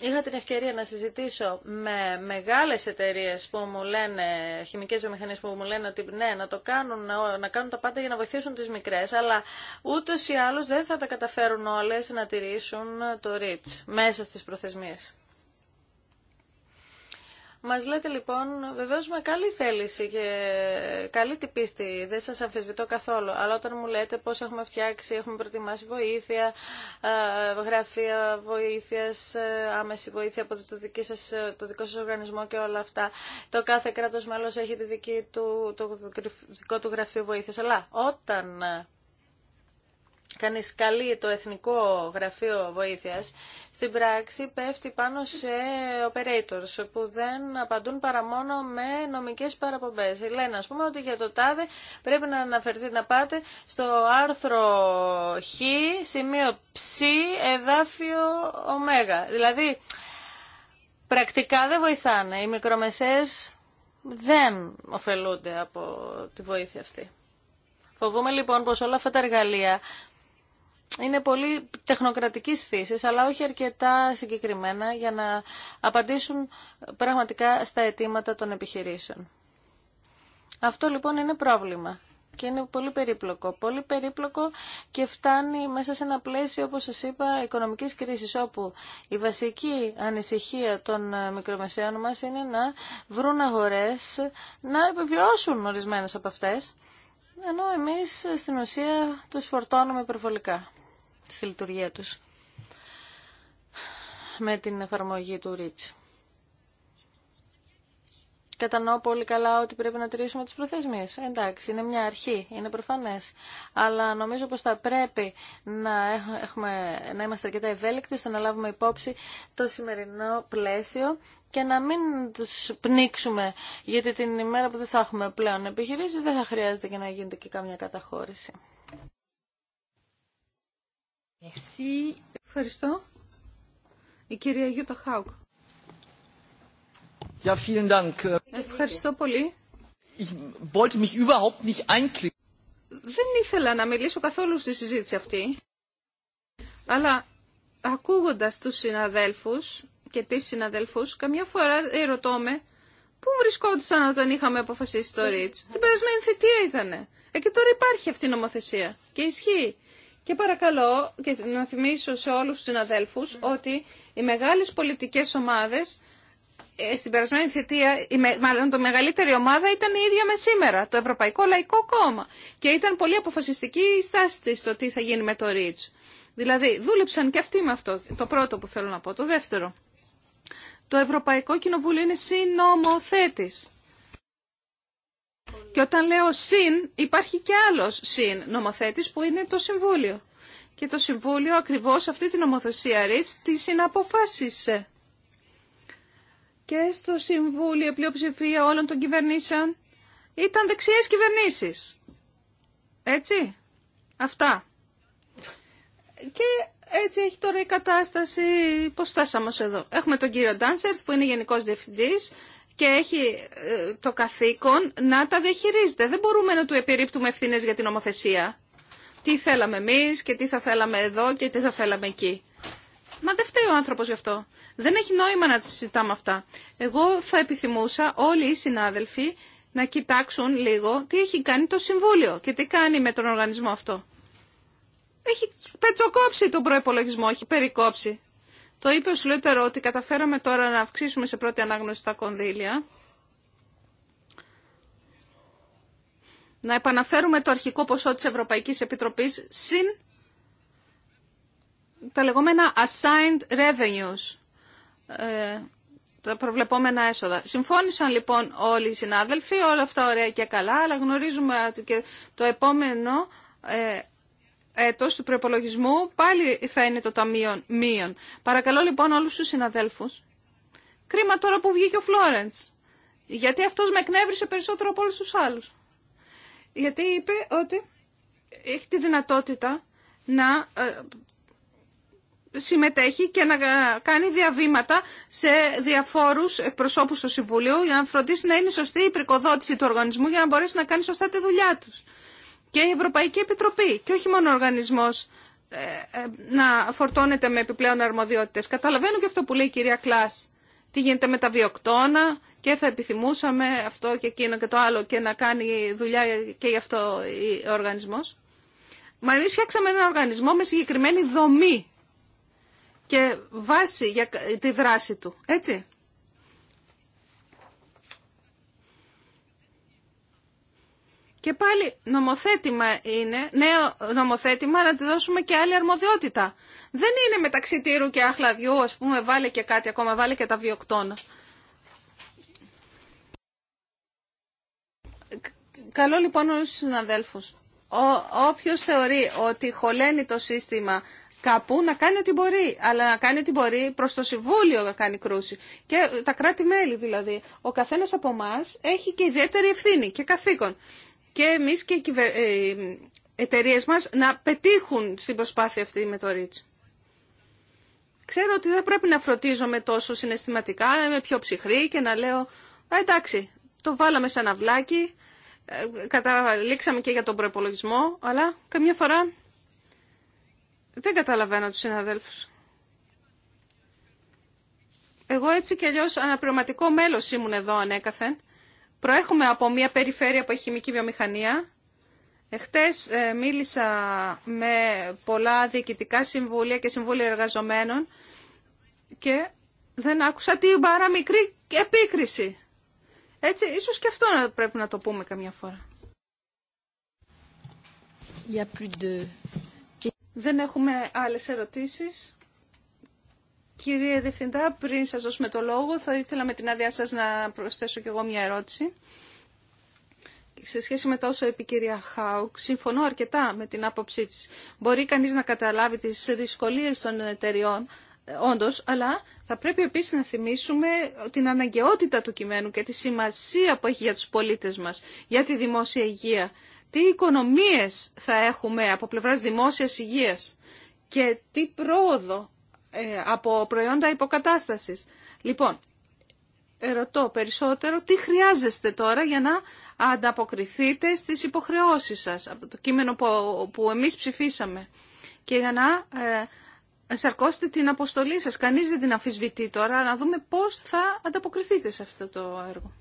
Είχα την ευκαιρία να συζητήσω με μεγάλες εταιρείε που μου λένε, χημικές βιομηχανίες που μου λένε ότι ναι, να το κάνουν, να κάνουν τα πάντα για να βοηθήσουν τις μικρές, αλλά ούτως ή άλλως δεν θα τα καταφέρουν όλες να τηρήσουν το REACH μέσα στις προθεσμίες. Μα λέτε λοιπόν, βεβαίω με καλή θέληση και καλή την πίστη, δεν σα αμφισβητώ καθόλου, αλλά όταν μου λέτε πώ έχουμε φτιάξει, έχουμε προετοιμάσει βοήθεια, γραφεία βοήθεια, ε, άμεση βοήθεια από το, δική σας, ε, το δικό σα οργανισμό και όλα αυτά, το κάθε κράτο μέλο έχει τη δική του, το δικό του γραφείο βοήθεια. Αλλά όταν κανείς καλεί το Εθνικό Γραφείο Βοήθειας, στην πράξη πέφτει πάνω σε operators που δεν απαντούν παρά μόνο με νομικές παραπομπές. Λένε ας πούμε ότι για το τάδε πρέπει να αναφερθεί να πάτε στο άρθρο χ, σημείο ψ, εδάφιο ω. Δηλαδή πρακτικά δεν βοηθάνε. Οι μικρομεσαίες δεν ωφελούνται από τη βοήθεια αυτή. Φοβούμε λοιπόν πως όλα αυτά τα εργαλεία είναι πολύ τεχνοκρατικής φύσης, αλλά όχι αρκετά συγκεκριμένα για να απαντήσουν πραγματικά στα αιτήματα των επιχειρήσεων. Αυτό λοιπόν είναι πρόβλημα και είναι πολύ περίπλοκο. Πολύ περίπλοκο και φτάνει μέσα σε ένα πλαίσιο, όπως σας είπα, οικονομικής κρίσης, όπου η βασική ανησυχία των μικρομεσαίων μας είναι να βρουν αγορές, να επιβιώσουν ορισμένες από αυτές, ενώ εμείς στην ουσία τους φορτώνουμε υπερβολικά στη λειτουργία τους με την εφαρμογή του REACH. Κατανοώ πολύ καλά ότι πρέπει να τηρήσουμε τις προθεσμίες. Εντάξει, είναι μια αρχή, είναι προφανές. Αλλά νομίζω πως θα πρέπει να, έχουμε, να είμαστε αρκετά ευέλικτοι ώστε να λάβουμε υπόψη το σημερινό πλαίσιο και να μην τους πνίξουμε, γιατί την ημέρα που δεν θα έχουμε πλέον επιχειρήσει δεν θα χρειάζεται και να γίνεται και καμιά καταχώρηση. Ευχαριστώ. Η κυρία Γιούτα Χάουκ. Ευχαριστώ πολύ. Δεν ήθελα να μιλήσω καθόλου στη συζήτηση αυτή, αλλά ακούγοντας τους συναδέλφους και τις συναδέλφους, καμιά φορά ερωτώ με πού βρισκόντουσαν όταν είχαμε αποφασίσει το ΡΙΤΣ. Την περασμένη θητεία ήτανε. Ε, και τώρα υπάρχει αυτή η νομοθεσία και ισχύει. Και παρακαλώ και να θυμίσω σε όλους τους συναδέλφους ότι οι μεγάλες πολιτικές ομάδες ε, στην περασμένη θητεία, μάλλον το μεγαλύτερη ομάδα ήταν η ίδια με σήμερα, το Ευρωπαϊκό Λαϊκό Κόμμα. Και ήταν πολύ αποφασιστική η στάση της στο τι θα γίνει με το ΡΙΤΣ. Δηλαδή δούλεψαν και αυτοί με αυτό, το πρώτο που θέλω να πω. Το δεύτερο, το Ευρωπαϊκό Κοινοβούλιο είναι συνομοθέτης. Και όταν λέω συν, υπάρχει και άλλος συν νομοθέτης που είναι το Συμβούλιο. Και το Συμβούλιο ακριβώς αυτή τη νομοθεσία ρίτς τη συναποφάσισε. Και στο Συμβούλιο η πλειοψηφία όλων των κυβερνήσεων ήταν δεξιές κυβερνήσεις. Έτσι. Αυτά. Και έτσι έχει τώρα η κατάσταση. Πώς φτάσαμε εδώ. Έχουμε τον κύριο Ντάνσερτ που είναι Γενικός Διευθυντής και έχει ε, το καθήκον να τα διαχειρίζεται. Δεν μπορούμε να του επιρρύπτουμε ευθύνε για την νομοθεσία. Τι θέλαμε εμεί και τι θα θέλαμε εδώ και τι θα θέλαμε εκεί. Μα δεν φταίει ο άνθρωπος γι' αυτό. Δεν έχει νόημα να συζητάμε αυτά. Εγώ θα επιθυμούσα όλοι οι συνάδελφοι να κοιτάξουν λίγο τι έχει κάνει το Συμβούλιο και τι κάνει με τον οργανισμό αυτό. Έχει πετσοκόψει τον προπολογισμό, έχει περικόψει. Το είπε ο Σλούτερο ότι καταφέραμε τώρα να αυξήσουμε σε πρώτη ανάγνωση τα κονδύλια. Να επαναφέρουμε το αρχικό ποσό της Ευρωπαϊκής Επιτροπής συν τα λεγόμενα assigned revenues, ε, τα προβλεπόμενα έσοδα. Συμφώνησαν λοιπόν όλοι οι συνάδελφοι, όλα αυτά ωραία και καλά, αλλά γνωρίζουμε ότι και το επόμενο ε, έτος του προπολογισμού πάλι θα είναι το ταμείο μείον. Παρακαλώ λοιπόν όλους τους συναδέλφους. Κρίμα τώρα που βγήκε ο Φλόρεντς. Γιατί αυτός με εκνεύρισε περισσότερο από όλους τους άλλους. Γιατί είπε ότι έχει τη δυνατότητα να ε, συμμετέχει και να κάνει διαβήματα σε διαφόρους εκπροσώπους του Συμβουλίου για να φροντίσει να είναι σωστή η πρικοδότηση του οργανισμού για να μπορέσει να κάνει σωστά τη δουλειά τους και η Ευρωπαϊκή Επιτροπή και όχι μόνο ο οργανισμός ε, ε, να φορτώνεται με επιπλέον αρμοδιότητες. Καταλαβαίνω και αυτό που λέει η κυρία Κλάς. Τι γίνεται με τα βιοκτώνα και θα επιθυμούσαμε αυτό και εκείνο και το άλλο και να κάνει δουλειά και γι' αυτό ο οργανισμός. Μα εμείς φτιάξαμε ένα οργανισμό με συγκεκριμένη δομή και βάση για τη δράση του. Έτσι. Και πάλι νομοθέτημα είναι, νέο νομοθέτημα, να τη δώσουμε και άλλη αρμοδιότητα. Δεν είναι μεταξύ τύρου και αχλαδιού, ας πούμε, βάλε και κάτι ακόμα, βάλε και τα βιοκτώνα. Καλό λοιπόν όλους τους συναδέλφους. Ο, όποιος θεωρεί ότι χωλαίνει το σύστημα κάπου να κάνει ό,τι μπορεί, αλλά να κάνει ό,τι μπορεί προς το Συμβούλιο να κάνει κρούση. Και τα κράτη-μέλη δηλαδή. Ο καθένας από εμά έχει και ιδιαίτερη ευθύνη και καθήκον και εμείς και ε, οι εταιρείες μας να πετύχουν στην προσπάθεια αυτή με το REACH. Ξέρω ότι δεν πρέπει να φροντίζομαι τόσο συναισθηματικά, να είμαι πιο ψυχρή και να λέω εντάξει, το βάλαμε σαν αυλάκι, ε, καταλήξαμε και για τον προπολογισμό, αλλά καμιά φορά δεν καταλαβαίνω τους συναδέλφους. Εγώ έτσι κι αλλιώς αναπληρωματικό μέλος ήμουν εδώ ανέκαθεν Προέρχομαι από μια περιφέρεια που έχει χημική βιομηχανία. Εχθές ε, μίλησα με πολλά διοικητικά συμβούλια και συμβούλια εργαζομένων και δεν άκουσα την παρά μικρή επίκριση. Έτσι, ίσως και αυτό πρέπει να το πούμε καμιά φορά. Δεν έχουμε άλλες ερωτήσεις. Κύριε Διευθυντά, πριν σας δώσουμε το λόγο, θα ήθελα με την άδειά σας να προσθέσω κι εγώ μια ερώτηση. Σε σχέση με τα όσα είπε η κυρία Χάουκ, συμφωνώ αρκετά με την άποψή της. Μπορεί κανείς να καταλάβει τις δυσκολίες των εταιριών, όντως, αλλά θα πρέπει επίσης να θυμίσουμε την αναγκαιότητα του κειμένου και τη σημασία που έχει για τους πολίτες μας, για τη δημόσια υγεία. Τι οικονομίες θα έχουμε από πλευράς δημόσιας υγείας και τι πρόοδο ε, από προϊόντα υποκατάστασης. Λοιπόν, ερωτώ περισσότερο τι χρειάζεστε τώρα για να ανταποκριθείτε στις υποχρεώσεις σας από το κείμενο που, που εμείς ψηφίσαμε και για να ε, σαρκώσετε την αποστολή σας. Κανείς δεν την αμφισβητεί τώρα, να δούμε πώς θα ανταποκριθείτε σε αυτό το έργο.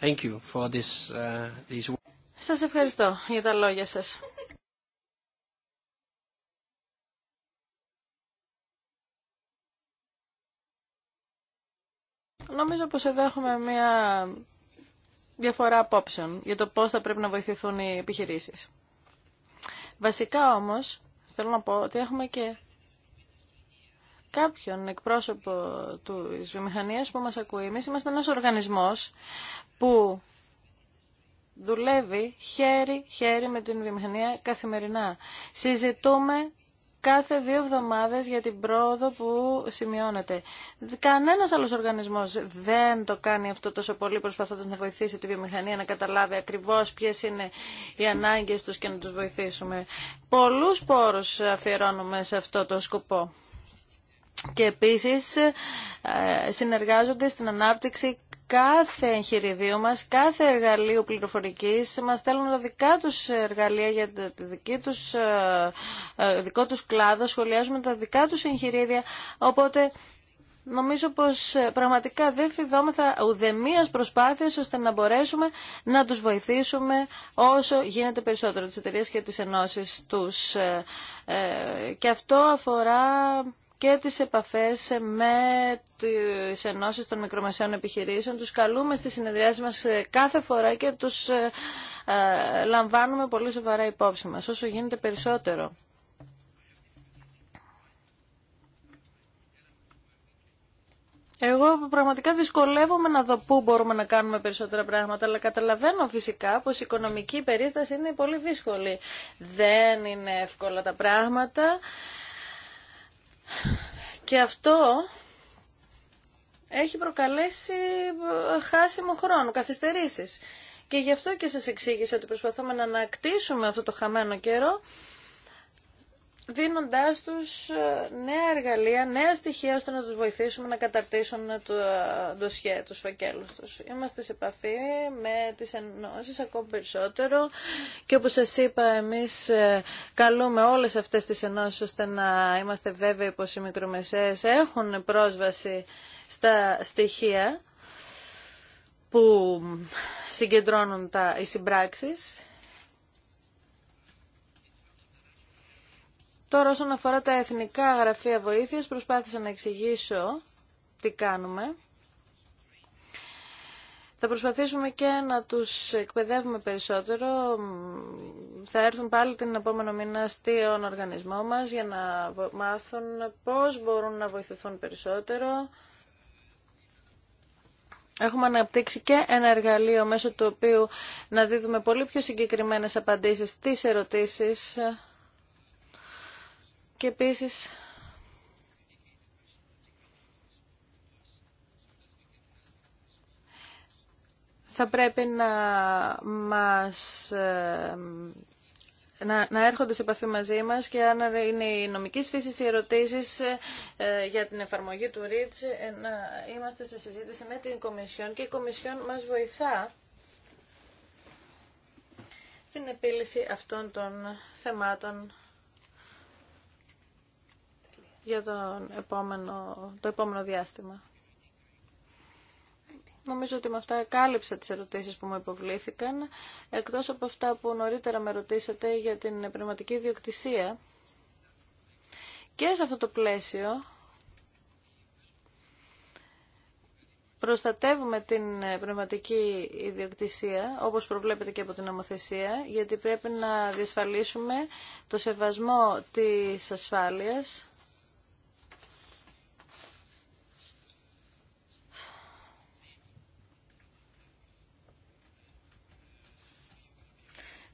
Thank you for this, uh, σας ευχαριστώ για τα λόγια σας. Νομίζω πως εδώ έχουμε μια διαφορά απόψεων για το πώς θα πρέπει να βοηθηθούν οι επιχειρήσεις. Βασικά όμως, θέλω να πω ότι έχουμε και κάποιον εκπρόσωπο του βιομηχανία που μας ακούει. Εμείς είμαστε ένας οργανισμός που δουλεύει χέρι-χέρι με την βιομηχανία καθημερινά. Συζητούμε κάθε δύο εβδομάδες για την πρόοδο που σημειώνεται. Κανένας άλλος οργανισμός δεν το κάνει αυτό τόσο πολύ προσπαθώντας να βοηθήσει τη βιομηχανία να καταλάβει ακριβώς ποιες είναι οι ανάγκες τους και να τους βοηθήσουμε. Πολλούς πόρους αφιερώνουμε σε αυτό το σκοπό. Και επίσης ε, συνεργάζονται στην ανάπτυξη κάθε εγχειριδίου μας, κάθε εργαλείο πληροφορικής, μας στέλνουν τα δικά τους εργαλεία για το δική τους, ε, ε, δικό τους κλάδο, σχολιάζουμε τα δικά τους εγχειρίδια, οπότε νομίζω πως ε, πραγματικά δεν φιδόμεθα ουδεμίας προσπάθειας ώστε να μπορέσουμε να τους βοηθήσουμε όσο γίνεται περισσότερο τις εταιρείε και τις ενώσεις τους. και αυτό αφορά και τις επαφές με τις ενώσεις των μικρομεσαίων επιχειρήσεων. Τους καλούμε στις συνεδριάσεις μας κάθε φορά και τους ε, ε, λαμβάνουμε πολύ σοβαρά υπόψη μας, όσο γίνεται περισσότερο. Εγώ πραγματικά δυσκολεύομαι να δω πού μπορούμε να κάνουμε περισσότερα πράγματα, αλλά καταλαβαίνω φυσικά πως η οικονομική περίσταση είναι πολύ δύσκολη. Δεν είναι εύκολα τα πράγματα. Και αυτό έχει προκαλέσει ε, χάσιμο χρόνο, καθυστερήσεις. Και γι' αυτό και σας εξήγησα ότι προσπαθούμε να ανακτήσουμε αυτό το χαμένο καιρό δίνοντάς τους ε, νέα εργαλεία, νέα στοιχεία ώστε να τους βοηθήσουμε να καταρτήσουν το ε, ντοσιέ, τους φακέλους τους. Είμαστε σε επαφή με τις ενώσεις ακόμη περισσότερο και όπως σας είπα εμείς ε, καλούμε όλες αυτές τις ενώσεις ώστε να είμαστε βέβαιοι πως οι μικρομεσαίες έχουν πρόσβαση στα στοιχεία που συγκεντρώνουν τα, οι συμπράξεις Τώρα όσον αφορά τα εθνικά γραφεία βοήθειας προσπάθησα να εξηγήσω τι κάνουμε. Θα προσπαθήσουμε και να τους εκπαιδεύουμε περισσότερο. Θα έρθουν πάλι την επόμενο μήνα στον οργανισμό μας για να μάθουν πώς μπορούν να βοηθηθούν περισσότερο. Έχουμε αναπτύξει και ένα εργαλείο μέσω του οποίου να δίδουμε πολύ πιο συγκεκριμένες απαντήσεις στις ερωτήσεις και επίση, θα πρέπει να μας ε, να, έρχονται σε επαφή μαζί μας και αν είναι οι νομικής φύσης οι ερωτήσεις ε, για την εφαρμογή του REACH ε, να είμαστε σε συζήτηση με την Κομισιόν και η Κομισιόν μας βοηθά στην επίλυση αυτών των θεμάτων για τον επόμενο, το επόμενο διάστημα. Νομίζω ότι με αυτά κάλυψα τις ερωτήσεις που μου υποβλήθηκαν. Εκτός από αυτά που νωρίτερα με ρωτήσατε για την πνευματική ιδιοκτησία. και σε αυτό το πλαίσιο προστατεύουμε την πνευματική ιδιοκτησία, όπως προβλέπεται και από την νομοθεσία, γιατί πρέπει να διασφαλίσουμε το σεβασμό της ασφάλειας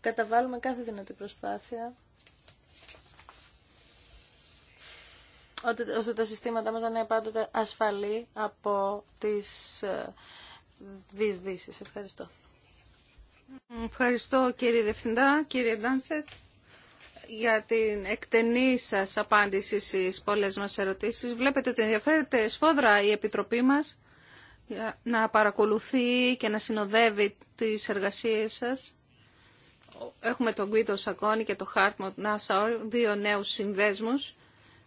καταβάλουμε κάθε δυνατή προσπάθεια ώστε τα συστήματά μας να είναι πάντοτε ασφαλή από τις ε, δυσδύσεις. Ευχαριστώ. Ευχαριστώ κύριε Δευθυντά, κύριε Ντάντσετ για την εκτενή σας απάντηση στις πολλές μας ερωτήσεις. Βλέπετε ότι ενδιαφέρεται σφόδρα η Επιτροπή μας να παρακολουθεί και να συνοδεύει τις εργασίες σας έχουμε τον Guido Σακώνη και τον Χάρτμοντ Νάσα, δύο νέους συνδέσμους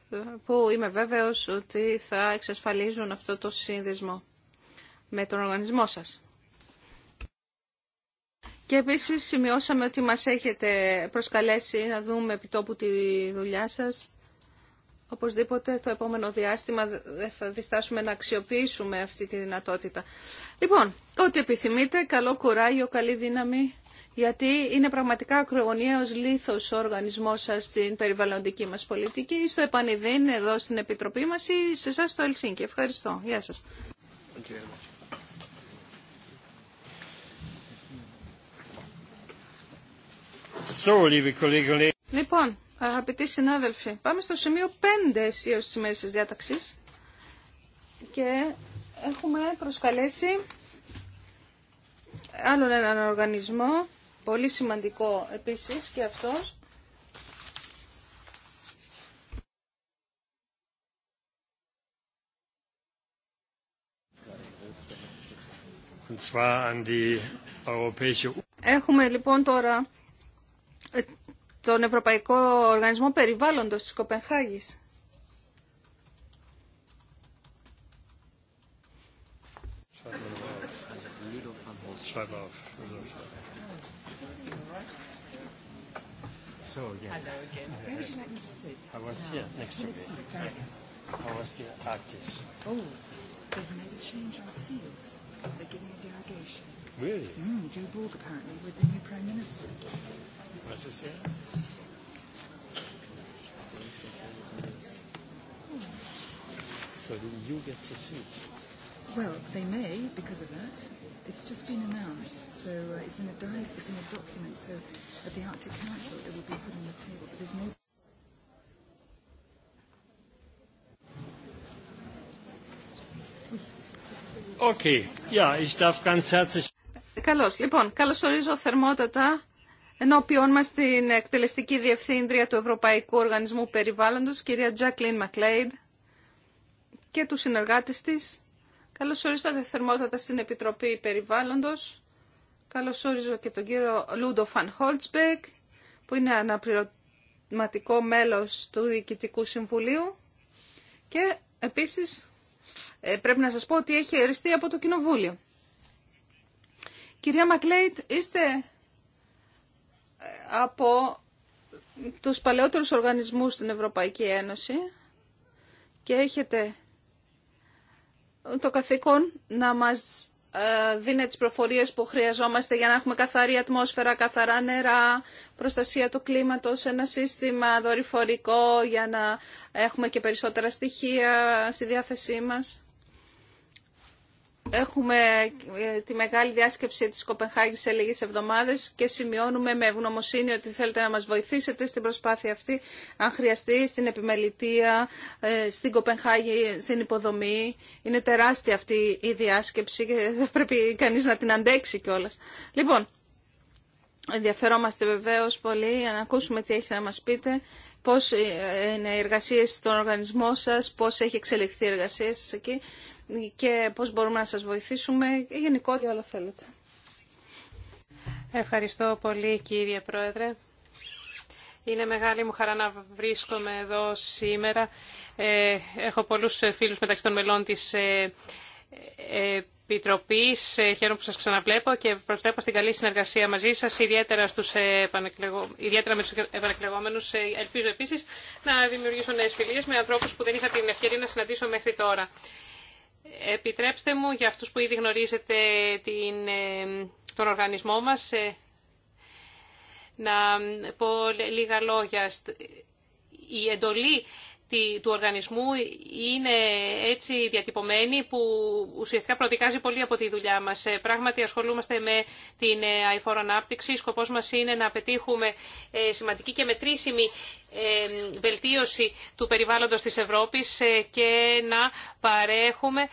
ε, που είμαι βέβαιος ότι θα εξασφαλίζουν αυτό το σύνδεσμο με τον οργανισμό σας. Και επίσης σημειώσαμε ότι μας έχετε προσκαλέσει να δούμε επιτόπου τη δουλειά σας. Οπωσδήποτε το επόμενο διάστημα θα διστάσουμε να αξιοποιήσουμε αυτή τη δυνατότητα. Λοιπόν, ό,τι επιθυμείτε, καλό κουράγιο, καλή δύναμη γιατί είναι πραγματικά ακρογωνιαίος λίθος ο οργανισμός σας στην περιβαλλοντική μας πολιτική, στο Επανειδήν, εδώ στην Επιτροπή μας ή σε εσάς στο Ελσίνκι. Ευχαριστώ. Γεια σας. Λοιπόν, αγαπητοί συνάδελφοι, πάμε στο σημείο 5 αισίως τη μέση της διάταξης και έχουμε προσκαλέσει άλλον έναν οργανισμό Πολύ σημαντικό επίσης και αυτός. Έχουμε λοιπόν τώρα ε, τον Ευρωπαϊκό Οργανισμό Περιβάλλοντος της Κοπενχάγης. so, again. Hello again. Where would you like me to sit? I was here next to you. I was the at Oh, they've made a change on seals. They're getting a derogation. Really? Mm, Joe Borg apparently with the new Prime Minister. Was this here? So do you get the seat? Well, they may because of that. It's just been announced, so uh, it's in a it's in a document. So at the Arctic Council, it will be put on the table. But there's no. Okay. Yeah, ich darf ganz herzlich... Καλώς. Λοιπόν, καλωσορίζω θερμότατα ενώπιόν μας την εκτελεστική διευθύντρια του Ευρωπαϊκού Οργανισμού Περιβάλλοντος, κυρία Τζάκλιν Μακλέιντ, και τους συνεργάτες της, Καλώς ορίσατε θερμότατα στην Επιτροπή Περιβάλλοντος. Καλώς όριζω και τον κύριο Λούντο Φαν Χόλτσμπεκ, που είναι αναπληρωματικό μέλος του Διοικητικού Συμβουλίου. Και επίσης ε, πρέπει να σας πω ότι έχει εριστεί από το Κοινοβούλιο. Κυρία Μακλέιτ, είστε ε, από τους παλαιότερους οργανισμούς στην Ευρωπαϊκή Ένωση και έχετε το καθήκον να μας ε, δίνει τις προφορίες που χρειαζόμαστε για να έχουμε καθαρή ατμόσφαιρα, καθαρά νερά, προστασία του κλίματος, ένα σύστημα δορυφορικό για να έχουμε και περισσότερα στοιχεία στη διάθεσή μας. Έχουμε ε, τη μεγάλη διάσκεψη της Κοπενχάγης σε λίγες εβδομάδες και σημειώνουμε με ευγνωμοσύνη ότι θέλετε να μας βοηθήσετε στην προσπάθεια αυτή, αν χρειαστεί, στην επιμελητεία, ε, στην Κοπενχάγη, στην υποδομή. Είναι τεράστια αυτή η διάσκεψη και δεν πρέπει κανείς να την αντέξει κιόλα. Λοιπόν, ενδιαφερόμαστε βεβαίω πολύ να ακούσουμε τι έχετε να μας πείτε πώς ε, είναι οι εργασίες στον οργανισμό σας, πώς έχει εξελιχθεί η εργασίες σας εκεί και πώς μπορούμε να σας βοηθήσουμε γενικότερα άλλο θέλετε. Ευχαριστώ πολύ κύριε Πρόεδρε. Είναι μεγάλη μου χαρά να βρίσκομαι εδώ σήμερα. Ε, έχω πολλούς φίλους μεταξύ των μελών της ε, ε, Επιτροπής. χαίρομαι που σας ξαναβλέπω και προσθέτω στην καλή συνεργασία μαζί σας, ιδιαίτερα, στους, ιδιαίτερα με τους επανεκλεγόμενους. ελπίζω επίσης να δημιουργήσω νέες φιλίες με ανθρώπους που δεν είχα την ευκαιρία να συναντήσω μέχρι τώρα. Επιτρέψτε μου για αυτούς που ήδη γνωρίζετε την, ε, τον οργανισμό μας ε, να πω λίγα λόγια. Η εντολή του οργανισμού είναι έτσι διατυπωμένη που ουσιαστικά προδικάζει πολύ από τη δουλειά μας. Ε, πράγματι ασχολούμαστε με την ε, αηφόρο ανάπτυξη. Σκοπός μας είναι να πετύχουμε ε, σημαντική και μετρήσιμη βελτίωση του περιβάλλοντος της Ευρώπης και να παρέχουμε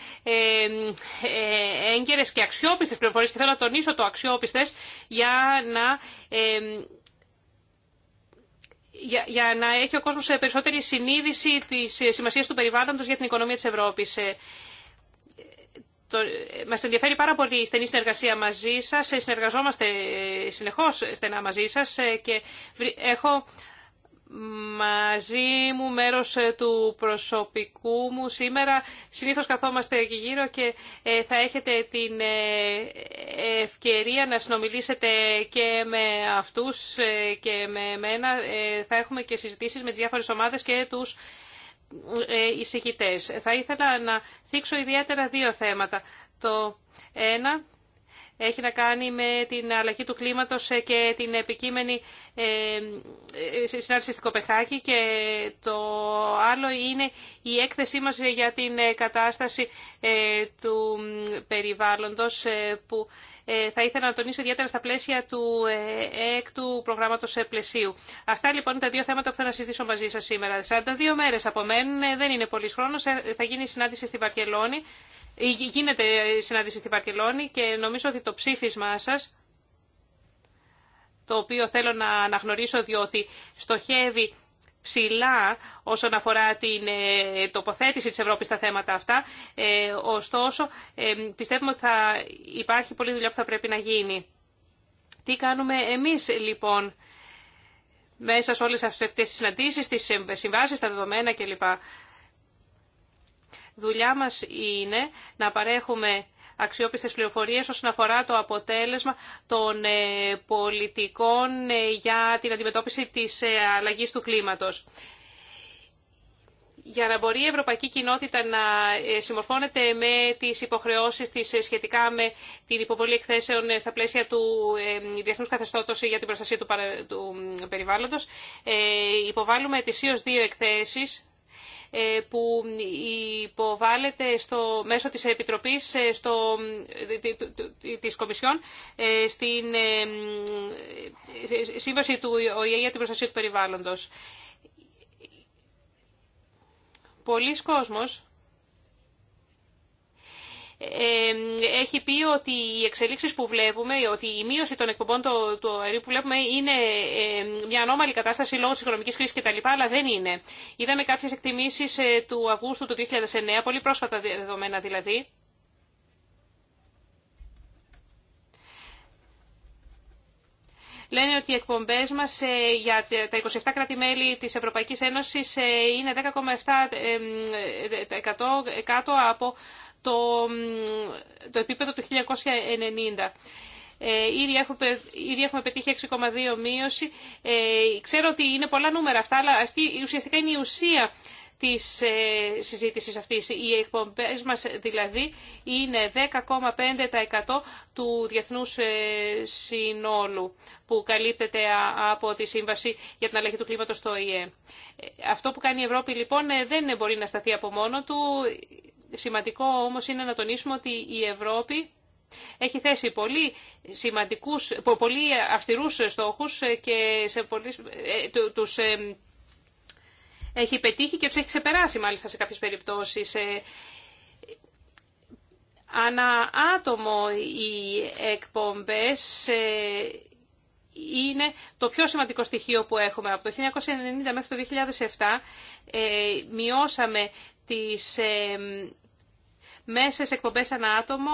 έγκαιρες και αξιόπιστες πληροφορίες και θέλω να τονίσω το αξιόπιστες για να για, για να έχει ο κόσμος περισσότερη συνείδηση της σημασίας του περιβάλλοντος για την οικονομία της Ευρώπης. Ε, το, ε, μας ενδιαφέρει πάρα πολύ η στενή συνεργασία μαζί σας, ε, συνεργαζόμαστε συνεχώς στενά μαζί σας και έχω μαζί μου μέρος ε, του προσωπικού μου. Σήμερα συνήθως καθόμαστε εκεί γύρω και ε, θα έχετε την ε, ευκαιρία να συνομιλήσετε και με αυτούς και με μένα. Θα έχουμε και συζητήσεις με τις διάφορες ομάδες και τους εισηγητές. Θα ήθελα να θίξω ιδιαίτερα δύο θέματα. Το ένα έχει να κάνει με την αλλαγή του κλίματος ε, και την επικείμενη ε, ε, συνάρτηση στην Κοπεχάκη και το άλλο είναι η έκθεσή μας για την κατάσταση του περιβάλλοντος που ε, θα ήθελα να τονίσω ιδιαίτερα στα πλαίσια του έκτου ε, προγράμματο ε, πλαισίου. Αυτά λοιπόν είναι τα δύο θέματα που θα να συζητήσω μαζί σα σήμερα. 42 μέρε απομένουν, δεν είναι πολύ χρόνο. Θα γίνει συνάντηση στη Βαρκελόνη. Γίνεται συνάντηση στη Βαρκελόνη και νομίζω ότι το ψήφισμά σα το οποίο θέλω να αναγνωρίσω διότι στοχεύει ψηλά όσον αφορά την ε, τοποθέτηση της Ευρώπης στα θέματα αυτά. Ε, ωστόσο, ε, πιστεύουμε ότι θα υπάρχει πολλή δουλειά που θα πρέπει να γίνει. Τι κάνουμε εμείς λοιπόν μέσα σε όλες αυτές τις συναντήσεις, τις συμβάσεις, τα δεδομένα κλπ. Δουλειά μας είναι να παρέχουμε αξιόπιστες πληροφορίες όσον αφορά το αποτέλεσμα των ε, πολιτικών ε, για την αντιμετώπιση της ε, αλλαγής του κλίματος. Για να μπορεί η ευρωπαϊκή κοινότητα να συμμορφώνεται με τις υποχρεώσεις της σχετικά με την υποβολή εκθέσεων στα πλαίσια του Διεθνούς Καθεστώτος για την Προστασία του Περιβάλλοντος, υποβάλλουμε ετησίως δύο εκθέσεις ε, που υποβάλλεται στο, μέσω της Επιτροπής ε, στο, ε, της Κομισιόν στην σύμβαση του ΟΗΕ για την προστασία του περιβάλλοντος. Πολλοί κόσμος έχει πει ότι οι εξελίξεις που βλέπουμε, ότι η μείωση των εκπομπών του, το αερίου που βλέπουμε είναι μια ανώμαλη κατάσταση λόγω της οικονομικής κρίσης κτλ. Αλλά δεν είναι. Είδαμε κάποιες εκτιμήσεις ε, του Αυγούστου του 2009, πολύ πρόσφατα δεδομένα δηλαδή, λένε ότι οι εκπομπέ μα ε, για τα 27 κράτη-μέλη τη Ευρωπαϊκή Ένωση ε, είναι 10,7% κάτω από το, το επίπεδο του 1990. Ε, ήδη, έχουμε, έχουμε πετύχει 6,2 μείωση. Ε, ξέρω ότι είναι πολλά νούμερα αυτά, αλλά αυτή ουσιαστικά είναι η ουσία της ε, συζήτησης αυτής. Οι εκπομπές μας δηλαδή είναι 10,5% του διεθνούς ε, συνόλου που καλύπτεται από τη Σύμβαση για την Αλλαγή του Κλίματος στο ΙΕ. Ε, αυτό που κάνει η Ευρώπη λοιπόν δεν μπορεί να σταθεί από μόνο του. Σημαντικό όμως είναι να τονίσουμε ότι η Ευρώπη έχει θέσει πολύ, σημαντικούς, πολύ αυστηρούς στόχους και σε πολύ, ε, τους ε, έχει πετύχει και τους έχει ξεπεράσει μάλιστα σε κάποιες περιπτώσεις. Ε, ανά άτομο οι εκπομπές είναι το πιο σημαντικό στοιχείο που έχουμε. Από το 1990 μέχρι το 2007 μειώσαμε τις μέσα σε εκπομπές ανά άτομο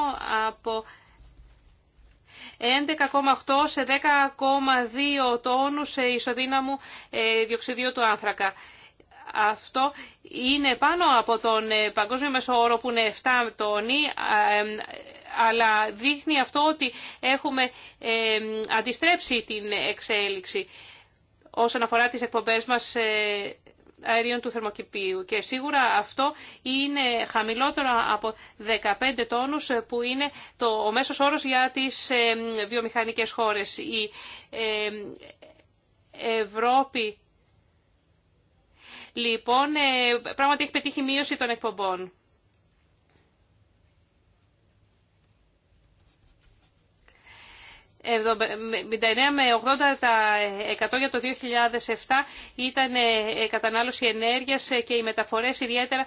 από 11,8 σε 10,2 τόνους σε ισοδύναμου ε, διοξιδίου του άνθρακα. Αυτό είναι πάνω από τον ε, παγκόσμιο μέσο όρο που είναι 7 τόνοι, αλλά δείχνει αυτό ότι έχουμε ε, αντιστρέψει την εξέλιξη όσον αφορά τις εκπομπές μας αερίων του θερμοκηπίου και σίγουρα αυτό είναι χαμηλότερο από 15 τόνους που είναι το, ο μέσος όρος για τις ε, βιομηχανικές χώρες. Η ε, Ευρώπη λοιπόν ε, πράγματι έχει πετύχει μείωση των εκπομπών. 79 με 80% για το 2007 ήταν κατανάλωση ενέργειας και οι μεταφορές ιδιαίτερα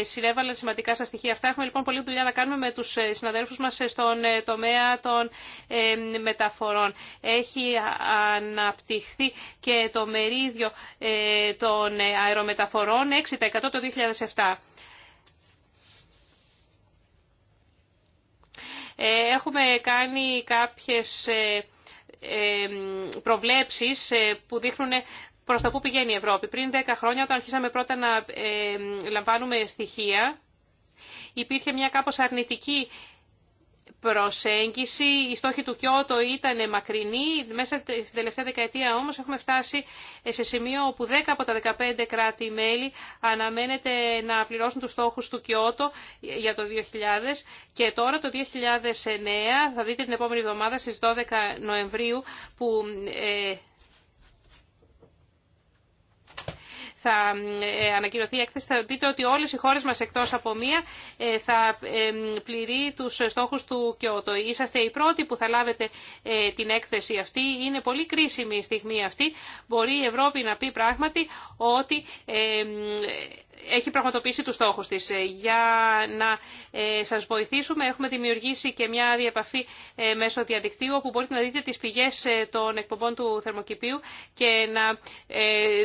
συνέβαλαν σημαντικά στα στοιχεία αυτά. Έχουμε λοιπόν πολλή δουλειά να κάνουμε με τους συναδέλφους μας στον τομέα των μεταφορών. Έχει αναπτυχθεί και το μερίδιο των αερομεταφορών 6% το 2007. Ε, έχουμε κάνει κάποιες ε, ε, προβλέψεις που δείχνουν προς τα που πηγαίνει η Ευρώπη. Πριν 10 χρόνια, όταν αρχίσαμε πρώτα να λαμβάνουμε στοιχεία, υπήρχε μια κάπως αρνητική προσέγγιση. Η στόχη του Κιώτο ήταν μακρινή. Μέσα στην τελευταία δεκαετία όμως έχουμε φτάσει σε σημείο όπου 10 από τα 15 κράτη-μέλη αναμένεται να πληρώσουν τους στόχους του Κιώτο για το 2000 και τώρα το 2009 θα δείτε την επόμενη εβδομάδα στις 12 Νοεμβρίου που ε, θα ε, ανακοινωθεί η έκθεση θα δείτε ότι όλες οι χώρες μας εκτός από μία ε, θα ε, πληρεί τους στόχους του Κιώτο. Είσαστε οι πρώτοι που θα λάβετε την έκθεση αυτή. Είναι πολύ κρίσιμη η στιγμή αυτή. Μπορεί η Ευρώπη να πει πράγματι ότι έχει πραγματοποιήσει τους στόχους της. Ε, για να ε, σας βοηθήσουμε έχουμε δημιουργήσει και μια διαπαφή ε, μέσω διαδικτύου όπου μπορείτε να δείτε τις πηγές των εκπομπών του θερμοκηπίου και να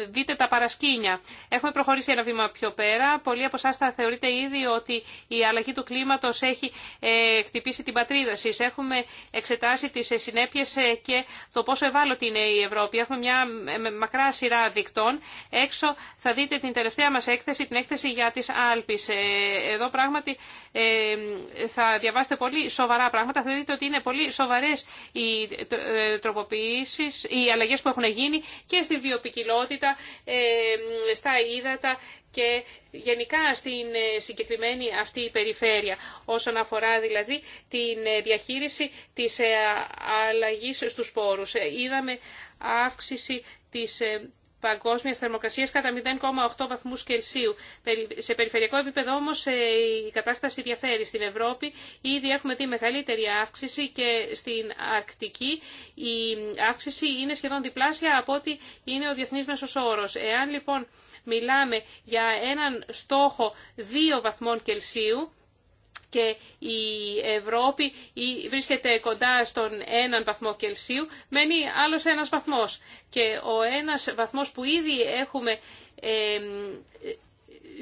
δείτε τα παρασκήνια. Έχουμε προχωρήσει ένα βήμα πιο πέρα. Πολλοί από εσά θα θεωρείτε ήδη ότι η αλλαγή του κλίματος έχει χτυπήσει την πατρίδα σας. Έχουμε εξετάσει τις συνέπειες και το πόσο ευάλωτη είναι η Ευρώπη. Έχουμε μια μακρά σειρά δικτών. Έξω θα δείτε την τελευταία μας έκθεση την έκθεση για τις Άλπεις. Ε, εδώ πράγματι ε, θα διαβάσετε πολύ σοβαρά πράγματα. Θα δείτε ότι είναι πολύ σοβαρές οι ε, τροποποιήσεις, οι αλλαγές που έχουν γίνει και στη βιοπικιλότητα, στα ύδατα και γενικά στην συγκεκριμένη αυτή η περιφέρεια όσον αφορά δηλαδή την διαχείριση της αλλαγής στους σπόρους. Είδαμε αύξηση της παγκόσμια θερμοκρασία κατά 0,8 βαθμού Κελσίου. Σε περιφερειακό επίπεδο όμω ε, η κατάσταση διαφέρει. Στην Ευρώπη ήδη έχουμε δει μεγαλύτερη αύξηση και στην Αρκτική η αύξηση είναι σχεδόν διπλάσια από ό,τι είναι ο διεθνή μέσο όρο. Εάν λοιπόν μιλάμε για έναν στόχο 2 βαθμών Κελσίου, και η Ευρώπη βρίσκεται κοντά στον έναν βαθμό Κελσίου, μένει άλλος ένας βαθμός. Και ο ένας βαθμός που ήδη έχουμε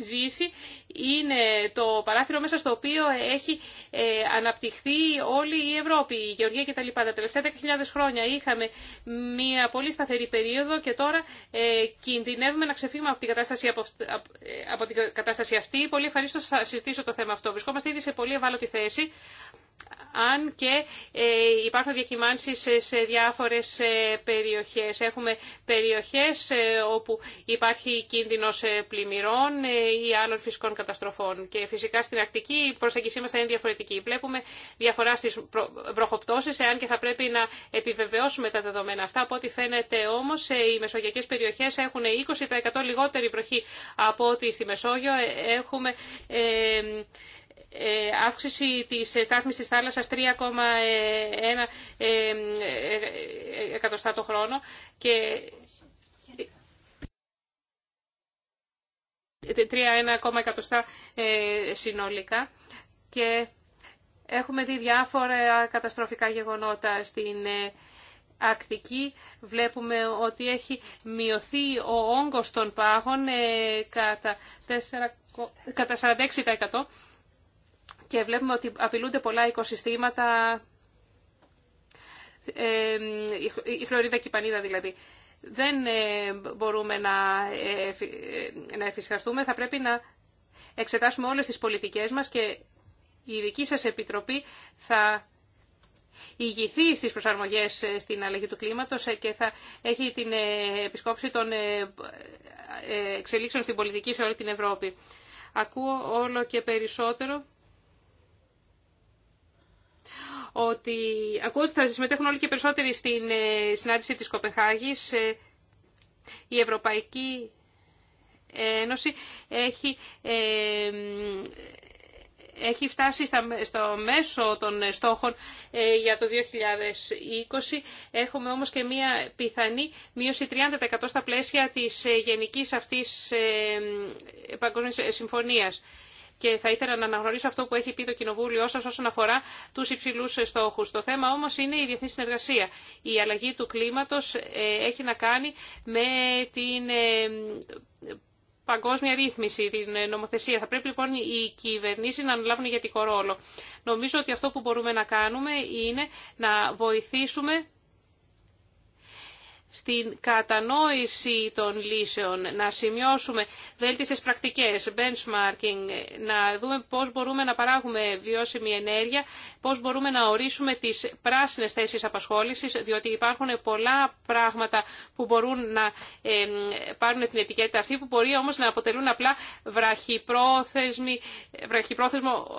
ζήσει είναι το παράθυρο μέσα στο οποίο έχει ε, αναπτυχθεί όλη η Ευρώπη, η Γεωργία κτλ. Τα τελευταία 10.000 χρόνια είχαμε μια πολύ σταθερή περίοδο και τώρα ε, κινδυνεύουμε να ξεφύγουμε από την κατάσταση, από, ε, από την κατάσταση αυτή. Πολύ ευχαρίστω σα συζητήσω το θέμα αυτό. Βρισκόμαστε ήδη σε πολύ ευάλωτη θέση αν και ε, υπάρχουν διακυμάνσεις σε διάφορες ε, περιοχές. Έχουμε περιοχές ε, όπου υπάρχει κίνδυνος πλημμυρών ή άλλων φυσικών καταστροφών. Και φυσικά στην Αρκτική η προσέγγιση μας θα είναι διαφορετική. Βλέπουμε διαφορά στις βροχοπτώσεις, εάν και θα πρέπει να επιβεβαιώσουμε τα δεδομένα αυτά. Από ό,τι φαίνεται όμως οι μεσογειακές περιοχές έχουν 20% λιγότερη βροχή από ό,τι στη Μεσόγειο. Έχουμε... Ε, αύξηση της στάθμης θάλασσας 3,1 ε, ε, εκατοστά το χρόνο και 3,1 εκατοστά συνολικά και έχουμε δει διάφορα καταστροφικά γεγονότα στην Ακτική βλέπουμε ότι έχει μειωθεί ο όγκος των πάγων κατά 46% και βλέπουμε ότι απειλούνται πολλά οικοσυστήματα, ε, η χλωρίδα και η πανίδα δηλαδή. Δεν ε, μπορούμε να, ε, να εφησυχαστούμε, θα πρέπει να εξετάσουμε όλες τις πολιτικές μας και η δική σας Επιτροπή θα ηγηθεί στις προσαρμογές στην αλλαγή του κλίματος και θα έχει την επισκόψη των εξελίξεων στην πολιτική σε όλη την Ευρώπη. Ακούω όλο και περισσότερο ότι ακούω ότι θα συμμετέχουν όλοι και περισσότεροι στην ε, συνάντηση της Κοπεχάγης. Ε, η Ευρωπαϊκή Ένωση έχει, ε, έχει φτάσει στο μέσο των στόχων για το 2020. Έχουμε όμως και μία πιθανή μείωση 30% στα πλαίσια της γενικής αυτής παγκόσμιας συμφωνίας και θα ήθελα να αναγνωρίσω αυτό που έχει πει το Κοινοβούλιο σας όσον αφορά του υψηλούς στόχους. Το θέμα όμως είναι η διεθνή συνεργασία. Η αλλαγή του κλίματος ε, έχει να κάνει με την ε, παγκόσμια ρύθμιση, την ε, νομοθεσία. Θα πρέπει λοιπόν οι κυβερνήσει να αναλάβουν ηγετικό ρόλο. Νομίζω ότι αυτό που μπορούμε να κάνουμε είναι να βοηθήσουμε στην κατανόηση των λύσεων, να σημειώσουμε βέλτιστες πρακτικές, benchmarking, να δούμε πώς μπορούμε να παράγουμε βιώσιμη ενέργεια, πώς μπορούμε να ορίσουμε τις πράσινες θέσεις απασχόλησης, διότι υπάρχουν πολλά πράγματα που μπορούν να πάρουν την ετικέτα αυτή, που μπορεί όμως να αποτελούν απλά βραχυπρόθεσμο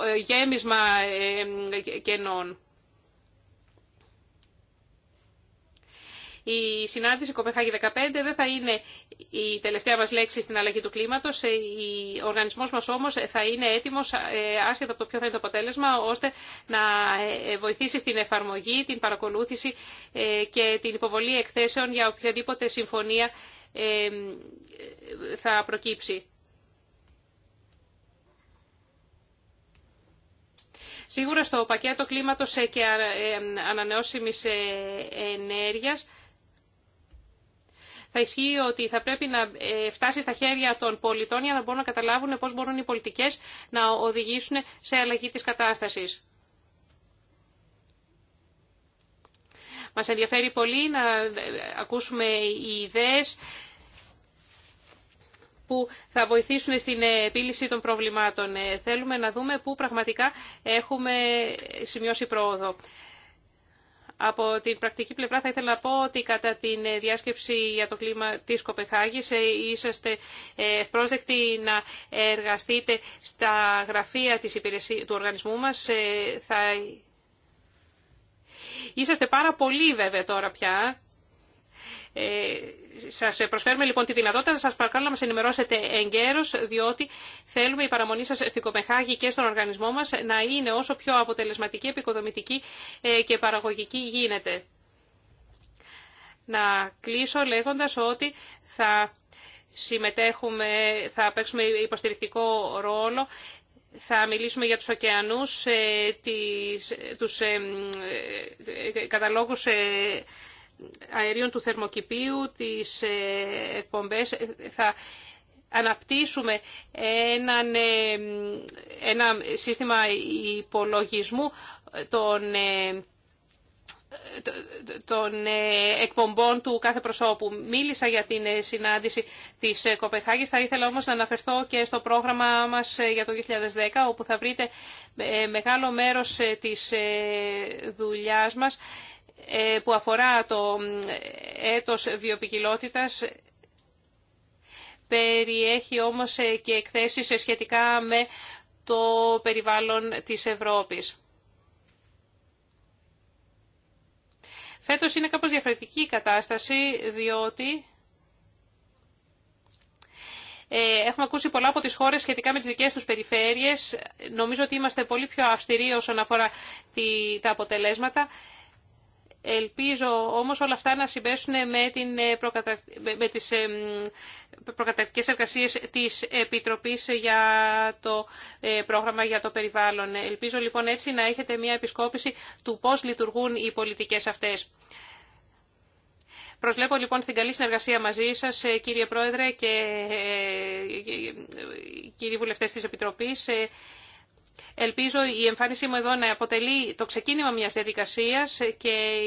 ε, γέμισμα ε, κενών. Η συνάντηση Κοπεχάγη 15 δεν θα είναι η τελευταία μας λέξη στην αλλαγή του κλίματος. Ε, ο οργανισμός μας όμως θα είναι έτοιμος, ε, άσχετα από το ποιο θα είναι το αποτέλεσμα, ώστε να ε, βοηθήσει στην εφαρμογή, την παρακολούθηση και την υποβολή εκθέσεων για οποιαδήποτε συμφωνία θα προκύψει. Σίγουρα στο πακέτο κλίματος και ανανεώσιμης ενέργειας θα ισχύει ότι θα πρέπει να ε, φτάσει στα χέρια των πολιτών για να μπορούν να καταλάβουν πώς μπορούν οι πολιτικές να οδηγήσουν σε αλλαγή της κατάστασης. Μας ενδιαφέρει πολύ να ε, ακούσουμε οι ιδέες που θα βοηθήσουν στην ε, επίλυση των προβλημάτων. Θέλουμε να δούμε πού πραγματικά έχουμε σημειώσει πρόοδο. Από την πρακτική πλευρά θα ήθελα να πω ότι κατά τη ε, διάσκεψη για το κλίμα της Κοπεχάγης ε, είσαστε ε, ευπρόσδεκτοι να εργαστείτε στα γραφεία της υπηρεσίας, του οργανισμού μας. Θα... Είσαστε πάρα πολύ βέβαια τώρα πια. Ε, σας προσφέρουμε λοιπόν τη δυνατότητα, σας παρακαλώ να μας ενημερώσετε εγκαίρως, διότι θέλουμε η παραμονή σας στην Κοπεχάγη και στον οργανισμό μας να είναι όσο πιο αποτελεσματική, επικοδομητική ε, και παραγωγική γίνεται. Να κλείσω λέγοντας ότι θα συμμετέχουμε, θα παίξουμε υποστηρικτικό ρόλο θα μιλήσουμε για τους ωκεανούς, ε, τις, τους καταλόγους αερίων του θερμοκηπίου, τις ε, εκπομπές, θα αναπτύσσουμε ένα, ε, ένα σύστημα υπολογισμού των, ε, των εκπομπών του κάθε προσώπου. Μίλησα για την συνάντηση της Κοπεχάγης, θα ήθελα όμως να αναφερθώ και στο πρόγραμμα μας για το 2010, όπου θα βρείτε μεγάλο μέρος της δουλειάς μας ε, που αφορά το έτος βιοπικιλότητας περιέχει όμως ε, και εκθέσεις ε, σχετικά με το περιβάλλον της Ευρώπης. Φέτος είναι κάπως διαφορετική η κατάσταση, διότι έχουμε ακούσει πολλά από τις χώρες σχετικά με τις δικές τους περιφέρειες. Νομίζω ότι είμαστε πολύ πιο αυστηροί όσον αφορά τα αποτελέσματα. Ελπίζω όμως όλα αυτά να συμπέσουν με, την προκαταρκ... με τις προκαταρκτικές εργασίες της Επιτροπής για το πρόγραμμα για το περιβάλλον. Ελπίζω λοιπόν έτσι να έχετε μια επισκόπηση του πώς λειτουργούν οι πολιτικές αυτές. Προσλέπω λοιπόν στην καλή συνεργασία μαζί σας κύριε Πρόεδρε και κύριοι βουλευτές της Επιτροπής Ελπίζω η εμφάνισή μου εδώ να αποτελεί το ξεκίνημα μιας διαδικασίας και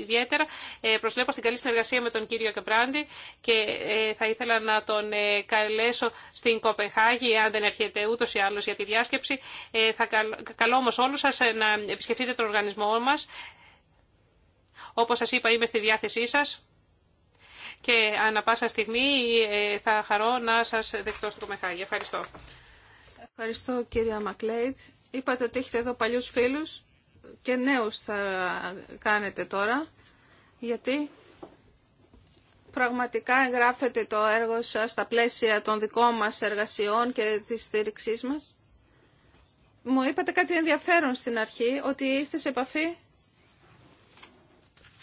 ιδιαίτερα ε, προσλέπω στην καλή συνεργασία με τον κύριο Κεμπράντη και ε, θα ήθελα να τον ε, καλέσω στην Κοπεχάγη, αν δεν έρχεται ούτως ή άλλως για τη διάσκεψη. Θα καλώ όμως όλους σας να επισκεφτείτε τον οργανισμό μας. Όπως σας είπα, είμαι στη διάθεσή σας και ανά πάσα στιγμή θα χαρώ να σας δεχτώ στην Κοπεχάγη. Ευχαριστώ. Ευχαριστώ κυρία Μακλέιτ. Είπατε ότι έχετε εδώ παλιούς φίλους και νέους θα κάνετε τώρα, γιατί πραγματικά εγγράφετε το έργο σας στα πλαίσια των δικών μας εργασιών και της στήριξή μας. Μου είπατε κάτι ενδιαφέρον στην αρχή, ότι είστε σε επαφή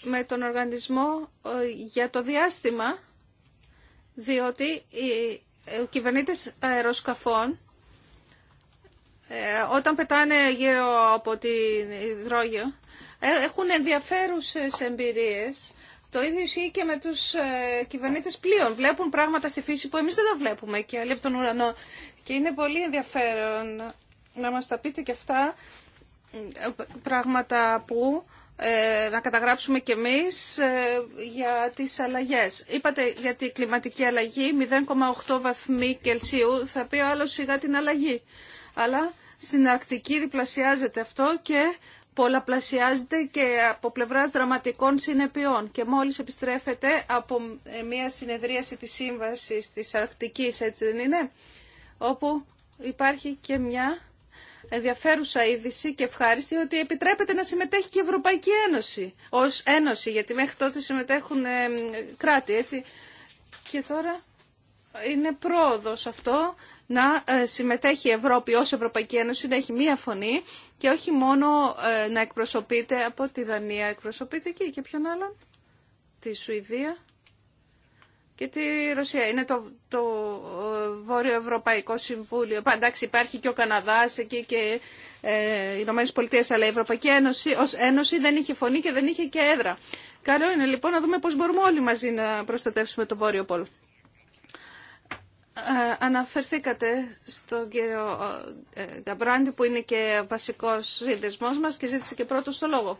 με τον οργανισμό ε, για το διάστημα, διότι οι ε, κυβερνήτες αεροσκαφών ε, όταν πετάνε γύρω από την υδρόγειο ε, έχουν ενδιαφέρουσες εμπειρίες. Το ίδιο ισχύει και με τους ε, κυβερνήτες πλοίων. Βλέπουν πράγματα στη φύση που εμείς δεν τα βλέπουμε και από τον ουρανό. Και είναι πολύ ενδιαφέρον να μας τα πείτε και αυτά πράγματα που να καταγράψουμε κι εμείς για τις αλλαγές. Είπατε για την κλιματική αλλαγή 0,8 βαθμοί Κελσίου, θα πει ο άλλος σιγά την αλλαγή. Αλλά στην Αρκτική διπλασιάζεται αυτό και πολλαπλασιάζεται και από πλευράς δραματικών συνεπειών και μόλις επιστρέφεται από ε, μια συνεδρίαση της Σύμβασης της Αρκτικής, έτσι δεν είναι, όπου υπάρχει και μια ενδιαφέρουσα είδηση και ευχάριστη ότι επιτρέπεται να συμμετέχει και η Ευρωπαϊκή Ένωση ως ένωση, γιατί μέχρι τότε συμμετέχουν ε, κράτη, έτσι. Και τώρα είναι πρόοδος αυτό να ε, συμμετέχει η Ευρώπη ως Ευρωπαϊκή Ένωση, να έχει μία φωνή και όχι μόνο ε, να εκπροσωπείται από τη Δανία, εκπροσωπείται και, και ποιον άλλον, τη Σουηδία και τη Ρωσία. Είναι το, το ε, Βόρειο Ευρωπαϊκό Συμβούλιο. Εντάξει, υπάρχει και ο Καναδάς εκεί και οι Ηνωμένε Πολιτείε, αλλά η Ευρωπαϊκή Ένωση ως Ένωση δεν είχε φωνή και δεν είχε και έδρα. Καλό είναι λοιπόν να δούμε πώς μπορούμε όλοι μαζί να προστατεύσουμε το Βόρειο Πόλο. Ε, αναφερθήκατε στον κύριο ε, Γκαμπράντη που είναι και βασικός σύνδεσμός μας και ζήτησε και πρώτος το λόγο.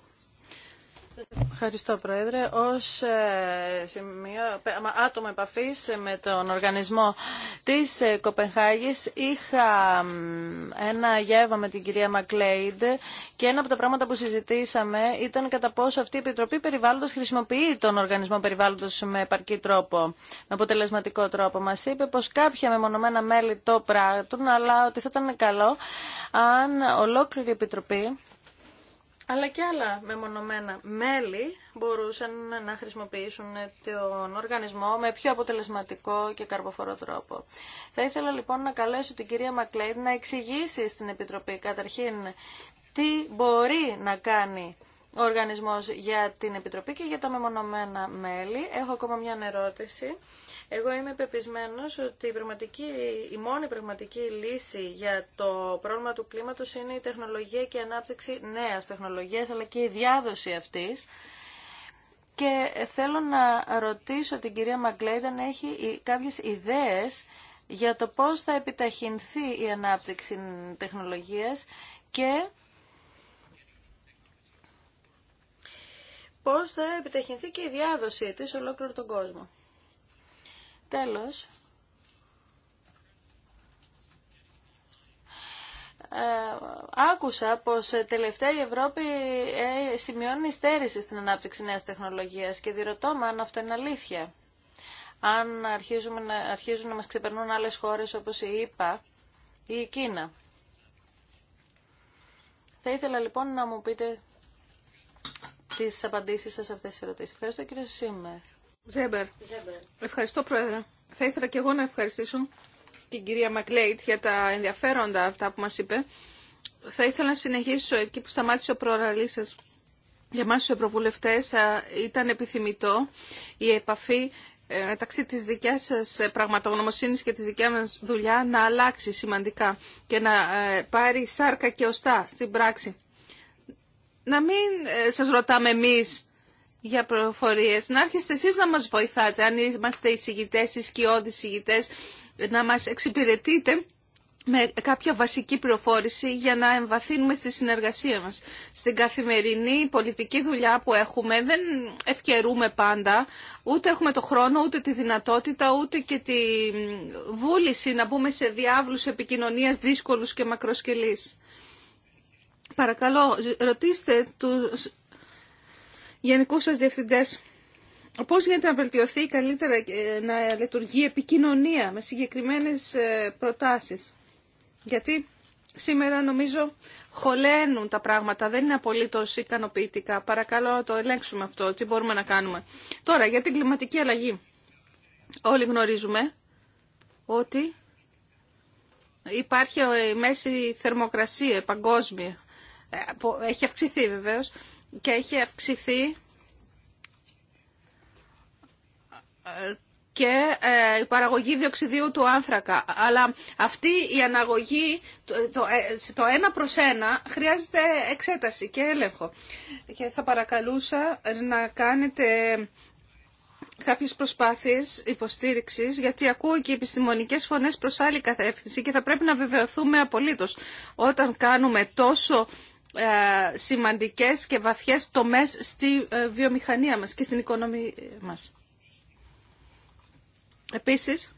Ευχαριστώ, Πρόεδρε. Ω ε, άτομο επαφή με τον οργανισμό της ε, Κοπενχάγης είχα ένα γεύμα με την κυρία Μακλέιντ και ένα από τα πράγματα που συζητήσαμε ήταν κατά πόσο αυτή η Επιτροπή Περιβάλλοντος χρησιμοποιεί τον οργανισμό περιβάλλοντο με επαρκή τρόπο, με αποτελεσματικό τρόπο. Μας είπε πω κάποια μεμονωμένα μέλη το πράττουν, αλλά ότι θα ήταν καλό αν ολόκληρη η Επιτροπή αλλά και άλλα μεμονωμένα μέλη μπορούσαν να χρησιμοποιήσουν τον οργανισμό με πιο αποτελεσματικό και καρποφορό τρόπο. Θα ήθελα λοιπόν να καλέσω την κυρία Μακλέιντ να εξηγήσει στην Επιτροπή καταρχήν τι μπορεί να κάνει ο οργανισμός για την Επιτροπή και για τα μεμονωμένα μέλη. Έχω ακόμα μια ερώτηση. Εγώ είμαι πεπισμένο ότι η, πραγματική, η μόνη πραγματική λύση για το πρόβλημα του κλίματος είναι η τεχνολογία και η ανάπτυξη νέας τεχνολογίας, αλλά και η διάδοση αυτής. Και θέλω να ρωτήσω την κυρία Μαγκλέιντ αν έχει κάποιες ιδέες για το πώς θα επιταχυνθεί η ανάπτυξη τεχνολογίας και πώς θα επιταχυνθεί και η διάδοση της ολόκληρο τον κόσμο. Τέλος, ε, άκουσα πως ε, τελευταία η Ευρώπη ε, σημειώνει στέρηση στην ανάπτυξη νέας τεχνολογίας και διρωτώ με αν αυτό είναι αλήθεια. Αν αρχίζουμε να, αρχίζουν να μας ξεπερνούν άλλες χώρες όπως η ΕΠΑ ή η Κίνα. Θα ήθελα λοιπόν να μου πείτε τις απαντήσεις σας σε αυτές τις ερωτήσεις. Ευχαριστώ κύριε Σίμερ. Ζέμπερ. Ευχαριστώ, Πρόεδρε. Θα ήθελα και εγώ να ευχαριστήσω την κυρία Μακλέιτ για τα ενδιαφέροντα αυτά που μας είπε. Θα ήθελα να συνεχίσω εκεί που σταμάτησε ο προοραλή σα. Για εμάς τους Ευρωβουλευτές θα ήταν επιθυμητό η επαφή ε, μεταξύ της δικιάς σας ε, πραγματογνωμοσύνης και της δικιάς μας δουλειά να αλλάξει σημαντικά και να ε, πάρει σάρκα και οστά στην πράξη. Να μην σας ρωτάμε εμείς για προφορίες. Να έρχεστε εσείς να μας βοηθάτε, αν είμαστε εισηγητές, σκιώδη εισηγητές, να μας εξυπηρετείτε με κάποια βασική προφόρηση για να εμβαθύνουμε στη συνεργασία μας. Στην καθημερινή πολιτική δουλειά που έχουμε δεν ευκαιρούμε πάντα, ούτε έχουμε το χρόνο, ούτε τη δυνατότητα, ούτε και τη βούληση να μπούμε σε διάβλους επικοινωνίας δύσκολους και μακροσκελής. Παρακαλώ, ρωτήστε τους Γενικού σα διευθυντέ, πώ γίνεται να βελτιωθεί καλύτερα να λειτουργεί επικοινωνία με συγκεκριμένες ε, προτάσεις. Γιατί σήμερα νομίζω χωλαίνουν τα πράγματα, δεν είναι απολύτω ικανοποιητικά. Παρακαλώ το ελέγξουμε αυτό, τι μπορούμε να κάνουμε. Τώρα, για την κλιματική αλλαγή. Όλοι γνωρίζουμε ότι υπάρχει η μέση θερμοκρασία παγκόσμια. Ε, έχει αυξηθεί βεβαίως και έχει αυξηθεί ε, και ε, η παραγωγή διοξιδίου του άνθρακα. Αλλά αυτή η αναγωγή, ε, το ένα προς ένα, χρειάζεται εξέταση και έλεγχο. Και θα παρακαλούσα να κάνετε κάποιες προσπάθειες υποστήριξης, γιατί ακούω και επιστημονικές φωνές προς άλλη κατεύθυνση και θα πρέπει να βεβαιωθούμε απολύτως. Όταν κάνουμε τόσο ε, σημαντικές και βαθιές τομές στη ε, βιομηχανία μας και στην οικονομία μας. Επίσης,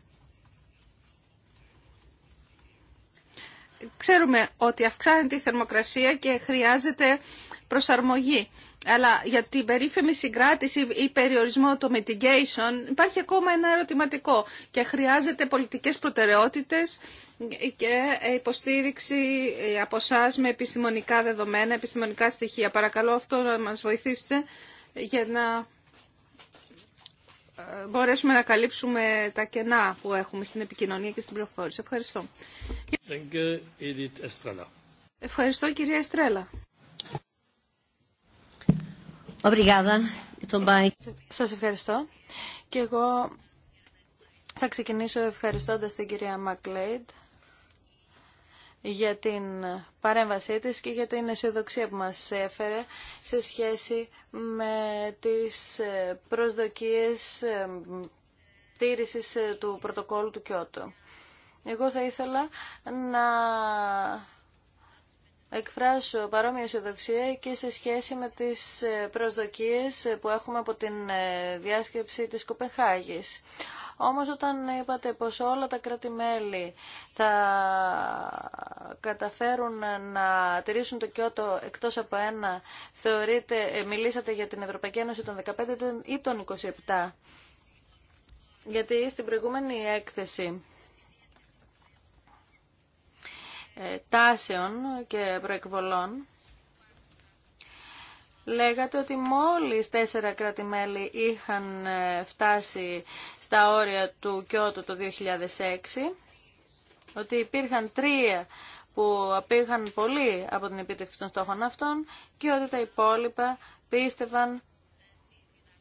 ξέρουμε ότι αυξάνεται η θερμοκρασία και χρειάζεται προσαρμογή αλλά για την περίφημη συγκράτηση ή περιορισμό το mitigation υπάρχει ακόμα ένα ερωτηματικό και χρειάζεται πολιτικές προτεραιότητες και υποστήριξη από εσά με επιστημονικά δεδομένα, επιστημονικά στοιχεία. Παρακαλώ αυτό να μας βοηθήσετε για να ε, μπορέσουμε να καλύψουμε τα κενά που έχουμε στην επικοινωνία και στην πληροφόρηση. Ευχαριστώ. Ευχαριστώ κυρία Εστρέλα. Σας ευχαριστώ. Και εγώ θα ξεκινήσω ευχαριστώντας την κυρία Μακλέιντ για την παρέμβασή της και για την αισιοδοξία που μας έφερε σε σχέση με τις προσδοκίες τήρησης ε, του πρωτοκόλλου του Κιώτο. Εγώ θα ήθελα να εκφράσω παρόμοια αισιοδοξία και σε σχέση με τις ε, προσδοκίες ε, που έχουμε από την ε, διάσκεψη της Κοπεχάγης. Όμως όταν είπατε πως όλα τα κράτη-μέλη θα καταφέρουν να τηρήσουν το Κιώτο εκτός από ένα, θεωρείτε, μιλήσατε για την Ευρωπαϊκή Ένωση των 15 ή των 27. Γιατί στην προηγούμενη έκθεση ε, τάσεων και προεκβολών Λέγατε ότι μόλις τέσσερα κράτη-μέλη είχαν ε, φτάσει στα όρια του Κιώτου το 2006, ότι υπήρχαν τρία που απήγαν πολύ από την επίτευξη των στόχων αυτών και ότι τα υπόλοιπα πίστευαν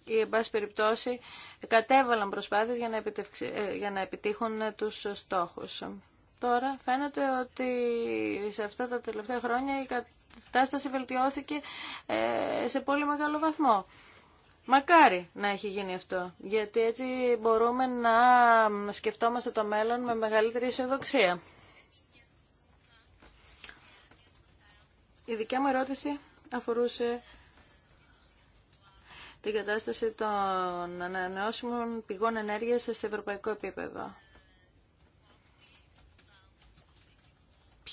ή, εν πάση περιπτώσει, κατέβαλαν προσπάθειες για να ε, επιτύχουν τους στόχους. Τώρα φαίνεται ότι σε αυτά τα τελευταία χρόνια η κατάσταση βελτιώθηκε ε, σε πολύ μεγάλο βαθμό. Μακάρι να έχει γίνει αυτό, γιατί έτσι μπορούμε να σκεφτόμαστε το μέλλον με μεγαλύτερη αισιοδοξία. Η δικιά μου ερώτηση αφορούσε την κατάσταση των ανανεώσιμων πηγών ενέργειας σε ευρωπαϊκό επίπεδο.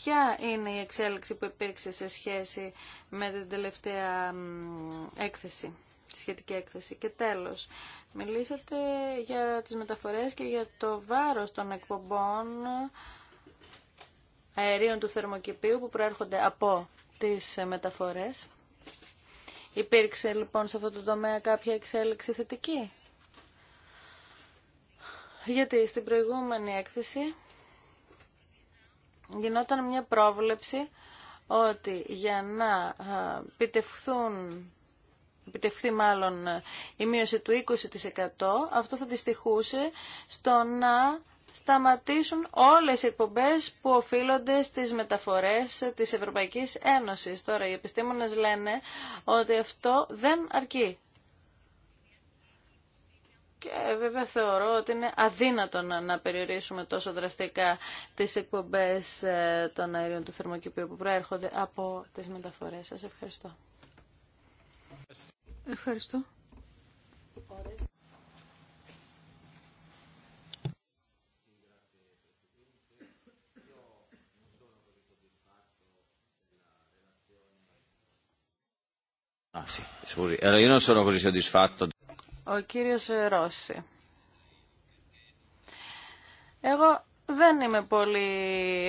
ποια είναι η εξέλιξη που υπήρξε σε σχέση με την τελευταία έκθεση, τη σχετική έκθεση. Και τέλος, μιλήσατε για τις μεταφορές και για το βάρος των εκπομπών αερίων του θερμοκηπίου που προέρχονται από τις μεταφορές. Υπήρξε λοιπόν σε αυτό το τομέα κάποια εξέλιξη θετική. Γιατί στην προηγούμενη έκθεση γινόταν μια πρόβλεψη ότι για να επιτευχθούν επιτευχθεί μάλλον η μείωση του 20% αυτό θα δυστυχούσε στο να σταματήσουν όλες οι εκπομπές που οφείλονται στις μεταφορές της Ευρωπαϊκής Ένωσης. Τώρα οι επιστήμονες λένε ότι αυτό δεν αρκεί. Και βέβαια θεωρώ ότι είναι αδύνατο να περιορίσουμε τόσο δραστικά τις εκπομπές ε, των αερίων του θερμοκηπίου που προέρχονται από τις μεταφορές. Σας ευχαριστώ. Ευχαριστώ. Ah, sì, scusi. Allora, io non sono così soddisfatto ο κύριος Ρώση. Εγώ δεν είμαι πολύ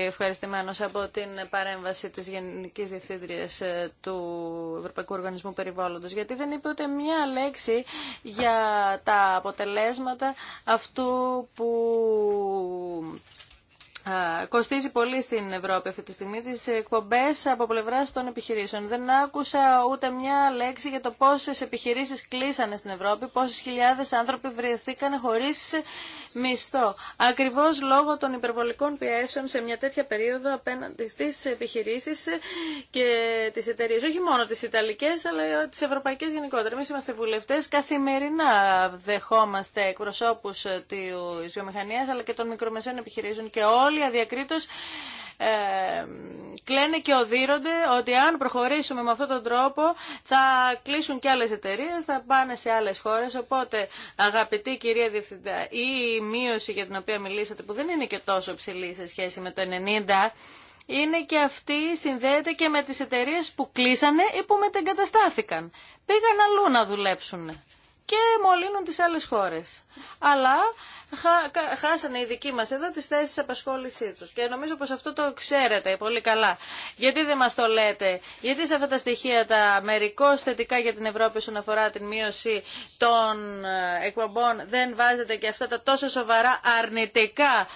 ευχαριστημένος από την παρέμβαση της Γενικής Διευθύντριας ε, του Ευρωπαϊκού Οργανισμού Περιβάλλοντος, γιατί δεν είπε ούτε μία λέξη για τα αποτελέσματα αυτού που κοστίζει πολύ στην Ευρώπη αυτή τη στιγμή τις εκπομπές από πλευράς των επιχειρήσεων. Δεν άκουσα ούτε μια λέξη για το πόσες επιχειρήσεις κλείσανε στην Ευρώπη, πόσες χιλιάδες άνθρωποι βρεθήκαν χωρίς μισθό. Ακριβώς λόγω των υπερβολικών πιέσεων σε μια τέτοια περίοδο απέναντι στις επιχειρήσεις και τις εταιρείες, όχι μόνο τις Ιταλικές αλλά τις Ευρωπαϊκές γενικότερα. Εμείς είμαστε βουλευτέ, καθημερινά δεχόμαστε εκπροσώπους τη βιομηχανία, αλλά και των μικρομεσαίων επιχειρήσεων και όλων όλοι αδιακρίτως ε, κλαίνε και οδύρονται ότι αν προχωρήσουμε με αυτόν τον τρόπο θα κλείσουν και άλλες εταιρείε, θα πάνε σε άλλες χώρες. Οπότε αγαπητή κυρία Διευθυντά, η μείωση για την οποία μιλήσατε που δεν είναι και τόσο ψηλή σε σχέση με το 90% είναι και αυτή συνδέεται και με τις εταιρείες που κλείσανε ή που μετεγκαταστάθηκαν. Πήγαν αλλού να δουλέψουν και μολύνουν τις άλλες χώρες αλλά χάσανε οι δικοί μας εδώ τις θέσεις απασχόλησή τους. Και νομίζω πως αυτό το ξέρετε πολύ καλά. Γιατί δεν μας το λέτε, γιατί σε αυτά τα στοιχεία τα μερικώς θετικά για την Ευρώπη όσον αφορά την μείωση των ε, εκπομπών δεν βάζετε και αυτά τα τόσο σοβαρά αρνητικά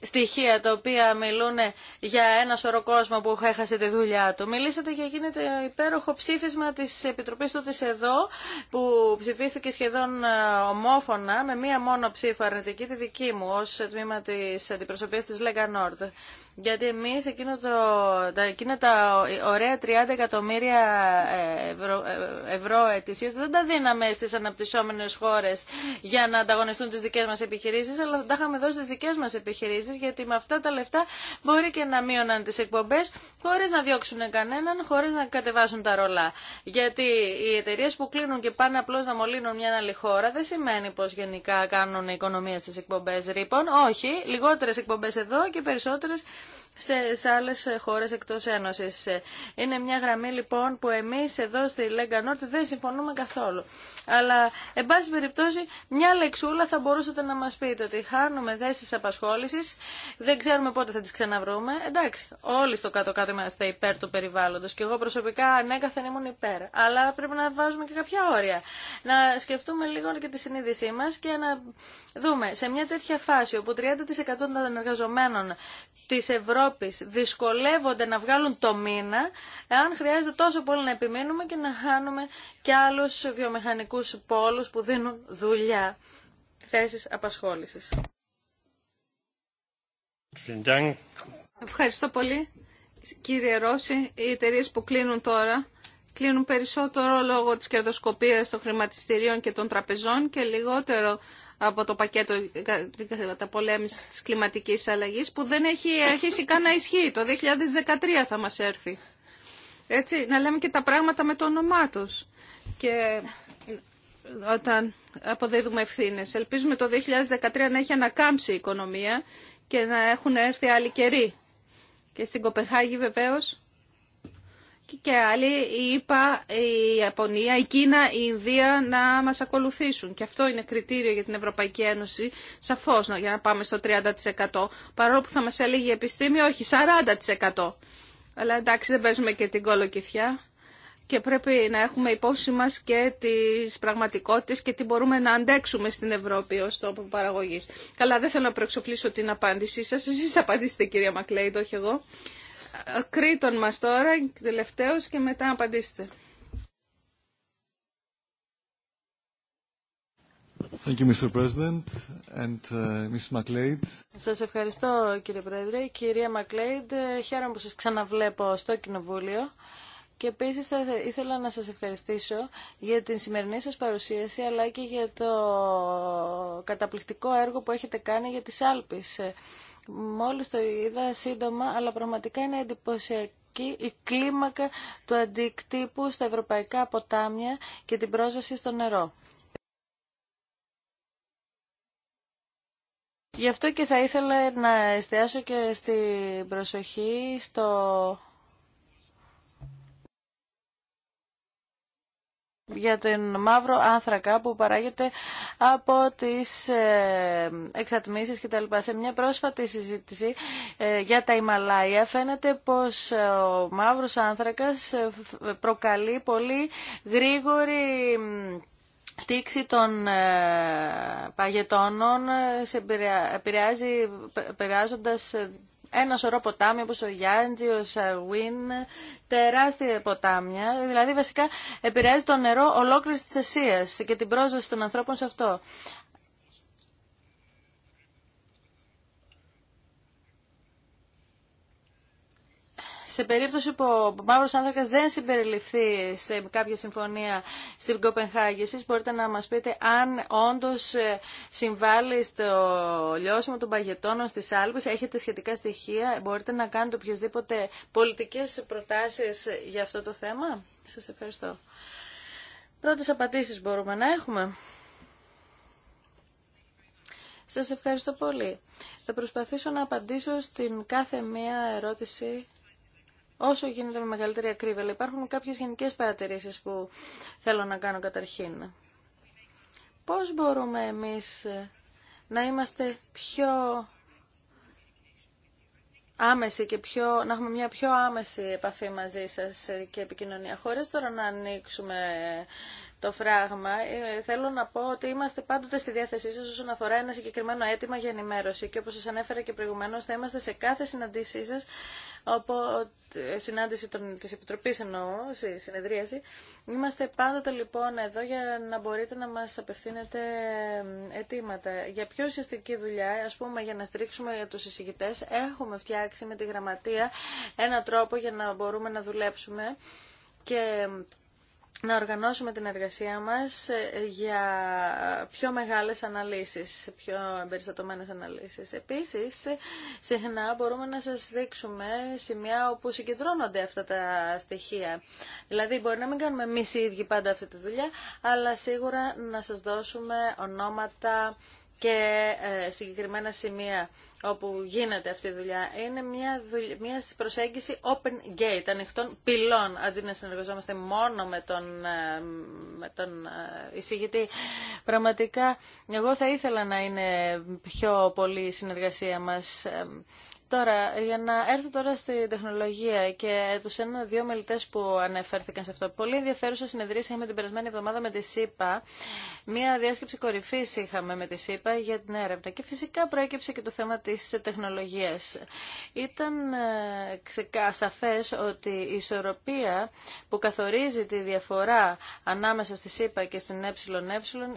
στοιχεία τα οποία μιλούν για ένα σωρό κόσμο που έχασε τη δουλειά του. Μιλήσατε και γίνεται υπέροχο ψήφισμα της Επιτροπής της εδώ που ψηφίστηκε σχεδόν ε, ομόφωνα μία μόνο ψήφο αρνητική, τη δική μου, ως τμήμα της αντιπροσωπείας της Λέγκα Νόρτ. Γιατί εμείς εκείνο το, τα, εκείνα τα ωραία 30 εκατομμύρια ε, ευρώ, ε, ευρώ ετησίως δεν τα δίναμε στις αναπτυσσόμενες χώρες για να ανταγωνιστούν τις δικές μας επιχειρήσεις, αλλά τα είχαμε δώσει στις δικές μας επιχειρήσεις, γιατί με αυτά τα λεφτά μπορεί και να μείωναν τις εκπομπές χωρίς να διώξουν κανέναν, χωρίς να κατεβάσουν τα ρολά. Γιατί οι εταιρείε που κλείνουν και πάνε απλώ να μολύνουν μια άλλη χώρα δεν σημαίνει πως γενικά κάνουν οικονομία στις εκπομπές ρήπων. Όχι, λιγότερες εκπομπές εδώ και περισσότερες σε, σε άλλες χώρες εκτός Ένωσης. Είναι μια γραμμή λοιπόν που εμεί εδώ στη Λέγκα Νόρτ δεν συμφωνούμε καθόλου. Αλλά, εν πάση περιπτώσει, μια λεξούλα θα μπορούσατε να μα πείτε ότι χάνουμε θέσει απασχόληση, δεν ξέρουμε πότε θα τι ξαναβρούμε. Εντάξει, όλοι στο κάτω-κάτω είμαστε υπέρ του περιβάλλοντο και εγώ προσωπικά ανέκαθεν ναι, ήμουν υπέρ. Αλλά πρέπει να βάζουμε και κάποια όρια. Να σκεφτούμε λίγο και τη συνείδησή μα και να δούμε σε μια τέτοια φάση όπου 30% των εργαζομένων τη Ευρώπη δυσκολεύονται να βγάλουν το μήνα, εάν χρειάζεται τόσο πολύ να επιμένουμε και να χάνουμε και άλλους βιομηχανικού πόλους που δίνουν δουλειά, θέσεις απασχόλησης. Ευχαριστώ πολύ. Κύριε Ρώση, οι εταιρείε που κλείνουν τώρα κλείνουν περισσότερο λόγω της κερδοσκοπίας των χρηματιστηρίων και των τραπεζών και λιγότερο από το πακέτο πολέμηση της κλιματικής αλλαγής που δεν έχει αρχίσει καν να ισχύει. Το 2013 θα μας έρθει. Έτσι, να λέμε και τα πράγματα με το όνομά τους. Και όταν αποδίδουμε ευθύνε. Ελπίζουμε το 2013 να έχει ανακάμψει η οικονομία και να έχουν έρθει άλλοι καιροί. Και στην Κοπεχάγη βεβαίως και άλλοι, η ΙΠΑ, η Ιαπωνία, η Κίνα, η Ινδία να μας ακολουθήσουν. Και αυτό είναι κριτήριο για την Ευρωπαϊκή Ένωση, σαφώς, για να πάμε στο 30%. Παρόλο που θα μας έλεγε η επιστήμη, όχι, 40%. Αλλά εντάξει, δεν παίζουμε και την κολοκυθιά και πρέπει να έχουμε υπόψη μας και τις πραγματικότητες και τι μπορούμε να αντέξουμε στην Ευρώπη ως τόπο παραγωγής. Καλά, δεν θέλω να προεξοφλήσω την απάντησή σας. Εσείς απαντήσετε κυρία Μακλέιντ, όχι εγώ. Κρήτον μας τώρα, τελευταίος και μετά απαντήστε. Thank you, Mr. President and uh, Σας ευχαριστώ κύριε Πρόεδρε. Κυρία Μακλέιντ, ε, χαίρομαι που σας ξαναβλέπω στο Κοινοβούλιο. Και επίση ήθελα να σας ευχαριστήσω για την σημερινή σας παρουσίαση αλλά και για το καταπληκτικό έργο που έχετε κάνει για τις Άλπεις. Ε, Μόλις το είδα σύντομα, αλλά πραγματικά είναι εντυπωσιακή η κλίμακα του αντικτύπου στα ευρωπαϊκά ποτάμια και την πρόσβαση στο νερό. Γι' αυτό και θα ήθελα να εστιάσω και στην προσοχή στο για τον μαύρο άνθρακα που παράγεται από τις ε, εξατμίσεις κτλ. Σε μια πρόσφατη συζήτηση ε, για τα Ιμαλάια φαίνεται πως ε, ο μαύρος άνθρακας προκαλεί πολύ γρήγορη στήξη των παγετώνων σε επηρεάζει, ένα σωρό ποτάμια όπως ο Γιάντζι, ο Σαουίν, τεράστια ποτάμια. Δηλαδή βασικά επηρεάζει το νερό ολόκληρης της Ασίας και την πρόσβαση των ανθρώπων σε αυτό. σε περίπτωση που ο μαύρος άνθρακας δεν συμπεριληφθεί σε κάποια συμφωνία στην Κοπενχάγη, εσείς μπορείτε να μας πείτε αν όντως ε, συμβάλλει στο λιώσιμο των παγετώνων στις Άλπες, έχετε σχετικά στοιχεία, μπορείτε να κάνετε οποιασδήποτε πολιτικές προτάσεις για αυτό το θέμα. Σας ευχαριστώ. Πρώτες απαντήσεις μπορούμε να έχουμε. Σας ευχαριστώ πολύ. Θα προσπαθήσω να απαντήσω στην κάθε μία ερώτηση όσο γίνεται με μεγαλύτερη ακρίβεια. υπάρχουν κάποιες γενικές παρατηρήσεις που θέλω να κάνω καταρχήν. Πώς μπορούμε εμείς ε, να είμαστε πιο άμεση και πιο, να έχουμε μια πιο άμεση επαφή μαζί σας ε, και επικοινωνία, χωρίς τώρα να ανοίξουμε το φράγμα, ε, θέλω να πω ότι είμαστε πάντοτε στη διάθεσή σα όσον αφορά ένα συγκεκριμένο αίτημα για ενημέρωση και όπω σα ανέφερα και προηγουμένω, θα είμαστε σε κάθε συναντήσή σας, ε, συνάντηση τη της Επιτροπής εννοώ, συνεδρίαση, είμαστε πάντοτε λοιπόν εδώ για να μπορείτε να μα απευθύνετε αιτήματα. Για πιο ουσιαστική δουλειά, α πούμε για να στρίξουμε για του εισηγητές, έχουμε φτιάξει με τη γραμματεία ένα τρόπο για να μπορούμε να δουλέψουμε και να οργανώσουμε την εργασία μας ε, για πιο μεγάλες αναλύσεις, πιο εμπεριστατωμένες αναλύσεις. Επίσης, συχνά μπορούμε να σας δείξουμε σημεία όπου συγκεντρώνονται αυτά τα στοιχεία. Δηλαδή, μπορεί να μην κάνουμε εμεί οι ίδιοι πάντα αυτή τη δουλειά, αλλά σίγουρα να σας δώσουμε ονόματα, και ε, συγκεκριμένα σημεία όπου γίνεται αυτή η δουλειά. Είναι μια, μια προσέγγιση open gate, ανοιχτών πυλών, αντί να συνεργαζόμαστε μόνο με τον, ε, με τον ε, εισηγητή. Πραγματικά, εγώ θα ήθελα να είναι πιο πολύ η συνεργασία μας. Τώρα, για να έρθω τώρα στη τεχνολογία και του ένα-δύο μελητέ που αναφέρθηκαν σε αυτό. Πολύ ενδιαφέρουσα συνεδρίαση είχαμε την περασμένη εβδομάδα με τη ΣΥΠΑ. Μία διάσκεψη κορυφή είχαμε με τη ΣΥΠΑ για την έρευνα. Και φυσικά προέκυψε και το θέμα τη τεχνολογία. Ήταν ε, σαφέ ότι η ισορροπία που καθορίζει τη διαφορά ανάμεσα στη ΣΥΠΑ και στην ΕΕ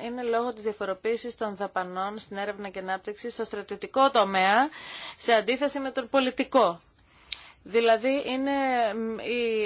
είναι λόγω τη διαφοροποίηση των δαπανών στην έρευνα και ανάπτυξη στο στρατιωτικό τομέα σε αντίθεση με τον πολιτικό. Δηλαδή είναι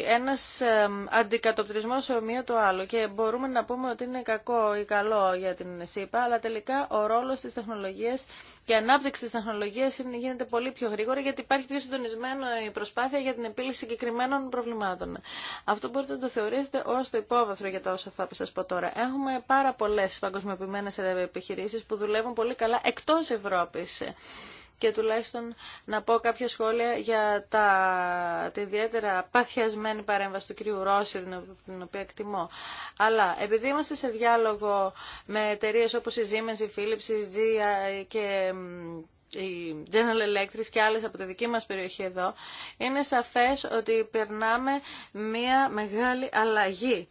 ένας αντικατοπτρισμός ο μία το άλλο και μπορούμε να πούμε ότι είναι κακό ή καλό για την ΣΥΠΑ, αλλά τελικά ο ρόλος της τεχνολογίας και η ανάπτυξη της τεχνολογίας γίνεται πολύ πιο γρήγορα γιατί υπάρχει πιο συντονισμένη προσπάθεια για την επίλυση συγκεκριμένων προβλημάτων. Αυτό μπορείτε να το θεωρήσετε ως το υπόβαθρο για τα όσα θα σας πω τώρα. Έχουμε πάρα πολλές παγκοσμιοποιημένες ε, επιχειρήσεις που δουλεύουν πολύ καλά εκτός Ευρώπης και τουλάχιστον να πω κάποια σχόλια για τα, τα ιδιαίτερα παθιασμένη παρέμβαση του κυρίου Ρώση, την οποία εκτιμώ. Αλλά επειδή είμαστε σε διάλογο με εταιρείε όπως η Siemens, η Philips, η GI και η General Electric και άλλες από τη δική μας περιοχή εδώ, είναι σαφές ότι περνάμε μία μεγάλη αλλαγή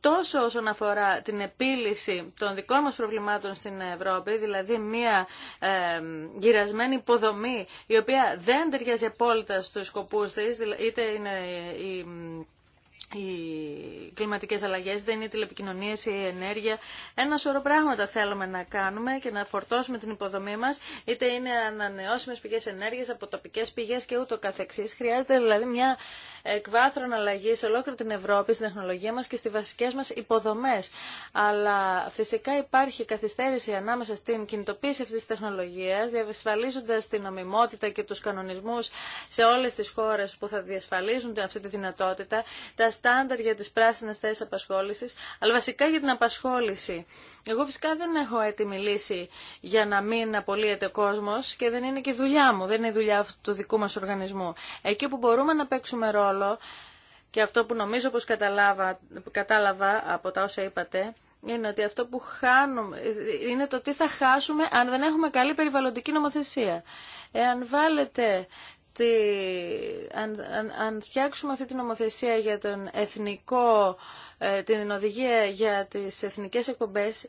τόσο όσον αφορά την επίλυση των δικών μας προβλημάτων στην Ευρώπη, δηλαδή μια γυρασμένη υποδομή η οποία δεν ταιριάζει απόλυτα στους σκοπούς της, είτε είναι η οι κλιματικέ αλλαγέ δεν είναι οι τηλεπικοινωνίες, η ενέργεια. Ένα σωρό πράγματα θέλουμε να κάνουμε και να φορτώσουμε την υποδομή μα, είτε είναι ανανεώσιμε πηγέ ενέργεια από τοπικέ πηγέ και ούτω καθεξή. Χρειάζεται δηλαδή μια εκβάθρον αλλαγή σε ολόκληρη την Ευρώπη, στην τεχνολογία μα και στι βασικέ μα υποδομέ. Αλλά φυσικά υπάρχει καθυστέρηση ανάμεσα στην κινητοποίηση αυτή τη τεχνολογία, διασφαλίζοντα την νομιμότητα και του κανονισμού σε όλε τι χώρε που θα διασφαλίζουν αυτή τη δυνατότητα, τα στάνταρ για τις πράσινες θέσεις απασχόλησης, αλλά βασικά για την απασχόληση. Εγώ φυσικά δεν έχω έτοιμη λύση για να μην απολύεται ο κόσμος και δεν είναι και δουλειά μου, δεν είναι δουλειά του δικού μας οργανισμού. Εκεί που μπορούμε να παίξουμε ρόλο, και αυτό που νομίζω πως καταλάβα, κατάλαβα από τα όσα είπατε, είναι ότι αυτό που χάνουμε, είναι το τι θα χάσουμε αν δεν έχουμε καλή περιβαλλοντική νομοθεσία. Εάν βάλετε ότι αν, αν, αν φτιάξουμε αυτή την ομοθεσία για τον εθνικό, ε, την οδηγία για τις εθνικές εκπομπές,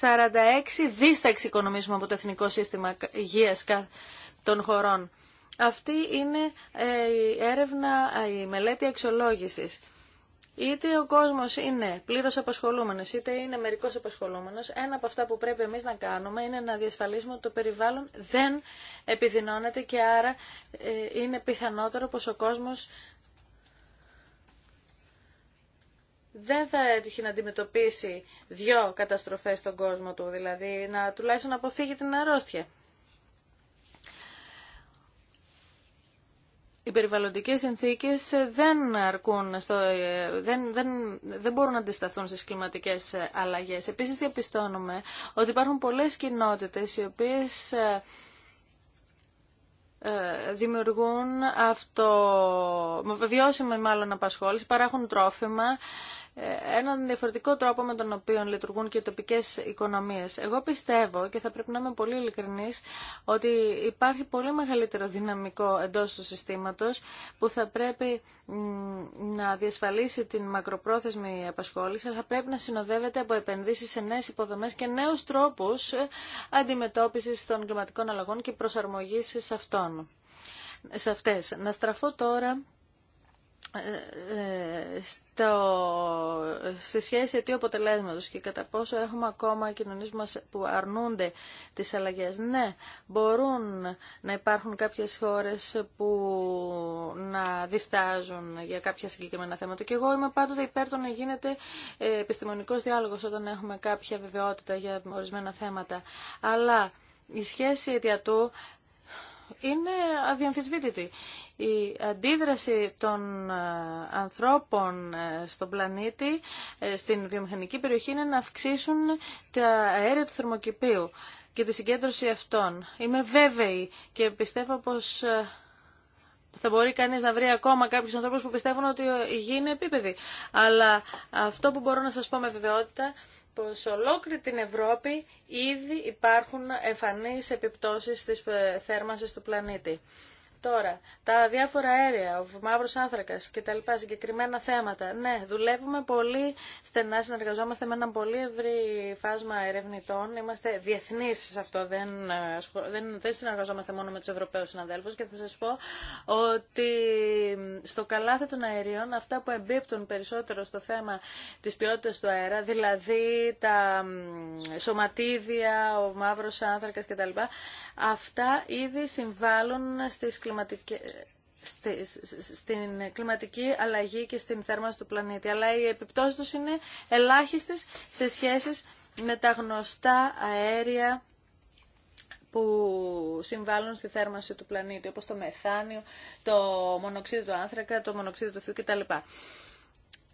46 δις θα από το Εθνικό Σύστημα Υγείας των χωρών. Αυτή είναι ε, η έρευνα, η μελέτη αξιολόγησης. Είτε ο κόσμος είναι πλήρως απασχολούμενο, είτε είναι μερικώς απασχολούμενο, ένα από αυτά που πρέπει εμείς να κάνουμε είναι να διασφαλίσουμε ότι το περιβάλλον δεν επιδεινώνεται και άρα ε, είναι πιθανότερο πως ο κόσμος δεν θα έτυχε να αντιμετωπίσει δύο καταστροφές στον κόσμο του, δηλαδή να τουλάχιστον αποφύγει την αρρώστια. οι περιβαλλοντικές συνθήκες δεν αρκούν, στο, δεν, δεν, δεν μπορούν να αντισταθούν στις κλιματικές αλλαγές. Επίσης διαπιστώνουμε ότι υπάρχουν πολλές κοινότητες οι οποίες ε, ε, δημιουργούν αυτό, βιώσιμη μάλλον απασχόληση, παράχουν τρόφιμα έναν διαφορετικό τρόπο με τον οποίο λειτουργούν και οι τοπικές οικονομίες. Εγώ πιστεύω και θα πρέπει να είμαι πολύ ειλικρινής ότι υπάρχει πολύ μεγαλύτερο δυναμικό εντός του συστήματος που θα πρέπει να διασφαλίσει την μακροπρόθεσμη απασχόληση αλλά θα πρέπει να συνοδεύεται από επενδύσεις σε νέες υποδομές και νέους τρόπους ε, αντιμετώπισης των κλιματικών αλλαγών και προσαρμογής σε, σε αυτές. Να στραφώ τώρα στο, στη σχέση αιτίου αποτελέσματος και κατά πόσο έχουμε ακόμα κοινωνίες μας που αρνούνται τις αλλαγές. Ναι, μπορούν να υπάρχουν κάποιες χώρες που να διστάζουν για κάποια συγκεκριμένα θέματα και εγώ είμαι πάντοτε υπέρ των να γίνεται ε, επιστημονικός διάλογος όταν έχουμε κάποια βεβαιότητα για ορισμένα θέματα. Αλλά η σχέση αιτιατού είναι αδιαμφισβήτητη. Η αντίδραση των ε, ανθρώπων ε, στον πλανήτη, ε, στην βιομηχανική περιοχή, είναι να αυξήσουν τα αέρια του θερμοκηπίου και τη συγκέντρωση αυτών. Είμαι βέβαιη και πιστεύω πως θα μπορεί κανείς να βρει ακόμα κάποιους ανθρώπους που πιστεύουν ότι η γη είναι επίπεδη. Αλλά αυτό που μπορώ να σας πω με βεβαιότητα πως ολόκληρη την Ευρώπη ήδη υπάρχουν εμφανείς επιπτώσεις της θέρμανσης του πλανήτη. Τώρα, τα διάφορα αέρια, ο μαύρος άνθρακας και τα λοιπά συγκεκριμένα θέματα. Ναι, δουλεύουμε πολύ στενά, συνεργαζόμαστε με ένα πολύ ευρύ φάσμα ερευνητών. Είμαστε διεθνεί, σε αυτό, δεν, ε, δεν, δεν συνεργαζόμαστε μόνο με τους Ευρωπαίους συναδέλφου και θα σας πω ότι στο καλάθι των αερίων αυτά που εμπίπτουν περισσότερο στο θέμα τη ποιότητα του αέρα, δηλαδή τα σωματίδια, ο μαύρο άνθρακα κτλ. Αυτά ήδη συμβάλλουν στις στην κλιματική αλλαγή και στην θέρμανση του πλανήτη. Αλλά οι επιπτώσεις τους είναι ελάχιστες σε σχέση με τα γνωστά αέρια που συμβάλλουν στη θέρμανση του πλανήτη, όπως το μεθάνιο, το μονοξίδιο του άνθρακα, το μονοξίδιο του θείου κτλ.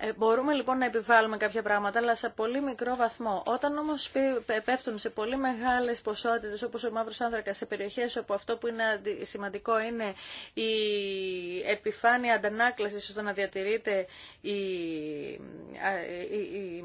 Ε, μπορούμε λοιπόν να επιβάλλουμε κάποια πράγματα, αλλά σε πολύ μικρό βαθμό. Όταν όμως πέφτουν σε πολύ μεγάλες ποσότητες, όπως ο Μαύρο άνθρακα, σε περιοχές όπου αυτό που είναι σημαντικό είναι η επιφάνεια αντανάκλαση, ώστε να διατηρείται η, η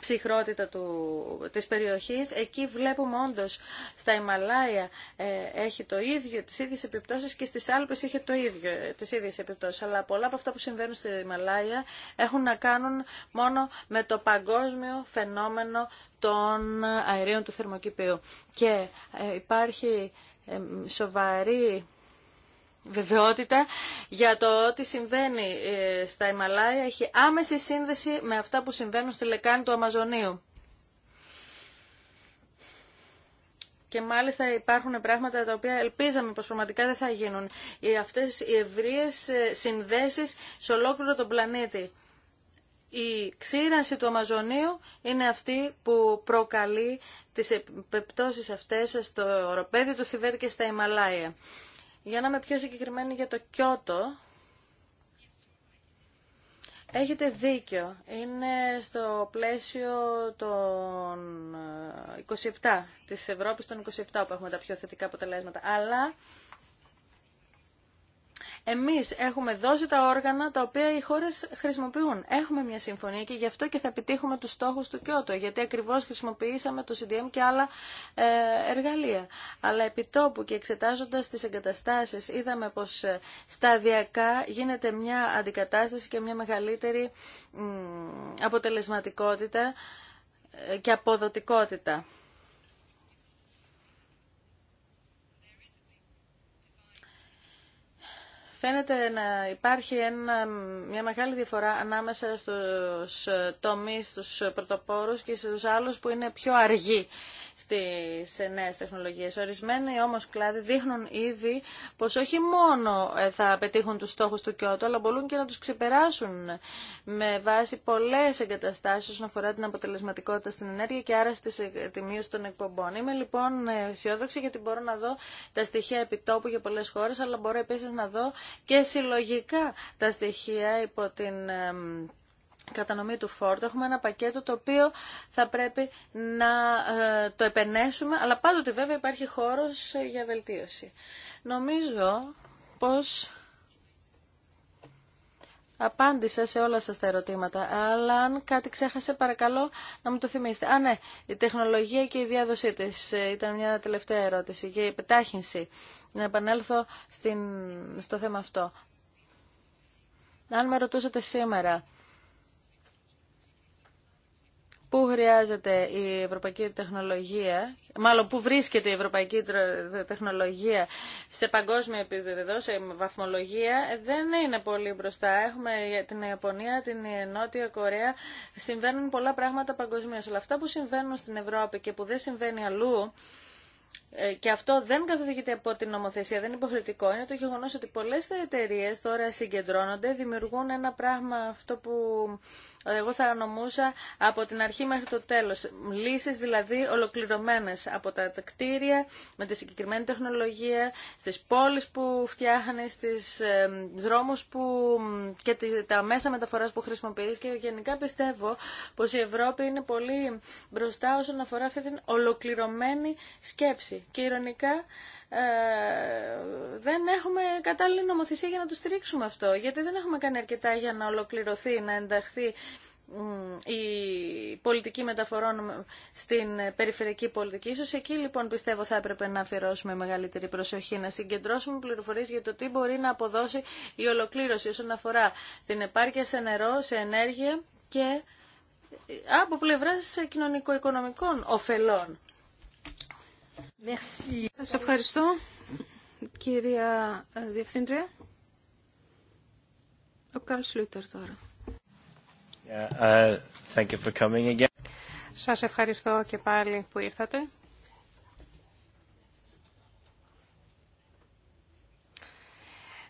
ψυχρότητα του, της περιοχής. Εκεί βλέπουμε όντως στα Ιμαλάια ε, έχει το ίδιο, τις ίδιες επιπτώσεις και στις Άλπες είχε το ίδιο, τις ίδιες επιπτώσεις. Αλλά πολλά από αυτά που συμβαίνουν στη Ιμαλάια έχουν να κάνουν μόνο με το παγκόσμιο φαινόμενο των αερίων του θερμοκηπίου. Και ε, υπάρχει ε, σοβαρή βεβαιότητα για το ότι συμβαίνει ε, στα Ιμαλάια έχει άμεση σύνδεση με αυτά που συμβαίνουν στη λεκάνη του Αμαζονίου. Και μάλιστα υπάρχουν πράγματα τα οποία ελπίζαμε πως πραγματικά δεν θα γίνουν. Αυτές οι ευρείες ε, συνδέσεις σε ολόκληρο τον πλανήτη. Η ξύρανση του Αμαζονίου είναι αυτή που προκαλεί τις επιπτώσεις αυτές στο οροπέδιο του Θιβέτ και στα Ιμαλάια. Για να είμαι πιο συγκεκριμένη για το Κιώτο, Έχετε δίκιο. Είναι στο πλαίσιο των 27, ε, της Ευρώπης των 27 που έχουμε τα πιο θετικά αποτελέσματα. Αλλά εμείς έχουμε δώσει τα όργανα τα οποία οι χώρες χρησιμοποιούν. Έχουμε μια συμφωνία και γι' αυτό και θα επιτύχουμε τους στόχους του Κιώτο, γιατί ακριβώς χρησιμοποιήσαμε το CDM και άλλα ε, εργαλεία. Αλλά επιτόπου και εξετάζοντας τις εγκαταστάσεις είδαμε πως ε, σταδιακά γίνεται μια αντικατάσταση και μια μεγαλύτερη αποτελεσματικότητα ε, και αποδοτικότητα. Φαίνεται να υπάρχει ένα, μια μεγάλη διαφορά ανάμεσα στους τομείς, στους πρωτοπόρους και στους άλλους που είναι πιο αργοί στις νέες τεχνολογίες. Ορισμένοι όμως κλάδοι δείχνουν ήδη πως όχι μόνο ε, θα πετύχουν τους στόχους του Κιώτο, αλλά μπορούν και να τους ξεπεράσουν με βάση πολλές εγκαταστάσεις όσον αφορά την αποτελεσματικότητα στην ενέργεια και άρα στη ε, μείωση των εκπομπών. Είμαι λοιπόν αισιόδοξη γιατί μπορώ να δω τα στοιχεία επιτόπου για πολλές χώρες, αλλά μπορώ επίσης να δω και συλλογικά τα στοιχεία υπό την κατανομή του φόρτου. Έχουμε ένα πακέτο το οποίο θα πρέπει να ε, το επενέσουμε, αλλά πάντοτε βέβαια υπάρχει χώρος για βελτίωση. Νομίζω πως απάντησα σε όλα σας τα ερωτήματα, αλλά αν κάτι ξέχασε παρακαλώ να μου το θυμίσετε. Α, ναι, η τεχνολογία και η διάδοσή της ε, ήταν μια τελευταία ερώτηση και η επιτάχυνση να επανέλθω στην, στο θέμα αυτό. Αν με ρωτούσατε σήμερα πού χρειάζεται η ευρωπαϊκή τεχνολογία, μάλλον πού βρίσκεται η ευρωπαϊκή τεχνολογία σε παγκόσμιο επίπεδο, εδώ, σε βαθμολογία, δεν είναι πολύ μπροστά. Έχουμε την Ιαπωνία, την Νότια Κορέα, συμβαίνουν πολλά πράγματα παγκοσμίω. Αλλά αυτά που χρειαζεται η ευρωπαικη τεχνολογια μαλλον που βρισκεται η ευρωπαικη τεχνολογια σε παγκοσμιο επιπεδο σε βαθμολογια δεν ειναι πολυ μπροστα εχουμε την ιαπωνια την νοτια κορεα συμβαινουν πολλα πραγματα παγκοσμιω αλλα αυτα που συμβαινουν στην Ευρώπη και που δεν συμβαίνει αλλού, ε, και αυτό δεν καθοδηγείται από την νομοθεσία, δεν είναι υποχρεωτικό. Είναι το γεγονό ότι πολλέ εταιρείε τώρα συγκεντρώνονται, δημιουργούν ένα πράγμα αυτό που ε, εγώ θα νομούσα από την αρχή μέχρι το τέλο. Λύσει δηλαδή ολοκληρωμένε από τα κτίρια, με τη συγκεκριμένη τεχνολογία, στι πόλει που φτιάχνει, στι ε, δρόμου που και τα μέσα μεταφορά που χρησιμοποιεί. Και γενικά πιστεύω πω η Ευρώπη είναι πολύ μπροστά όσον αφορά αυτή την ολοκληρωμένη σκέψη. Και ηρωνικά ε, δεν έχουμε κατάλληλη νομοθεσία για να το στηρίξουμε αυτό, γιατί δεν έχουμε κάνει αρκετά για να ολοκληρωθεί, να ενταχθεί η πολιτική μεταφορών στην περιφερειακή πολιτική. Ίσως εκεί λοιπόν πιστεύω θα έπρεπε να αφιερώσουμε μεγαλύτερη προσοχή, να συγκεντρώσουμε πληροφορίες για το τι μπορεί να αποδώσει η ολοκλήρωση όσον αφορά την επάρκεια σε νερό, σε ενέργεια και ε, από πλευράς κοινωνικο-οικονομικών ωφελών. Σα Σας ευχαριστώ, κυρία ε, Διευθύντρια. Ο Σλούτερ τώρα. Uh, σας ευχαριστώ και πάλι που ήρθατε.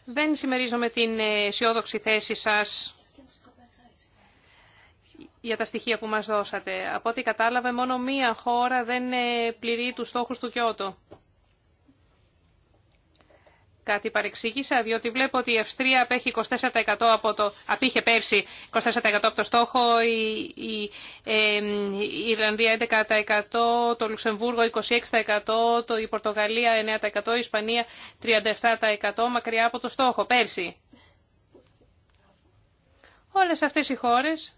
Δεν συμμερίζομαι την αισιόδοξη θέση σας για τα στοιχεία που μας δώσατε. Από ό,τι κατάλαβε, μόνο μία χώρα δεν ε, πληρεί τους στόχους του Κιώτο. Κάτι παρεξήγησα, διότι βλέπω ότι η Αυστρία απέχει 24% από το, απήχε πέρσι 24% από το στόχο, η, η, Ιρλανδία 11%, το Λουξεμβούργο 26%, το, η Πορτογαλία 9%, η Ισπανία 37% μακριά από το στόχο πέρσι. Όλες αυτές οι χώρες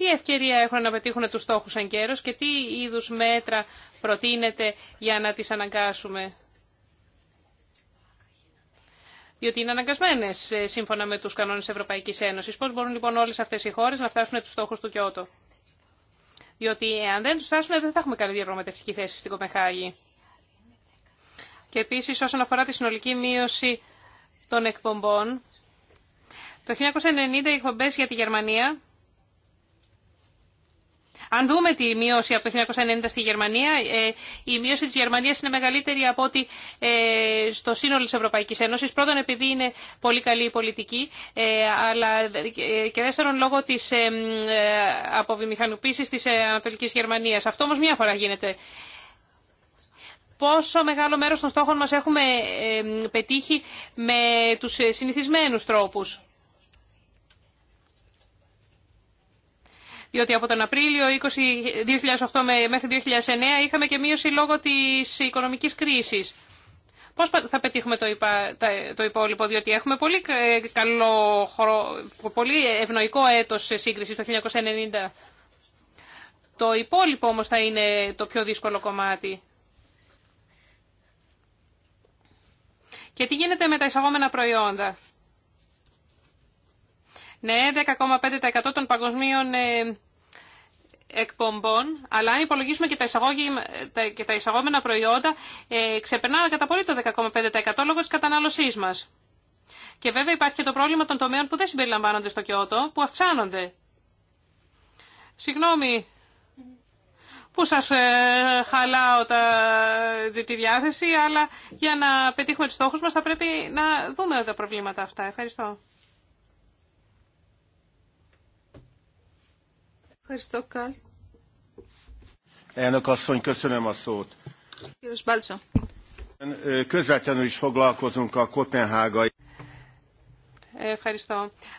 τι ευκαιρία έχουν να πετύχουν τους στόχους εν καιρός και τι είδους μέτρα προτείνεται για να τις αναγκάσουμε. Διότι είναι αναγκασμένε ε, σύμφωνα με του κανόνε Ευρωπαϊκής Ένωσης. Πώς μπορούν λοιπόν όλες αυτές οι χώρες να φτάσουν του στόχους του Κιώτο. Διότι ε, αν δεν του φτάσουν, ε, δεν θα έχουμε καλή διαπραγματευτική θέση στην Κοπεχάγη. Και επίσης όσον αφορά τη συνολική μείωση των εκπομπών, το 1990 οι εκπομπές για τη Γερμανία αν δούμε τη μείωση από το 1990 στη Γερμανία, ε, η μείωση της Γερμανίας είναι μεγαλύτερη από ότι ε, στο σύνολο της Ευρωπαϊκής Ένωσης. Πρώτον, επειδή είναι πολύ καλή η πολιτική, ε, αλλά και δεύτερον λόγω της αποβημηχανοποίησης της Ανατολικής Γερμανίας. Αυτό όμως μία φορά γίνεται πόσο μεγάλο μέρος των στόχων μας έχουμε πετύχει με τους συνηθισμένους τρόπους. διότι από τον Απρίλιο 2008 μέχρι 2009 είχαμε και μείωση λόγω της οικονομικής κρίσης. Πώς θα πετύχουμε το υπόλοιπο, διότι έχουμε πολύ, ε, καλό, πολύ ευνοϊκό έτος σε σύγκριση το 1990. Το υπόλοιπο όμως θα είναι το πιο δύσκολο κομμάτι. Και τι γίνεται με τα εισαγόμενα προϊόντα ναι, 10,5% των παγκοσμίων ε, εκπομπών, αλλά αν υπολογίσουμε και τα, τα εισαγόμενα προϊόντα, ε, ξεπερνάμε κατά πολύ το 10,5% λόγω της κατανάλωσής μας. Και βέβαια υπάρχει και το πρόβλημα των τομέων που δεν συμπεριλαμβάνονται στο Κιώτο, που αυξάνονται. Συγγνώμη που σας ε, χαλάω τα, τη διάθεση, αλλά για να πετύχουμε τους στόχους μας θα πρέπει να δούμε τα προβλήματα αυτά. Ευχαριστώ. Ευχαριστώ,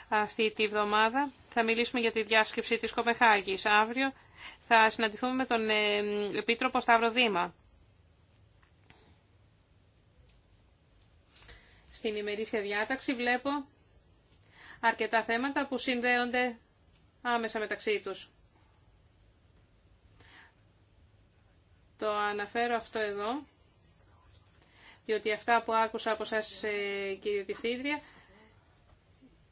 Αυτή τη βδομάδα θα μιλήσουμε για τη διάσκεψη της Κοπεχάγης. Αύριο θα συναντηθούμε με τον ε, Επίτροπο Σταύρο Δήμα. Στην ημερήσια διάταξη βλέπω αρκετά θέματα που συνδέονται άμεσα μεταξύ τους. Το αναφέρω αυτό εδώ, διότι αυτά που άκουσα από σας ε, κύριε Διευθύντρια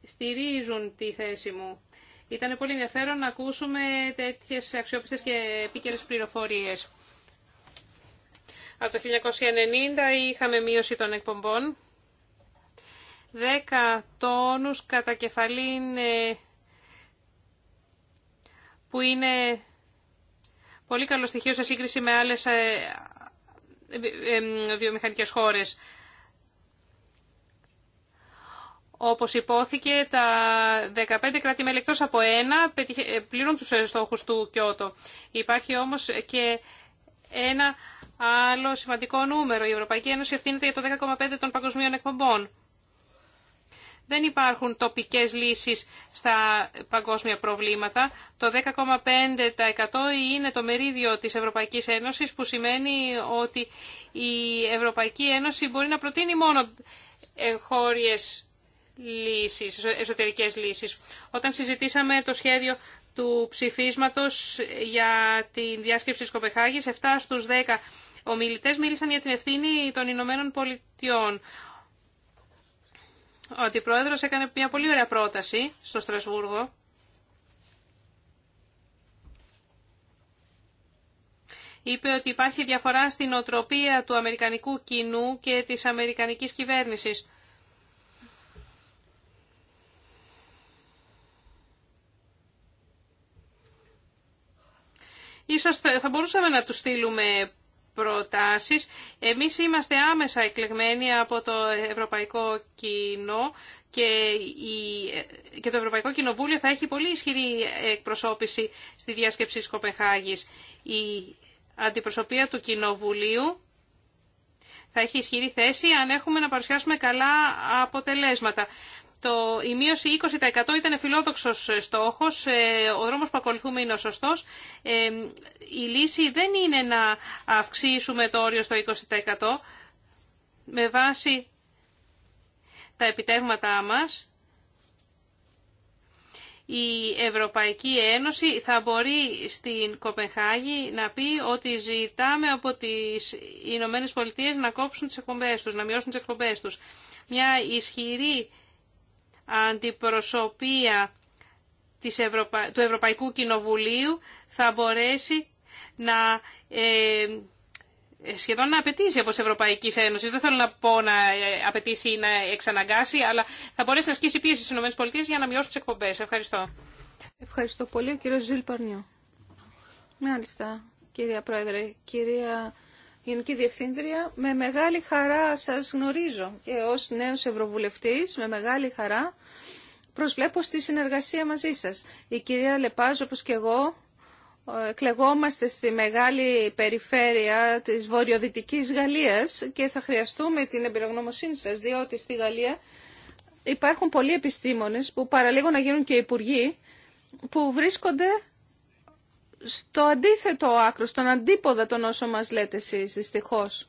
στηρίζουν τη θέση μου. Ήταν πολύ ενδιαφέρον να ακούσουμε τέτοιες αξιόπιστες και επίκαιρες πληροφορίες. Από το 1990 είχαμε μείωση των εκπομπών. Δέκα τόνους κατά κεφαλήν ε, που είναι Πολύ καλό στοιχείο σε σύγκριση με άλλες ε, ε, ε, βιομηχανικές χώρες. Όπως υπόθηκε, τα 15 κράτη-μέλη από ένα πληρούν τους στόχους του Κιώτο. Υπάρχει όμως και ένα άλλο σημαντικό νούμερο. Η Ευρωπαϊκή Ένωση ευθύνεται για το 10,5 των παγκοσμίων εκπομπών. Δεν υπάρχουν τοπικές λύσεις στα παγκόσμια προβλήματα. Το 10,5% είναι το μερίδιο της Ευρωπαϊκής Ένωσης που σημαίνει ότι η Ευρωπαϊκή Ένωση μπορεί να προτείνει μόνο εγχώριες λύσεις, εσωτερικές λύσεις. Όταν συζητήσαμε το σχέδιο του ψηφίσματος για τη διάσκεψη της Κοπεχάγης, 7 στους 10 ομιλητές μίλησαν για την ευθύνη των Ηνωμένων Πολιτειών ο Αντιπρόεδρος έκανε μια πολύ ωραία πρόταση στο Στρασβούργο είπε ότι υπάρχει διαφορά στην οτροπία του Αμερικανικού κοινού και της Αμερικανικής κυβέρνησης. Ίσως θα μπορούσαμε να του στείλουμε προτάσεις. Εμείς είμαστε άμεσα εκλεγμένοι από το Ευρωπαϊκό Κοινό και, η, και το Ευρωπαϊκό Κοινοβούλιο θα έχει πολύ ισχυρή εκπροσώπηση στη διάσκεψη της Κοπεχάγης. Η αντιπροσωπεία του Κοινοβουλίου θα έχει ισχυρή θέση αν έχουμε να παρουσιάσουμε καλά αποτελέσματα. Το, η μείωση 20% ήταν φιλόδοξος στόχος, ε, ο δρόμο που ακολουθούμε είναι ο σωστός. Ε, η λύση δεν είναι να αυξήσουμε το όριο στο 20% με βάση τα επιτεύγματά μας. Η Ευρωπαϊκή Ένωση θα μπορεί στην Κοπενχάγη να πει ότι ζητάμε από τις Ηνωμένε Πολιτείες να κόψουν τις εκπομπές τους, να μειώσουν τις εκπομπές τους. Μια ισχυρή αντιπροσωπεία της του Ευρωπαϊκού Κοινοβουλίου θα μπορέσει να ε, ε σχεδόν να απαιτήσει από τις Ευρωπαϊκές Ένωσης. Δεν θέλω να πω να ε, απαιτήσει ή να εξαναγκάσει, αλλά θα μπορέσει να ασκήσει πίεση στις ΗΠΑ για να μειώσει τις εκπομπές. Ευχαριστώ. Ευχαριστώ πολύ, κύριο Ζιλ Παρνιού. Μάλιστα, κυρία Πρόεδρε. Κυρία Γενική Διευθύντρια, με μεγάλη χαρά σας γνωρίζω και ως νέος Ευρωβουλευτής, με μεγάλη χαρά προσβλέπω στη συνεργασία μαζί σας. Η κυρία Λεπάζ, όπως και εγώ, ε, κλεγόμαστε στη μεγάλη περιφέρεια της βορειοδυτικής Γαλλίας και θα χρειαστούμε την εμπειρογνωμοσύνη σας, διότι στη Γαλλία υπάρχουν πολλοί επιστήμονες που παραλίγο να γίνουν και υπουργοί, που βρίσκονται στο αντίθετο άκρο, στον αντίποδα των όσων μας λέτε εσείς, δυστυχώς.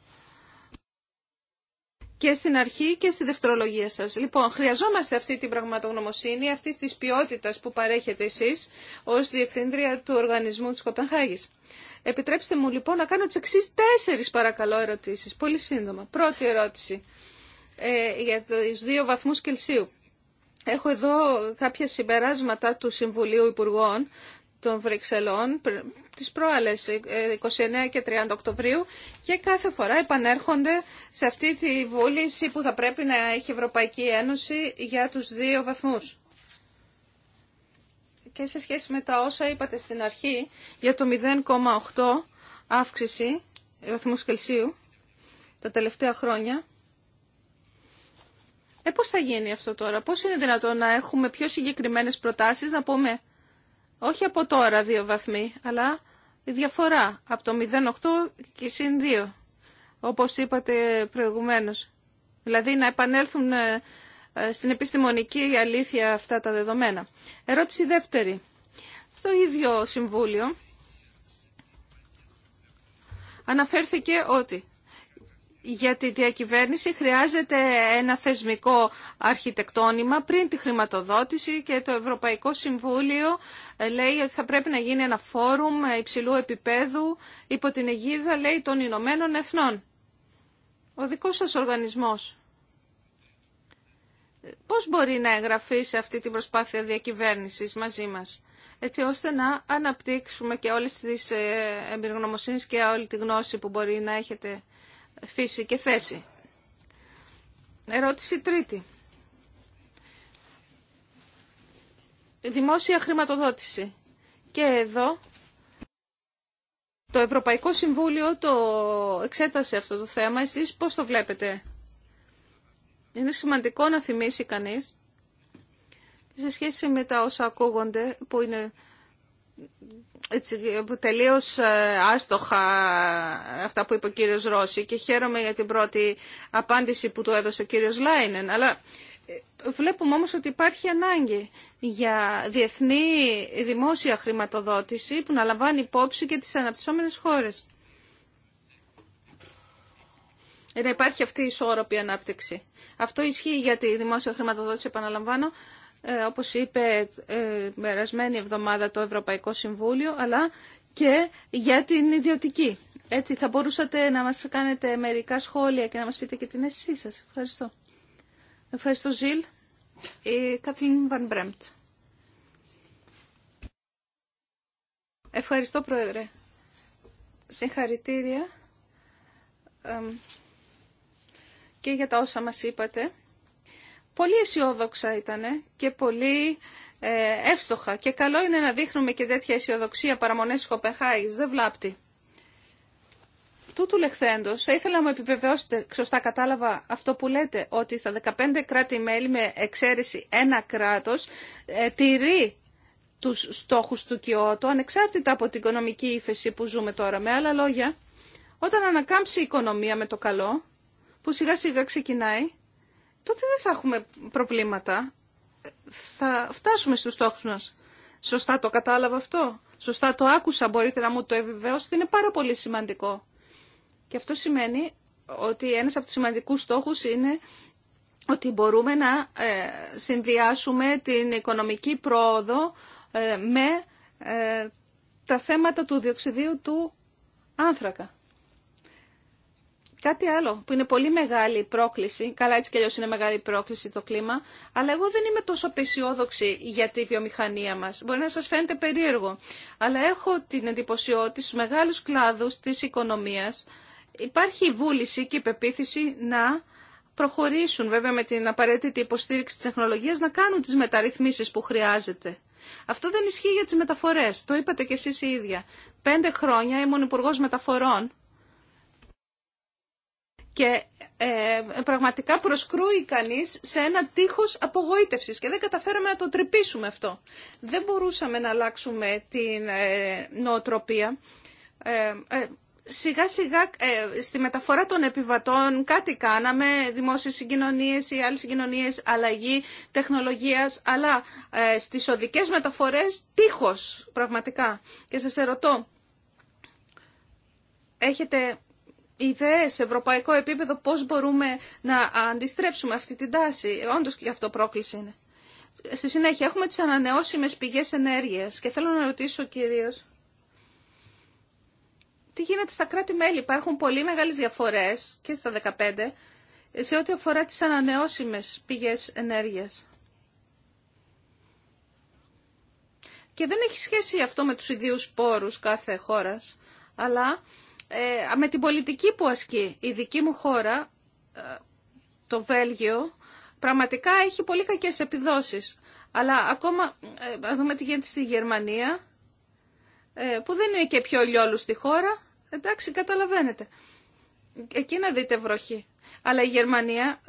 Και στην αρχή και στη δευτερολογία σας. Λοιπόν, χρειαζόμαστε αυτή την πραγματογνωμοσύνη, αυτή της ποιότητας που παρέχετε εσείς ως Διευθύντρια του Οργανισμού της Κοπενχάγης. Επιτρέψτε μου λοιπόν να κάνω τις εξή τέσσερις παρακαλώ ερωτήσεις, πολύ σύντομα. Πρώτη ερώτηση ε, για τους δύο βαθμούς Κελσίου. Έχω εδώ κάποια συμπεράσματα του Συμβουλίου Υπουργών των Βρυξελών τις προάλλες 29 ε, ε, και 30 Οκτωβρίου και κάθε φορά επανέρχονται σε αυτή τη βούληση που θα πρέπει να έχει η Ευρωπαϊκή Ένωση για τους δύο βαθμούς. Και σε σχέση με τα όσα είπατε στην αρχή για το 0,8 αύξηση βαθμού Κελσίου τα τελευταία χρόνια, ε, πώς θα γίνει αυτό τώρα, πώς είναι δυνατόν να έχουμε πιο συγκεκριμένες προτάσεις, να πούμε όχι από τώρα δύο βαθμοί, αλλά η διαφορά από το 0,8 και συν 2, όπως είπατε προηγουμένως. Δηλαδή να επανέλθουν ε, ε, στην επιστημονική αλήθεια αυτά τα δεδομένα. Ερώτηση δεύτερη. Στο ίδιο Συμβούλιο αναφέρθηκε ότι για τη διακυβέρνηση χρειάζεται ένα θεσμικό αρχιτεκτόνημα πριν τη χρηματοδότηση και το Ευρωπαϊκό Συμβούλιο ε, λέει ότι θα πρέπει να γίνει ένα φόρουμ υψηλού επίπεδου υπό την αιγίδα λέει των Ηνωμένων Εθνών. Ο δικός σας οργανισμός. Πώς μπορεί να εγγραφεί σε αυτή την προσπάθεια διακυβέρνησης μαζί μας έτσι ώστε να αναπτύξουμε και όλες τις ε, εμπειρογνωμοσύνες και όλη τη γνώση που μπορεί να έχετε φύση και θέση. Ερώτηση τρίτη. Δημόσια χρηματοδότηση. Και εδώ το Ευρωπαϊκό Συμβούλιο το εξέτασε αυτό το θέμα. Εσείς πώς το βλέπετε. Είναι σημαντικό να θυμίσει κανείς σε σχέση με τα όσα ακούγονται που είναι έτσι, τελείως ε, άστοχα αυτά που είπε ο κύριος Ρώση και χαίρομαι για την πρώτη απάντηση που του έδωσε ο κύριος Λάινεν. Αλλά ε, βλέπουμε όμως ότι υπάρχει ανάγκη για διεθνή δημόσια χρηματοδότηση που να λαμβάνει υπόψη και τις αναπτυσσόμενες χώρες. Ε, να υπάρχει αυτή η ισόρροπη ανάπτυξη. Αυτό ισχύει για τη δημόσια χρηματοδότηση, επαναλαμβάνω, ε, όπως είπε ε, περασμένη εβδομάδα το Ευρωπαϊκό Συμβούλιο, αλλά και για την ιδιωτική. Έτσι θα μπορούσατε να μας κάνετε μερικά σχόλια και να μας πείτε και την αίσθησή σας. Ευχαριστώ. Ευχαριστώ Ζιλ. Η Καθλίν Βαν Ευχαριστώ Πρόεδρε. Συγχαρητήρια και για τα όσα μας είπατε. Πολύ αισιόδοξα ήταν και πολύ ε, εύστοχα. Και καλό είναι να δείχνουμε και τέτοια αισιοδοξία παραμονέ Κοπεχάης. Δεν βλάπτει. Τούτου λεχθέντος, θα ήθελα να μου επιβεβαιώσετε, σωστά κατάλαβα αυτό που λέτε, ότι στα 15 κράτη-μέλη με εξαίρεση ένα κράτος ε, τηρεί τους στόχους του Κιώτο, ανεξάρτητα από την οικονομική ύφεση που ζούμε τώρα. Με άλλα λόγια, όταν ανακάμψει η οικονομία με το καλό, που σιγά σιγά ξεκινάει, τότε δεν θα έχουμε προβλήματα. Θα φτάσουμε στους στόχους μας. Σωστά το κατάλαβα αυτό. Σωστά το άκουσα. Μπορείτε να μου το επιβεβαιώσετε. Είναι πάρα πολύ σημαντικό. Και αυτό σημαίνει ότι ένας από τους σημαντικούς στόχους είναι ότι μπορούμε να ε, συνδυάσουμε την οικονομική πρόοδο ε, με ε, τα θέματα του διοξιδίου του άνθρακα. Κάτι άλλο που είναι πολύ μεγάλη πρόκληση, καλά έτσι κι αλλιώς είναι μεγάλη πρόκληση το κλίμα, αλλά εγώ δεν είμαι τόσο πεσιόδοξη για τη βιομηχανία μας. Μπορεί να σας φαίνεται περίεργο, αλλά έχω την εντυπωσιότητα ότι στους μεγάλους κλάδους της οικονομίας υπάρχει η βούληση και η πεποίθηση να προχωρήσουν βέβαια με την απαραίτητη υποστήριξη της τεχνολογίας να κάνουν τις μεταρρυθμίσεις που χρειάζεται. Αυτό δεν ισχύει για τις μεταφορές, το είπατε κι εσείς η ίδια. Πέντε χρόνια ήμουν υπουργό μεταφορών και ε, πραγματικά προσκρούει κανείς σε ένα τείχος απογοήτευσης και δεν καταφέραμε να το τρυπήσουμε αυτό. Δεν μπορούσαμε να αλλάξουμε την ε, νοοτροπία. Ε, σιγά σιγά στη μεταφορά των επιβατών κάτι κάναμε, δημόσιες συγκοινωνίες ή άλλες συγκοινωνίες, αλλαγή τεχνολογίας, αλλά στις οδικές μεταφορές τείχος πραγματικά. Και σας ερωτώ, έχετε ιδέες σε ευρωπαϊκό επίπεδο πώς μπορούμε να αντιστρέψουμε αυτή την τάση. Όντως και αυτό πρόκληση είναι. Στη συνέχεια έχουμε τις ανανεώσιμες πηγές ενέργειας και θέλω να ρωτήσω κυρίως τι γίνεται στα κράτη-μέλη. Υπάρχουν πολύ μεγάλες διαφορές και στα 15 σε ό,τι αφορά τις ανανεώσιμες πηγές ενέργειας. Και δεν έχει σχέση αυτό με τους ιδίους πόρους κάθε χώρας, αλλά ε, με την πολιτική που ασκεί. Η δική μου χώρα, ε, το Βέλγιο, πραγματικά έχει πολύ κακές επιδόσεις. Αλλά ακόμα, ε, δούμε τι γίνεται στη Γερμανία, ε, που δεν είναι και πιο λιόλου στη χώρα, εντάξει, καταλαβαίνετε. Εκεί να δείτε βροχή. Αλλά η Γερμανία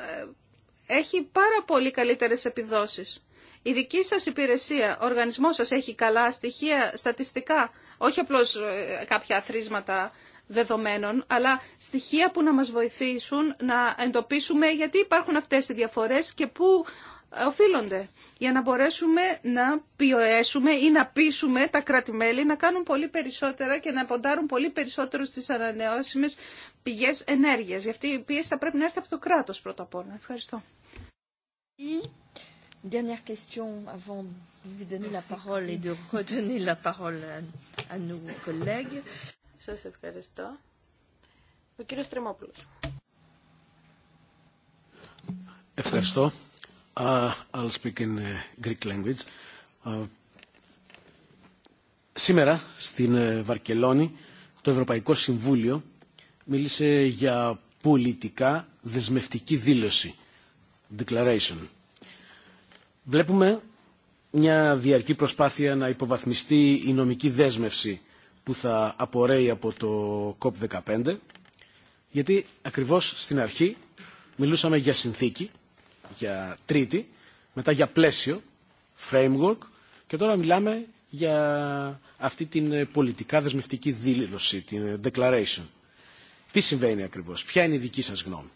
έχει πάρα πολύ καλύτερες επιδόσεις. Η δική σας υπηρεσία, ο οργανισμός σας έχει καλά στοιχεία, στατιστικά, όχι απλώς κάποια αθροίσματα δεδομένων, αλλά στοιχεία που να μας βοηθήσουν να εντοπίσουμε γιατί υπάρχουν αυτές οι διαφορές και πού ε, οφείλονται, για να μπορέσουμε να πιοέσουμε ή να πείσουμε τα κράτη-μέλη να κάνουν πολύ περισσότερα και να ποντάρουν πολύ περισσότερο στις ανανεώσιμες πηγές ενέργειας. Γιατί η πίεση θα πρέπει να έρθει από το κράτος πρώτα απ' όλα. Ευχαριστώ. Dernière question avant de vous donner la parole et de redonner la parole à nos collègues. Σας ευχαριστώ. Ο κύριος Τρεμόπουλος. Ευχαριστώ. I'll speak in ε, Greek language. σήμερα στην ε, Βαρκελόνη το Ευρωπαϊκό Συμβούλιο μίλησε για πολιτικά δεσμευτική δήλωση, declaration. Βλέπουμε μια διαρκή προσπάθεια να υποβαθμιστεί η νομική δέσμευση που θα απορρέει από το COP15, γιατί ακριβώς στην αρχή μιλούσαμε για συνθήκη, για τρίτη, μετά για πλαίσιο, framework, και τώρα μιλάμε για αυτή την πολιτικά δεσμευτική δήλωση, την declaration. Τι συμβαίνει ακριβώς, ποια είναι η δική σας γνώμη.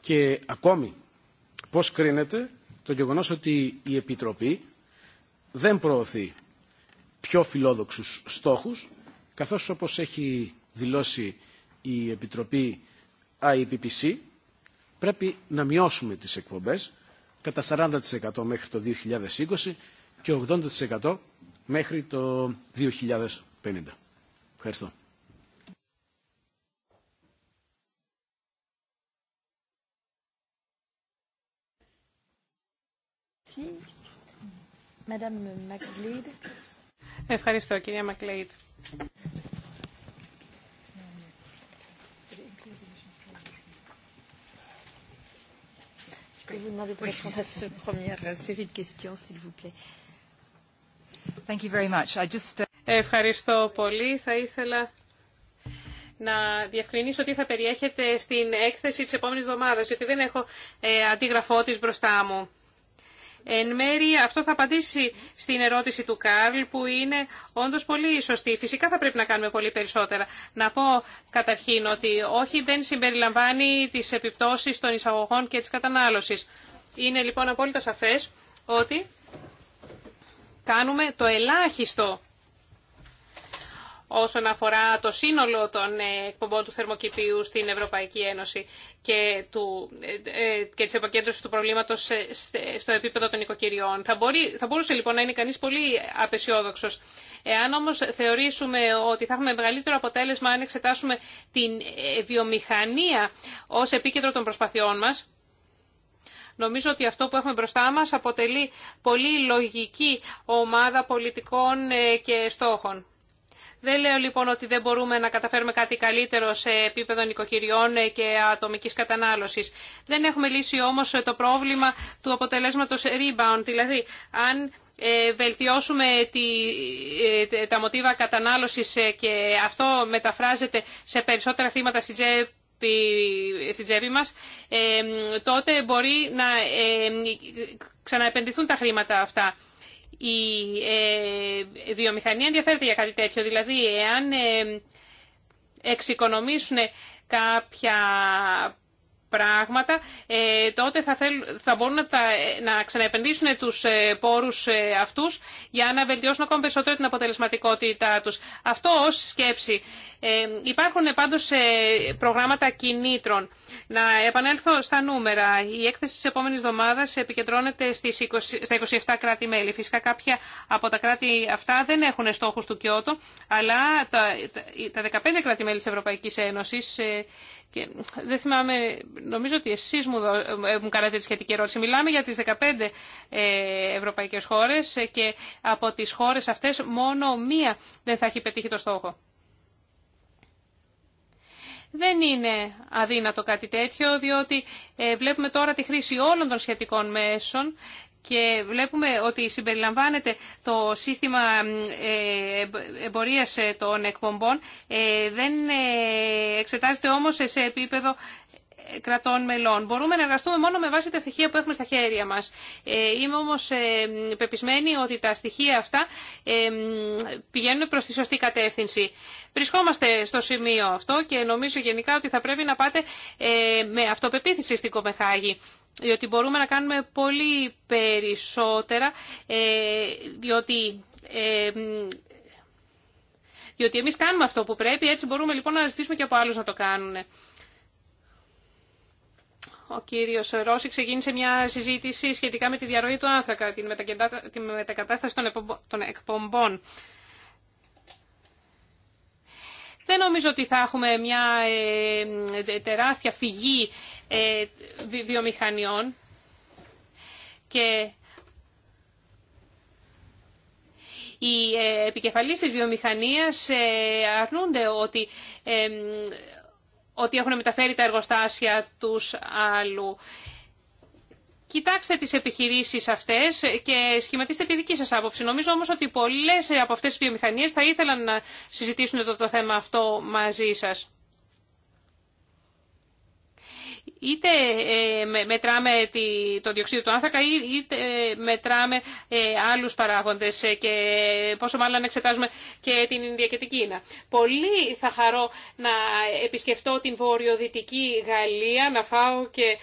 Και ακόμη, πώς κρίνεται το γεγονός ότι η Επιτροπή δεν προωθεί πιο φιλόδοξους στόχους, καθώς όπως έχει δηλώσει η Επιτροπή IPPC, πρέπει να μειώσουμε τις εκπομπές κατά 40% μέχρι το 2020 και 80% μέχρι το 2050. Ευχαριστώ. Madame Ευχαριστώ, κυρία Μακλέιτ. Ευχαριστώ πολύ. Θα ήθελα να διευκρινίσω τι θα περιέχεται στην έκθεση της επόμενης εβδομάδας, γιατί δεν έχω ε, αντίγραφό της μπροστά μου. Εν μέρη, αυτό θα απαντήσει στην ερώτηση του Κάρλ που είναι όντως πολύ σωστή. Φυσικά θα πρέπει να κάνουμε πολύ περισσότερα. Να πω καταρχήν ότι όχι δεν συμπεριλαμβάνει τις επιπτώσεις των εισαγωγών και της κατανάλωσης. Είναι λοιπόν απόλυτα σαφές ότι κάνουμε το ελάχιστο όσον αφορά το σύνολο των ε, εκπομπών του θερμοκηπίου στην Ευρωπαϊκή Ένωση και, του, ε, ε, και της επακέντρωσης του προβλήματος στο επίπεδο των οικοκυριών. Θα, μπορεί, θα μπορούσε λοιπόν να είναι κανείς πολύ απεσιόδοξος. Εάν όμως θεωρήσουμε ότι θα έχουμε μεγαλύτερο αποτέλεσμα αν εξετάσουμε την βιομηχανία ως επίκεντρο των προσπαθειών μας, Νομίζω ότι αυτό που έχουμε μπροστά μας αποτελεί πολύ λογική ομάδα πολιτικών και στόχων. Δεν λέω λοιπόν ότι δεν μπορούμε να καταφέρουμε κάτι καλύτερο σε επίπεδο νοικοκυριών και ατομική κατανάλωσης. Δεν έχουμε λύσει όμως το πρόβλημα του αποτελέσματος rebound, δηλαδή αν ε, βελτιώσουμε ε, τα μοτίβα κατανάλωσης ε, και αυτό μεταφράζεται σε περισσότερα χρήματα στην τσέπη μας, τότε μπορεί να ξαναεπενδυθούν τα χρήματα αυτά η ε, βιομηχανία ενδιαφέρεται για κάτι τέτοιο. Δηλαδή, εάν ε, εξοικονομήσουν κάποια πράγματα, ε, τότε θα, θα μπορούν να, τα, να ξαναεπενδύσουν τους ε, πόρους ε, αυτούς για να βελτιώσουν ακόμα περισσότερο την αποτελεσματικότητά τους. Αυτό ως σκέψη. Υπάρχουν πάντως προγράμματα κινήτρων. Να επανέλθω στα νούμερα. Η έκθεση της επόμενης εβδομάδας επικεντρώνεται στις στα 27 κράτη-μέλη. Φυσικά κάποια από τα κράτη αυτά δεν έχουν στόχους του Κιώτο, αλλά τα, τα 15 κράτη-μέλη της Ευρωπαϊκής Ένωσης και δεν θυμάμαι, νομίζω ότι εσεί μου, ε, μου κάνατε τη σχετική ερώτηση. Μιλάμε για τις 15 ε, ευρωπαϊκές χώρες και από τις χώρες αυτές μόνο μία δεν θα έχει πετύχει το στόχο. Δεν είναι αδύνατο κάτι τέτοιο, διότι ε, βλέπουμε τώρα τη χρήση όλων των σχετικών μέσων και βλέπουμε ότι συμπεριλαμβάνεται το σύστημα ε, εμπορίας ε, των εκπομπών, ε, δεν εξετάζεται όμως σε επίπεδο κρατών μελών. Μπορούμε να εργαστούμε μόνο με βάση τα στοιχεία που έχουμε στα χέρια μας. Ε, είμαι όμως ε, πεπισμένη ότι τα στοιχεία αυτά ε, πηγαίνουν προς τη σωστή κατεύθυνση. Βρισκόμαστε στο σημείο αυτό και νομίζω γενικά ότι θα πρέπει να πάτε με αυτοπεποίθηση στην Κοπεχάγη διότι μπορούμε να κάνουμε πολύ περισσότερα, διότι διότι εμείς κάνουμε αυτό που πρέπει, έτσι μπορούμε λοιπόν να ζητήσουμε και από άλλους να το κάνουν ο κύριος Ρώση ξεκίνησε μια συζήτηση σχετικά με τη διαρροή του άνθρακα, τη μετακατάσταση των εκπομπών. Δεν νομίζω ότι θα έχουμε μια ε, τεράστια φυγή ε, βιομηχανιών και οι ε, επικεφαλείς της βιομηχανίας αρνούνται ότι ότι έχουν μεταφέρει τα εργοστάσια τους άλλου. Κοιτάξτε τις επιχειρήσεις αυτές και σχηματίστε τη δική σας άποψη. Νομίζω όμως ότι πολλές από αυτές τις βιομηχανίες θα ήθελαν να συζητήσουν το, το θέμα αυτό μαζί σας. Είτε ε, μετράμε το διοξείδιο του άνθρακα είτε ε, μετράμε ε, άλλους παράγοντες και πόσο μάλλον να εξετάζουμε και την Ινδία και την Κίνα. Πολύ θα χαρώ να επισκεφτώ την βορειοδυτική Γαλλία, να φάω και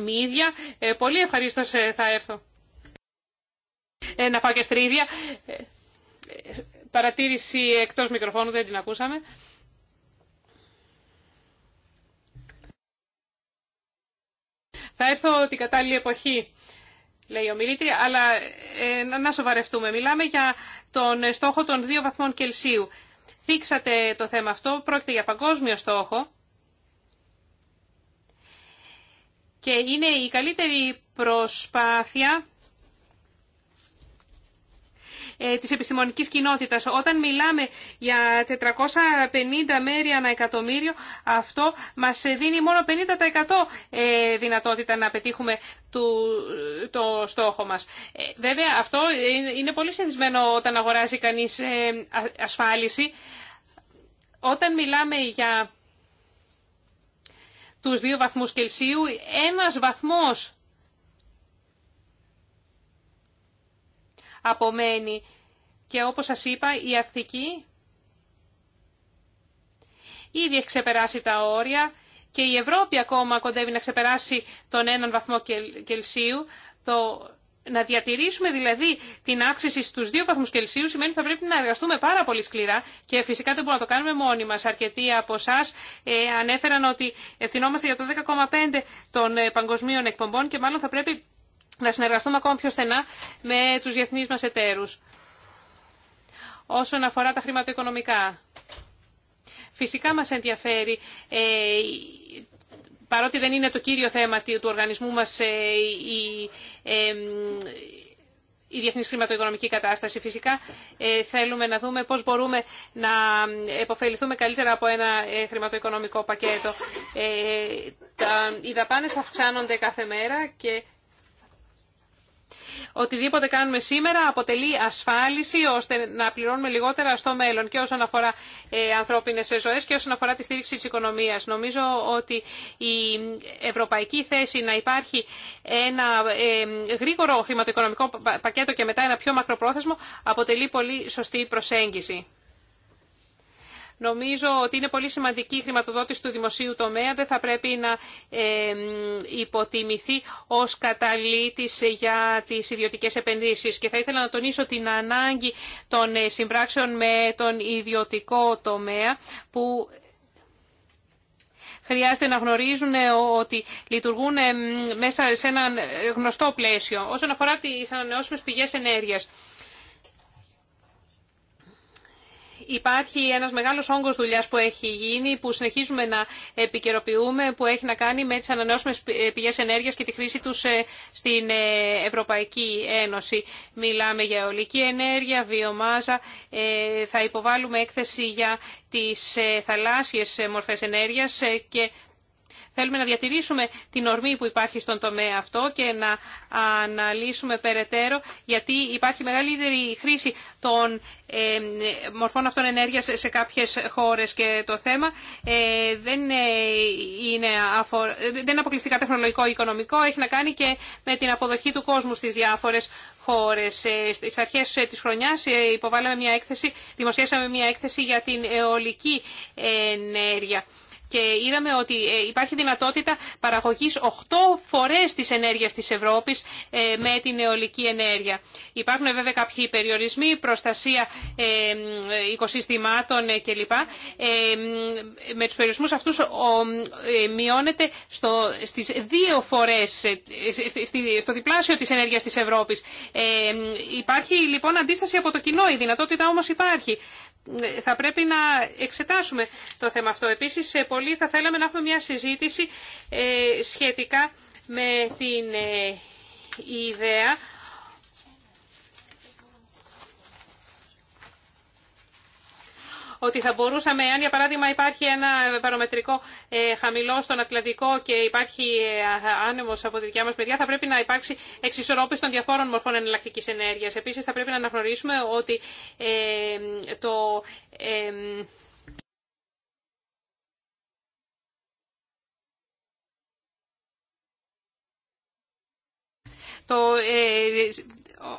μύδια. Πολύ ευχαριστώ θα έρθω. Να φάω και στρίδια. Παρατήρηση εκτός μικροφώνου, δεν την ακούσαμε. Θα έρθω την κατάλληλη εποχή, λέει ο αλλά ε, να σοβαρευτούμε. Μιλάμε για τον στόχο των 2 βαθμών Κελσίου. Θίξατε το θέμα αυτό, πρόκειται για παγκόσμιο στόχο. Και είναι η καλύτερη προσπάθεια ε, της επιστημονικής κοινότητας. Όταν μιλάμε για 450 μέρη ανά εκατομμύριο, αυτό μας δίνει μόνο 50% ε, δυνατότητα να πετύχουμε το στόχο μας. Ε, βέβαια, αυτό είναι πολύ συνδυσμένο όταν αγοράζει κανείς ασφάλιση. Όταν μιλάμε για τους δύο βαθμούς Κελσίου, ένας βαθμός απομένει. Και όπως σας είπα, η Αρκτική ήδη έχει ξεπεράσει τα όρια και η Ευρώπη ακόμα κοντεύει να ξεπεράσει τον έναν βαθμό Κελσίου. Το να διατηρήσουμε δηλαδή την αύξηση στους δύο βαθμούς Κελσίου σημαίνει ότι θα πρέπει να εργαστούμε πάρα πολύ σκληρά και φυσικά δεν μπορούμε να το κάνουμε μόνοι μας. Αρκετοί από εσά ε, ανέφεραν ότι ευθυνόμαστε για το 10,5 των ε, παγκοσμίων εκπομπών και μάλλον θα πρέπει να συνεργαστούμε ακόμα πιο στενά με τους διεθνείς μας εταίρους. Όσον αφορά τα χρηματοοικονομικά, φυσικά μας ενδιαφέρει, ε, παρότι δεν είναι το κύριο θέμα του οργανισμού μας ε, η, ε, η διεθνής χρηματοοικονομική κατάσταση. Φυσικά ε, θέλουμε να δούμε πώς μπορούμε να επωφεληθούμε καλύτερα από ένα ε, χρηματοοικονομικό πακέτο. Τα, οι δαπάνες αυξάνονται κάθε μέρα και οτιδήποτε κάνουμε σήμερα αποτελεί ασφάλιση ώστε να πληρώνουμε λιγότερα στο μέλλον και όσον αφορά ε, ανθρώπινες ζωές και όσον αφορά τη στήριξη της οικονομίας. Νομίζω ότι η ευρωπαϊκή θέση να υπάρχει ένα ε, γρήγορο χρηματοοικονομικό πακέτο και μετά ένα πιο μακροπρόθεσμο αποτελεί πολύ σωστή προσέγγιση. Νομίζω ότι είναι πολύ σημαντική η χρηματοδότηση του δημοσίου τομέα. Δεν θα πρέπει να υποτιμηθεί ως καταλήτης για τις ιδιωτικές επενδύσεις. Και θα ήθελα να τονίσω την ανάγκη των ε, συμπράξεων με τον ιδιωτικό τομέα που χρειάζεται να γνωρίζουν ε, ότι λειτουργούν μέσα σε ένα γνωστό πλαίσιο. Όσον αφορά τις ανανεώσιμες πηγές ενέργειας, Υπάρχει ένας μεγάλος όγκος δουλειάς που έχει γίνει, που συνεχίζουμε να επικαιροποιούμε, που έχει να κάνει με τις ανανεώσιμες ε, πηγές ενέργειας και τη χρήση τους ε, στην ε, Ευρωπαϊκή Ένωση. Μιλάμε για αιωλική ενέργεια, βιομάζα, θα υποβάλουμε έκθεση για τις θαλάσσιες μορφές ενέργειας και Θέλουμε να διατηρήσουμε την ορμή που υπάρχει στον τομέα αυτό και να αναλύσουμε περαιτέρω γιατί υπάρχει μεγαλύτερη χρήση των ε, μορφών αυτών ενέργειας σε κάποιες χώρες και το θέμα ε, δεν, ε, είναι αφο... δεν αποκλειστικά τεχνολογικό ή οικονομικό, έχει να κάνει και με την αποδοχή του κόσμου στις διάφορες χώρες. Στις αρχές της χρονιάς υποβάλαμε μια έκθεση, δημοσιεύσαμε μια έκθεση για την αιωλική ενέργεια και είδαμε ότι ε, υπάρχει δυνατότητα παραγωγής 8 φορές της ενέργειας της Ευρώπης ε, με την αιωλική ενέργεια. Υπάρχουν βέβαια κάποιοι περιορισμοί, προστασία ε, οικοσυστημάτων κλπ. Με τους περιορισμούς αυτούς μειώνεται στο, στις δύο φορές, στο διπλάσιο της ενέργειας της Ευρώπης. Υπάρχει λοιπόν αντίσταση από το κοινό, η δυνατότητα όμως υπάρχει θα πρέπει να εξετάσουμε το θέμα αυτό. Επίσης, πολύ θα θέλαμε να έχουμε μια συζήτηση ε, σχετικά με την ε, ιδέα ότι θα μπορούσαμε, αν για παράδειγμα υπάρχει ένα παρομετρικό ε, χαμηλό στον Ατλαντικό και υπάρχει ε, άνεμος από τη δικιά μας μεριά, θα πρέπει να υπάρξει εξισορρόπηση των διαφόρων μορφών εναλλακτική ενέργειας. Επίσης θα πρέπει να αναγνωρίσουμε ότι ε, το... Το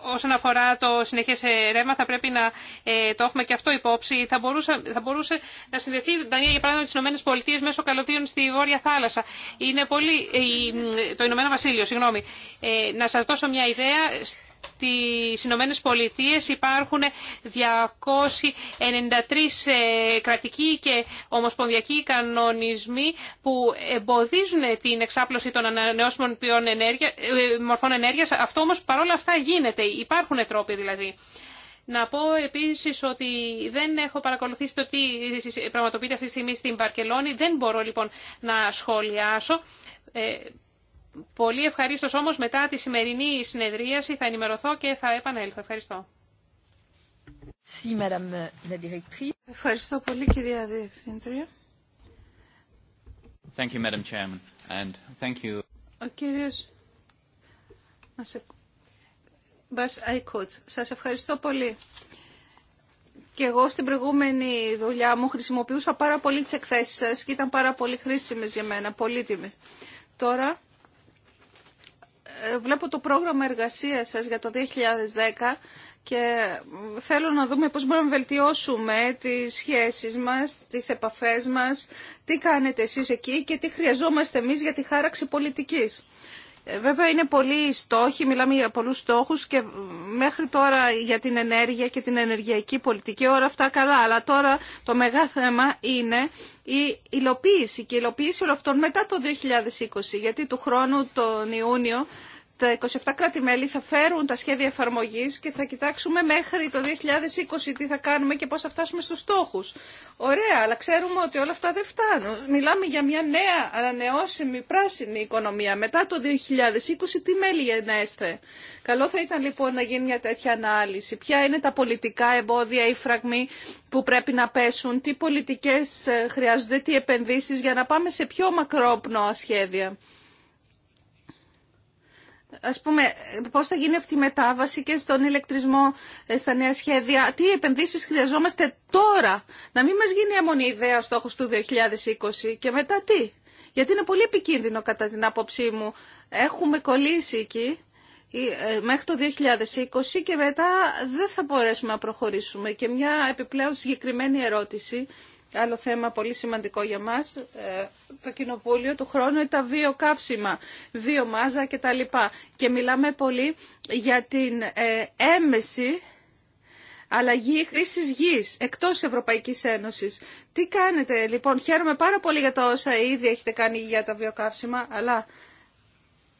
όσον αφορά το συνεχές ε, ρεύμα θα πρέπει να ε, το έχουμε και αυτό υπόψη. Θα μπορούσε, θα μπορούσε να συνδεθεί η Δανία για παράδειγμα τις ΗΠΑ μέσω καλωδίων στη Βόρεια Θάλασσα. Είναι πολύ, ε, το Ηνωμένο Βασίλειο, συγγνώμη. να σας δώσω μια ιδέα τις Ηνωμένε Πολιτείες υπάρχουν 293 ε, κρατικοί και ομοσπονδιακοί κανονισμοί που εμποδίζουν την εξάπλωση των ανανεώσιμων ε, μορφών ενέργειας. Αυτό όμως παρόλα αυτά γίνεται. Υπάρχουν τρόποι δηλαδή. Να πω επίσης ότι δεν έχω παρακολουθήσει το τι πραγματοποιείται αυτή τη στιγμή στην Βαρκελόνη. Δεν μπορώ λοιπόν να σχολιάσω. Ε, Πολύ ευχαριστώ όμως μετά τη σημερινή συνεδρίαση θα ενημερωθώ και θα επανέλθω. Ευχαριστώ. Ευχαριστώ πολύ κυρία Διευθύντρια. Thank you, Madam Chairman, and thank you. Ο κύριος Μπας σας ευχαριστώ πολύ. Και εγώ στην προηγούμενη δουλειά μου χρησιμοποιούσα πάρα πολύ τις εκθέσεις σας και ήταν πάρα πολύ χρήσιμες για μένα, πολύτιμες. Τώρα ε, βλέπω το πρόγραμμα εργασίας σας για το 2010 και θέλω να δούμε πώς μπορούμε να βελτιώσουμε τις σχέσεις μας, τις επαφές μας, τι κάνετε εσείς εκεί και τι χρειαζόμαστε εμείς για τη χάραξη πολιτικής. Βέβαια είναι πολλοί στόχοι, μιλάμε για πολλούς στόχους και μέχρι τώρα για την ενέργεια και την ενεργειακή πολιτική όλα αυτά καλά, αλλά τώρα το μεγάλο θέμα είναι η υλοποίηση και η υλοποίηση όλων αυτών μετά το 2020, γιατί του χρόνου τον Ιούνιο τα 27 κράτη-μέλη θα φέρουν τα σχέδια εφαρμογή και θα κοιτάξουμε μέχρι το 2020 τι θα κάνουμε και πώς θα φτάσουμε στους στόχους. Ωραία, αλλά ξέρουμε ότι όλα αυτά δεν φτάνουν. Μιλάμε για μια νέα ανανεώσιμη πράσινη οικονομία. Μετά το 2020 τι μέλη γενέστε. Καλό θα ήταν λοιπόν να γίνει μια τέτοια ανάλυση. Ποια είναι τα πολιτικά εμπόδια ή φραγμοί που πρέπει να πέσουν, τι πολιτικέ ε, χρειάζονται, τι επενδύσει, για να πάμε σε πιο μακρόπνοα σχέδια ας πούμε, πώς θα γίνει αυτή η μετάβαση και στον ηλεκτρισμό, ε, στα νέα σχέδια, τι επενδύσεις χρειαζόμαστε τώρα, να μην μας γίνει αμονή ιδέα ο στόχος του 2020 και μετά τι. Γιατί είναι πολύ επικίνδυνο κατά την άποψή μου. Έχουμε κολλήσει εκεί ε, μέχρι το 2020 και μετά δεν θα μπορέσουμε να προχωρήσουμε. Και μια επιπλέον συγκεκριμένη ερώτηση Άλλο θέμα πολύ σημαντικό για μας, ε, το Κοινοβούλιο του χρόνου, είναι τα βιοκαύσιμα, βιομάζα κτλ. Και μιλάμε πολύ για την ε, έμεση αλλαγή χρήση γη εκτό Ευρωπαϊκή Ένωση. Τι κάνετε, λοιπόν, χαίρομαι πάρα πολύ για τα όσα ήδη έχετε κάνει για τα βιοκαύσιμα, αλλά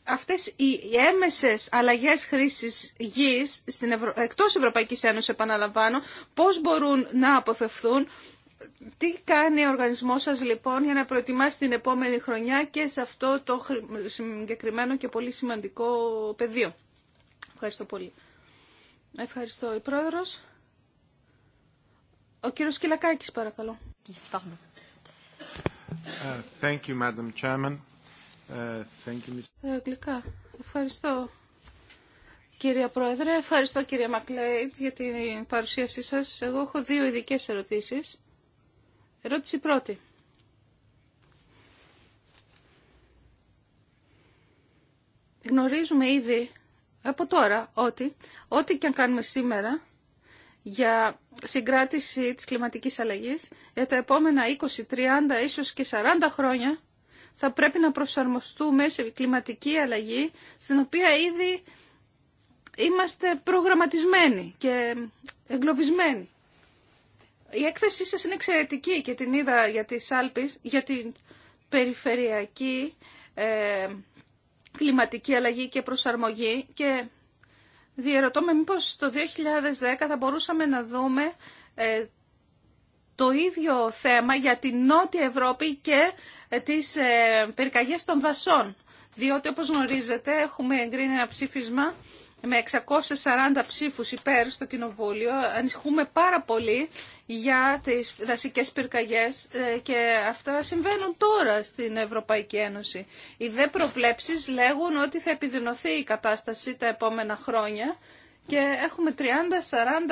αυτές οι έμεσε αλλαγέ χρήση γη Ευρω... εκτό Ευρωπαϊκή Ένωση, επαναλαμβάνω, πώ μπορούν να αποφευθούν τι κάνει ο οργανισμός σας λοιπόν για να προετοιμάσει την επόμενη χρονιά και σε αυτό το συγκεκριμένο και πολύ σημαντικό πεδίο. Ευχαριστώ πολύ. Ευχαριστώ η Πρόεδρος. Ο κύριος Κυλακάκης παρακαλώ. Ευχαριστώ. Κύριε Πρόεδρε, ευχαριστώ κύριε Μακλέιτ για την παρουσίασή σας. Εγώ έχω δύο ειδικές ερωτήσεις. Ερώτηση πρώτη. Γνωρίζουμε ήδη από τώρα ότι ό,τι και αν κάνουμε σήμερα για συγκράτηση της κλιματικής αλλαγής, για τα επόμενα 20, 30, ίσως και 40 χρόνια θα πρέπει να προσαρμοστούμε σε κλιματική αλλαγή στην οποία ήδη είμαστε προγραμματισμένοι και εγκλωβισμένοι. Η έκθεσή σας είναι εξαιρετική και την είδα για τη σάλπης για την περιφερειακή ε, κλιματική αλλαγή και προσαρμογή και διερωτώ με μήπως το 2010 θα μπορούσαμε να δούμε ε, το ίδιο θέμα για την Νότια Ευρώπη και ε, τις ε, των βασών. Διότι όπως γνωρίζετε έχουμε εγκρίνει ένα ψήφισμα με 640 ψήφους υπέρ στο Κοινοβούλιο. Ανησυχούμε πάρα πολύ για τις δασικές πυρκαγιές ε, και αυτά συμβαίνουν τώρα στην Ευρωπαϊκή Ένωση. Οι δε προβλέψεις λέγουν ότι θα επιδεινωθεί η κατάσταση τα επόμενα χρόνια και έχουμε 30-40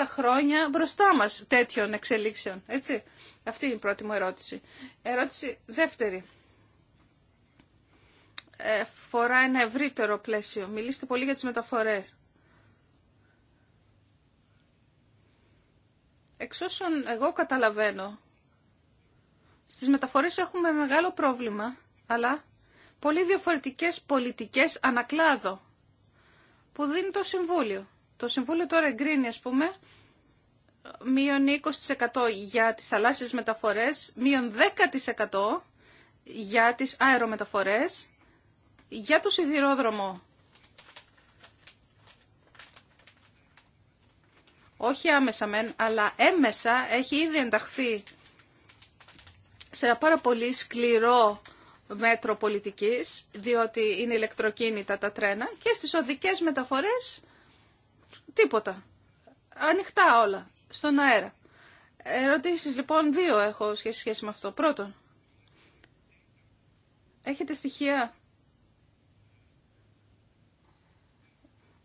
χρόνια μπροστά μας τέτοιων εξελίξεων. Έτσι. Αυτή είναι η πρώτη μου ερώτηση. Ερώτηση δεύτερη. Ε, φορά ένα ευρύτερο πλαίσιο. Μιλήστε πολύ για τις μεταφορές. Εξ όσων εγώ καταλαβαίνω, στις μεταφορές έχουμε μεγάλο πρόβλημα, αλλά πολύ διαφορετικές πολιτικές ανακλάδο που δίνει το Συμβούλιο. Το Συμβούλιο τώρα εγκρίνει, ας πούμε, μείον 20% για τις θαλάσσιες μεταφορές, μείον 10% για τις αερομεταφορές για το σιδηρόδρομο. Όχι άμεσα μεν, αλλά έμεσα έχει ήδη ενταχθεί σε ένα πάρα πολύ σκληρό μέτρο πολιτικής, διότι είναι ηλεκτροκίνητα τα τρένα και στις οδικές μεταφορές τίποτα. Ανοιχτά όλα, στον αέρα. Ερωτήσεις λοιπόν δύο έχω σχέση, σχέση με αυτό. Πρώτον, έχετε στοιχεία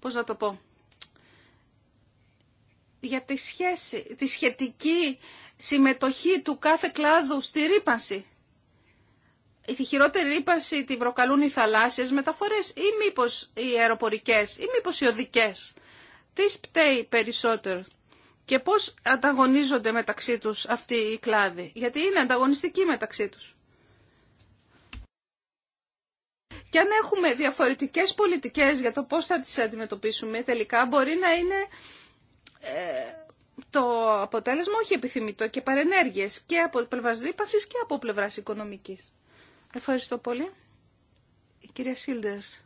πώς να το πω, για τη, σχέση, τη σχετική συμμετοχή του κάθε κλάδου στη ρήπανση. Η χειρότερη ρήπανση την προκαλούν οι θαλάσσιες μεταφορές ή μήπως οι αεροπορικές ή μήπως οι οδικές. Τι πταίει περισσότερο και πώς ανταγωνίζονται μεταξύ τους αυτοί οι κλάδοι, γιατί είναι ανταγωνιστικοί μεταξύ τους. Και αν έχουμε διαφορετικές πολιτικές για το πώς θα τις αντιμετωπίσουμε τελικά, μπορεί να είναι ε, το αποτέλεσμα όχι επιθυμητό και παρενέργειες και από πλευράς δίπασης και από πλευράς οικονομικής. Ευχαριστώ πολύ. Η κυρία Σίλντερς.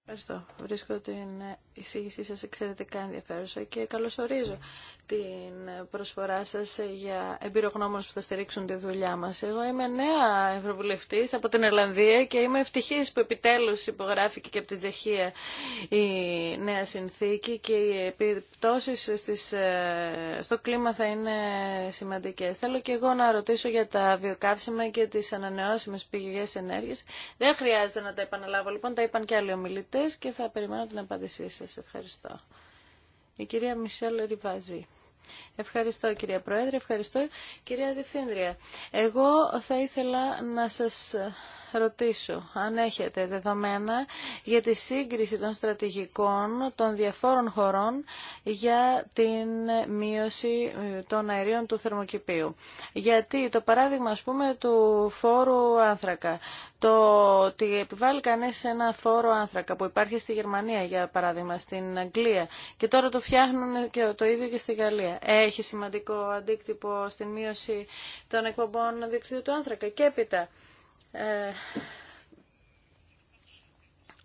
Ευχαριστώ. Βρίσκω την ε, εισήγησή σας εξαιρετικά ενδιαφέρουσα και καλωσορίζω την προσφορά σας για εμπειρογνώμονες που θα στηρίξουν τη δουλειά μας. Εγώ είμαι νέα ευρωβουλευτής από την Ελλανδία και είμαι ευτυχής που επιτέλους υπογράφηκε και από την Τσεχία η νέα συνθήκη και οι επιπτώσεις στις, ε, στο κλίμα θα είναι σημαντικές. Θέλω και εγώ να ρωτήσω για τα βιοκαύσιμα και τις ανανεώσιμες πηγές ενέργειας. Δεν χρειάζεται να τα επαναλάβω λοιπόν, τα είπαν και άλλοι ομιλητές και θα περιμένω την απάντησή σας ευχαριστώ. Η κυρία Μισελ Ριβάζη. Ευχαριστώ κυρία Πρόεδρε, ευχαριστώ κυρία Διευθύντρια. Εγώ θα ήθελα να σας ρωτήσω αν έχετε δεδομένα για τη σύγκριση των στρατηγικών των διαφόρων χωρών για την μείωση ε, των αερίων του θερμοκηπίου. Γιατί το παράδειγμα, ας πούμε, του φόρου άνθρακα. Το ότι επιβάλλει κανείς ένα φόρο άνθρακα που υπάρχει στη Γερμανία, για παράδειγμα, στην Αγγλία και τώρα το φτιάχνουν και το ίδιο και στη Γαλλία. Έχει σημαντικό αντίκτυπο στην μείωση των εκπομπών διοξιδίου του άνθρακα. Και έπειτα, ε,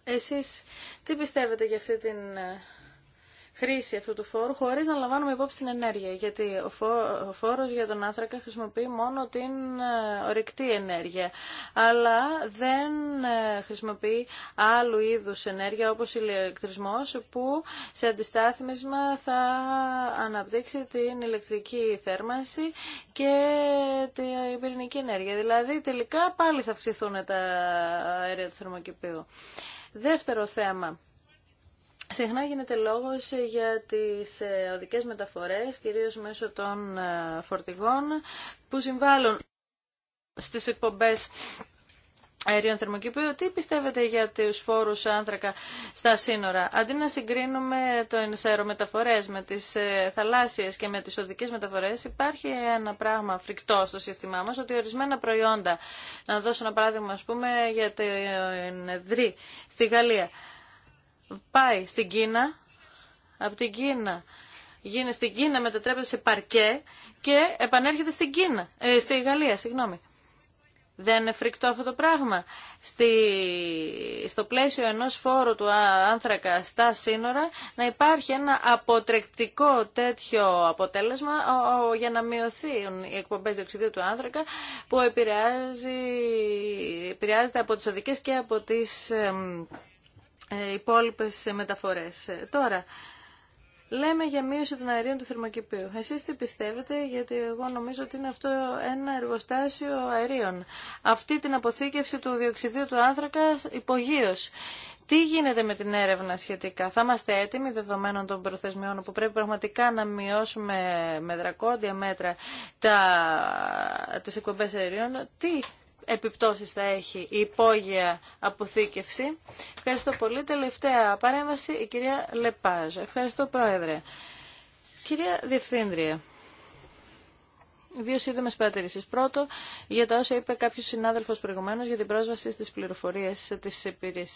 εσείς τι πιστεύετε για αυτή την ε, χρήση αυτού του φόρου χωρί να λαμβάνουμε υπόψη την ενέργεια. Γιατί ο φόρος για τον άνθρακα χρησιμοποιεί μόνο την ε, ορυκτή ενέργεια. Αλλά δεν ε, χρησιμοποιεί άλλου είδου ενέργεια όπως η ηλεκτρισμός που σε αντιστάθμισμα θα αναπτύξει την ηλεκτρική θέρμανση και την πυρηνική ενέργεια. Δηλαδή τελικά πάλι θα αυξηθούν τα αέρια του θερμοκηπίου. Δεύτερο θέμα Συχνά γίνεται λόγος για τις ε, οδικές μεταφορές, κυρίως μέσω των ε, φορτηγών, που συμβάλλουν στις εκπομπές αερίων θερμοκηπίου. Τι πιστεύετε για τους φόρους άνθρακα στα σύνορα. Αντί να συγκρίνουμε το μεταφορές με τις ε, θαλάσσιες και με τις οδικές μεταφορές, υπάρχει ένα πράγμα φρικτό στο σύστημά μας, ότι ορισμένα προϊόντα, να δώσω ένα παράδειγμα ας πούμε για το ΕΝΔΡΗ στη Γαλλία, πάει στην Κίνα, από την Κίνα γίνει στην Κίνα, μετατρέπεται σε παρκέ και επανέρχεται στην Κίνα, ε, στη Γαλλία, συγγνώμη. Δεν είναι φρικτό αυτό το πράγμα. Στη, στο πλαίσιο ενός φόρου του άνθρακα στα σύνορα να υπάρχει ένα αποτρεκτικό τέτοιο αποτέλεσμα για να μειωθεί οι εκπομπές διοξιδίου του άνθρακα που επηρεάζει, επηρεάζεται από τις οδικές και από τις ε, υπόλοιπες ε, μεταφορές. Ε, τώρα, Λέμε για μείωση των αερίων του θερμοκηπίου. Εσείς τι πιστεύετε, γιατί εγώ νομίζω ότι είναι αυτό ένα εργοστάσιο αερίων. Αυτή την αποθήκευση του διοξιδίου του άνθρακα υπογείως. Τι γίνεται με την έρευνα σχετικά. Θα είμαστε έτοιμοι δεδομένων των προθεσμιών που πρέπει πραγματικά να μειώσουμε με δρακόντια μέτρα τα... τις εκπομπές αερίων. Τι επιπτώσεις θα έχει η υπόγεια αποθήκευση. Ευχαριστώ πολύ. Τελευταία παρέμβαση η κυρία Λεπάζ. Ευχαριστώ Πρόεδρε. Κυρία Διευθύντρια. Δύο σύντομε παρατηρήσει. Πρώτο, για τα όσα είπε κάποιο συνάδελφο προηγουμένω για την πρόσβαση στι πληροφορίε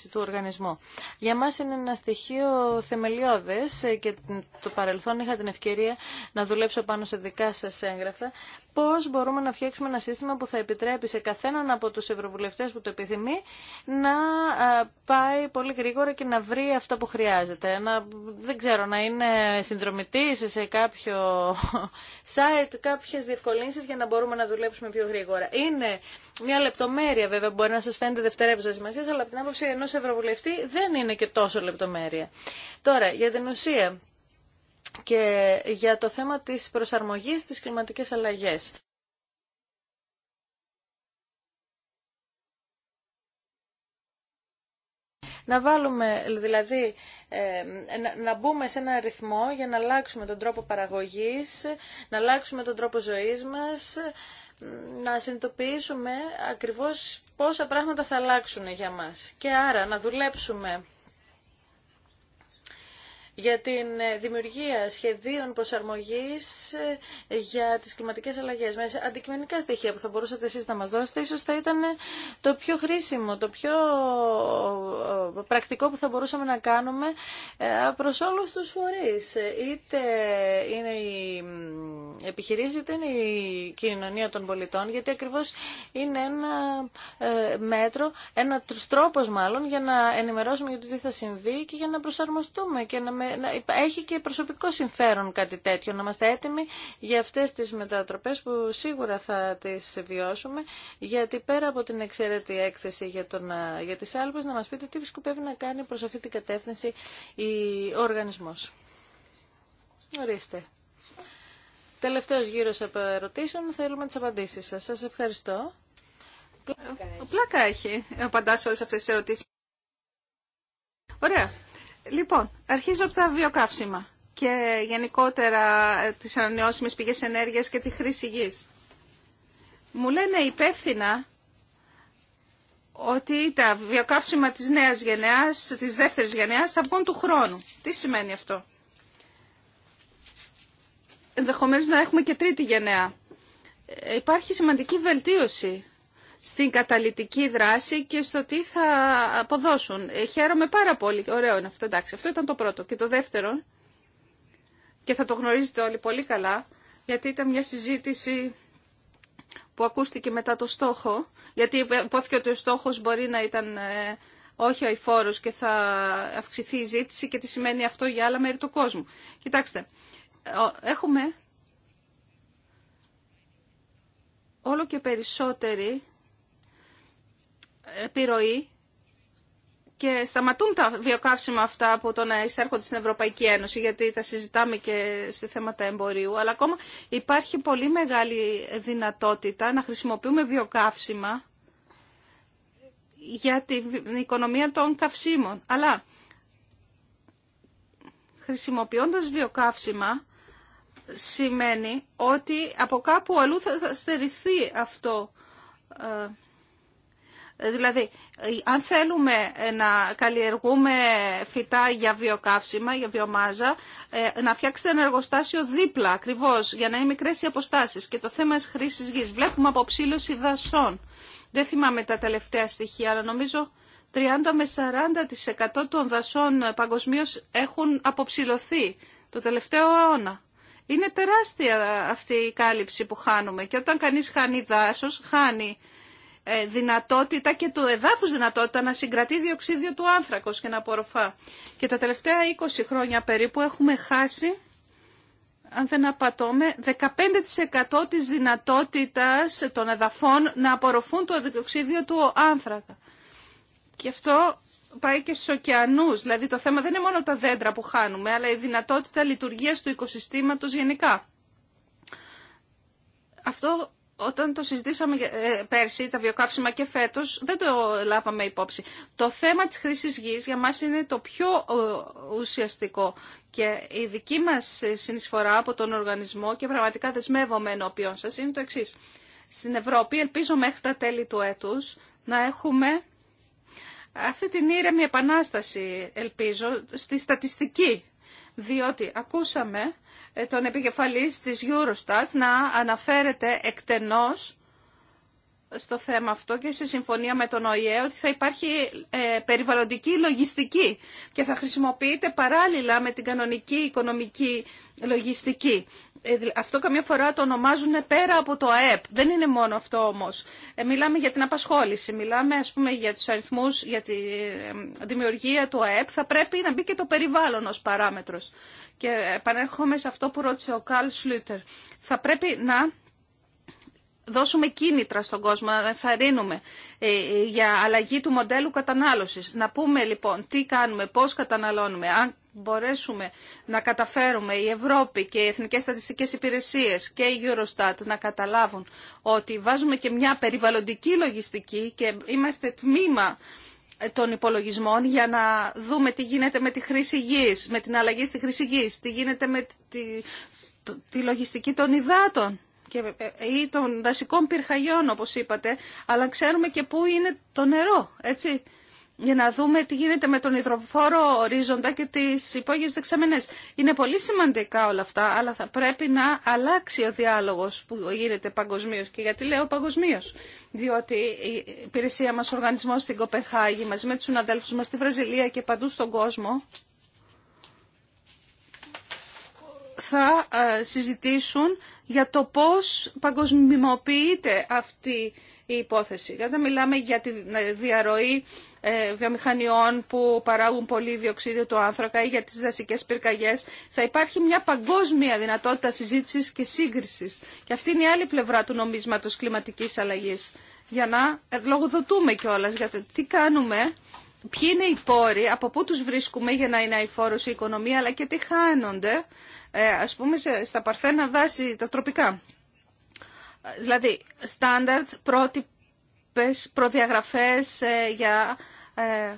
του οργανισμού. Για μα είναι ένα στοιχείο θεμελιώδε και το παρελθόν είχα την ευκαιρία να δουλέψω πάνω σε δικά σα έγγραφα πώς μπορούμε να φτιάξουμε ένα σύστημα που θα επιτρέπει σε καθέναν από τους ευρωβουλευτέ που το επιθυμεί να ε, πάει πολύ γρήγορα και να βρει αυτό που χρειάζεται. Να, δεν ξέρω, να είναι συνδρομητή σε κάποιο site, κάποιες διευκολύνσει για να μπορούμε να δουλέψουμε πιο γρήγορα. Είναι μια λεπτομέρεια βέβαια μπορεί να σα φαίνεται δευτερεύουσα σημασία, αλλά από την άποψη ενό ευρωβουλευτή δεν είναι και τόσο λεπτομέρεια. Τώρα, για την ουσία, και για το θέμα της προσαρμογής της κλιματικής αλλαγής. Να βάλουμε, δηλαδή, ε, να μπούμε σε ένα ρυθμό για να αλλάξουμε τον τρόπο παραγωγής, να αλλάξουμε τον τρόπο ζωής μας, να συνειδητοποιήσουμε ακριβώς πόσα πράγματα θα αλλάξουν για μας. Και άρα να δουλέψουμε για την ε, δημιουργία σχεδίων προσαρμογής ε, για τις κλιματικές αλλαγές. Με αντικειμενικά στοιχεία που θα μπορούσατε εσείς να μας δώσετε, ίσως θα ήταν ε, το πιο χρήσιμο, το πιο πρακτικό που θα μπορούσαμε να κάνουμε προς όλους τους φορείς. Είτε είναι η επιχειρήση, είτε είναι η κοινωνία των πολιτών, γιατί ακριβώς είναι ένα μέτρο, ένα τρόπος μάλλον, για να ενημερώσουμε για το τι θα συμβεί και για να προσαρμοστούμε και να με έχει και προσωπικό συμφέρον κάτι τέτοιο, να είμαστε έτοιμοι για αυτές τις μετατροπές που σίγουρα θα τις βιώσουμε, γιατί πέρα από την εξαίρετη έκθεση για, τον, για τις άλπες, να μας πείτε τι σκουπεύει να κάνει προς αυτή την κατεύθυνση ο οργανισμός. Ορίστε. Τελευταίος γύρος από ερωτήσεων, θέλουμε τις απαντήσεις σας. Σας ευχαριστώ. Πλάκα έχει. Πλάκα έχει. Απαντάς όλες αυτές τις ερωτήσεις. Ωραία. Λοιπόν, αρχίζω από τα βιοκαύσιμα και γενικότερα ε, τις ανανεώσιμες πηγές ενέργειας και τη χρήση γης. Μου λένε υπεύθυνα ότι τα βιοκαύσιμα της νέας γενεάς, της δεύτερης γενεάς θα βγουν του χρόνου. Τι σημαίνει αυτό. Ενδεχομένως να έχουμε και τρίτη γενεά. Ε, υπάρχει σημαντική βελτίωση στην καταλητική δράση και στο τι θα αποδώσουν. Ε, χαίρομαι πάρα πολύ. Ωραίο είναι αυτό. Εντάξει, αυτό ήταν το πρώτο. Και το δεύτερο, και θα το γνωρίζετε όλοι πολύ καλά, γιατί ήταν μια συζήτηση που ακούστηκε μετά το στόχο, γιατί υπόθηκε ότι ο στόχος μπορεί να ήταν ε, όχι ο αηφόρος και θα αυξηθεί η ζήτηση και τι σημαίνει αυτό για άλλα μέρη του κόσμου. Κοιτάξτε, έχουμε όλο και περισσότεροι επιρροή και σταματούν τα βιοκαύσιμα αυτά από το να εισέρχονται στην Ευρωπαϊκή Ένωση, γιατί τα συζητάμε και σε θέματα εμπορίου, αλλά ακόμα υπάρχει πολύ μεγάλη δυνατότητα να χρησιμοποιούμε βιοκαύσιμα για την οικονομία των καυσίμων. Αλλά χρησιμοποιώντας βιοκαύσιμα σημαίνει ότι από κάπου αλλού θα στερηθεί αυτό ε, ε, δηλαδή, ε, αν θέλουμε ε, να καλλιεργούμε φυτά για βιοκαύσιμα, για βιομάζα, να φτιάξετε ένα εργοστάσιο δίπλα ακριβώς, για να είναι μικρές οι αποστάσεις. Και το θέμα της χρήσης γης. Βλέπουμε αποψήλωση δασών. Δεν θυμάμαι τα τελευταία στοιχεία, αλλά νομίζω 30 με 40% των δασών παγκοσμίω έχουν αποψηλωθεί το τελευταίο αιώνα. Είναι τεράστια αυτή η κάλυψη που χάνουμε και όταν κανείς χάνει δάσος, χάνει ε, δυνατότητα και του εδάφους δυνατότητα να συγκρατεί διοξίδιο του άνθρακος και να απορροφά. Και τα τελευταία 20 χρόνια περίπου έχουμε χάσει, αν δεν απατώμε, 15% της δυνατότητας των εδαφών να απορροφούν το διοξίδιο του άνθρακα. Και αυτό πάει και στους ωκεανούς. Δηλαδή το θέμα δεν είναι μόνο τα δέντρα που χάνουμε, αλλά η δυνατότητα λειτουργίας του οικοσυστήματος γενικά. Αυτό όταν το συζητήσαμε ε, πέρσι, τα βιοκαύσιμα και φέτος, δεν το λάβαμε υπόψη. Το θέμα της χρήση γη για μας είναι το πιο ε, ουσιαστικό και η δική μα συνεισφορά από τον οργανισμό και πραγματικά δεσμεύομαι ενώπιον σας είναι το εξή. Στην Ευρώπη ελπίζω μέχρι τα τέλη του έτους να έχουμε αυτή την ήρεμη επανάσταση, ελπίζω, στη στατιστική. Διότι ακούσαμε ε, τον επικεφαλής της Eurostat να αναφέρεται εκτενώς στο θέμα αυτό και σε συμφωνία με τον ΟΗΕ ότι θα υπάρχει ε, περιβαλλοντική λογιστική και θα χρησιμοποιείται παράλληλα με την κανονική οικονομική λογιστική. Ε, αυτό καμιά φορά το ονομάζουν πέρα από το ΑΕΠ. Δεν είναι μόνο αυτό όμως. Ε, μιλάμε για την απασχόληση, μιλάμε ας πούμε για τους αριθμούς, για τη ε, δημιουργία του ΑΕΠ. Θα πρέπει να μπει και το περιβάλλον ως παράμετρος. Και επανέρχομαι σε αυτό που ρώτησε ο Καλ Σλούτερ. Θα πρέπει να δώσουμε κίνητρα στον κόσμο, να ενθαρρύνουμε για αλλαγή του μοντέλου κατανάλωσης. Να πούμε λοιπόν τι κάνουμε, πώς καταναλώνουμε, μπορέσουμε να καταφέρουμε η Ευρώπη και οι Εθνικές Στατιστικές Υπηρεσίες και η Eurostat να καταλάβουν ότι βάζουμε και μια περιβαλλοντική λογιστική και είμαστε τμήμα των υπολογισμών για να δούμε τι γίνεται με τη χρήση γης, με την αλλαγή στη χρήση γης, τι γίνεται με τη, τη, λογιστική των υδάτων και, ε, ε, ή των δασικών πυρχαγιών όπως είπατε, αλλά ξέρουμε και πού είναι το νερό, έτσι για να δούμε τι γίνεται με τον υδροφόρο ορίζοντα και τις υπόγειες δεξαμενές. Είναι πολύ σημαντικά όλα αυτά, αλλά θα πρέπει να αλλάξει ο διάλογος που γίνεται παγκοσμίως. Και γιατί λέω παγκοσμίως, διότι η υπηρεσία μας, ο οργανισμός στην Κοπεχάγη, μαζί με τους συναδέλφους μας στη Βραζιλία και παντού στον κόσμο, θα ε, συζητήσουν για το πώς παγκοσμιμοποιείται αυτή η υπόθεση. Γιατί μιλάμε για τη διαρροή ε, βιομηχανιών που παράγουν πολύ διοξίδιο του άνθρακα ή για τις δασικές πυρκαγιές, θα υπάρχει μια παγκόσμια δυνατότητα συζήτησης και σύγκρισης. Και αυτή είναι η άλλη πλευρά του νομίσματος κλιματικής αλλαγής. Για να ε, λογοδοτούμε κιόλα για το τι κάνουμε, ποιοι είναι οι πόροι, από πού τους βρίσκουμε για να είναι φόρος η οικονομία, αλλά και τι χάνονται, ε, ας πούμε, στα παρθένα δάση, τα τροπικά. Δηλαδή, standards, πρότυπες, προδιαγραφές ε, για ε,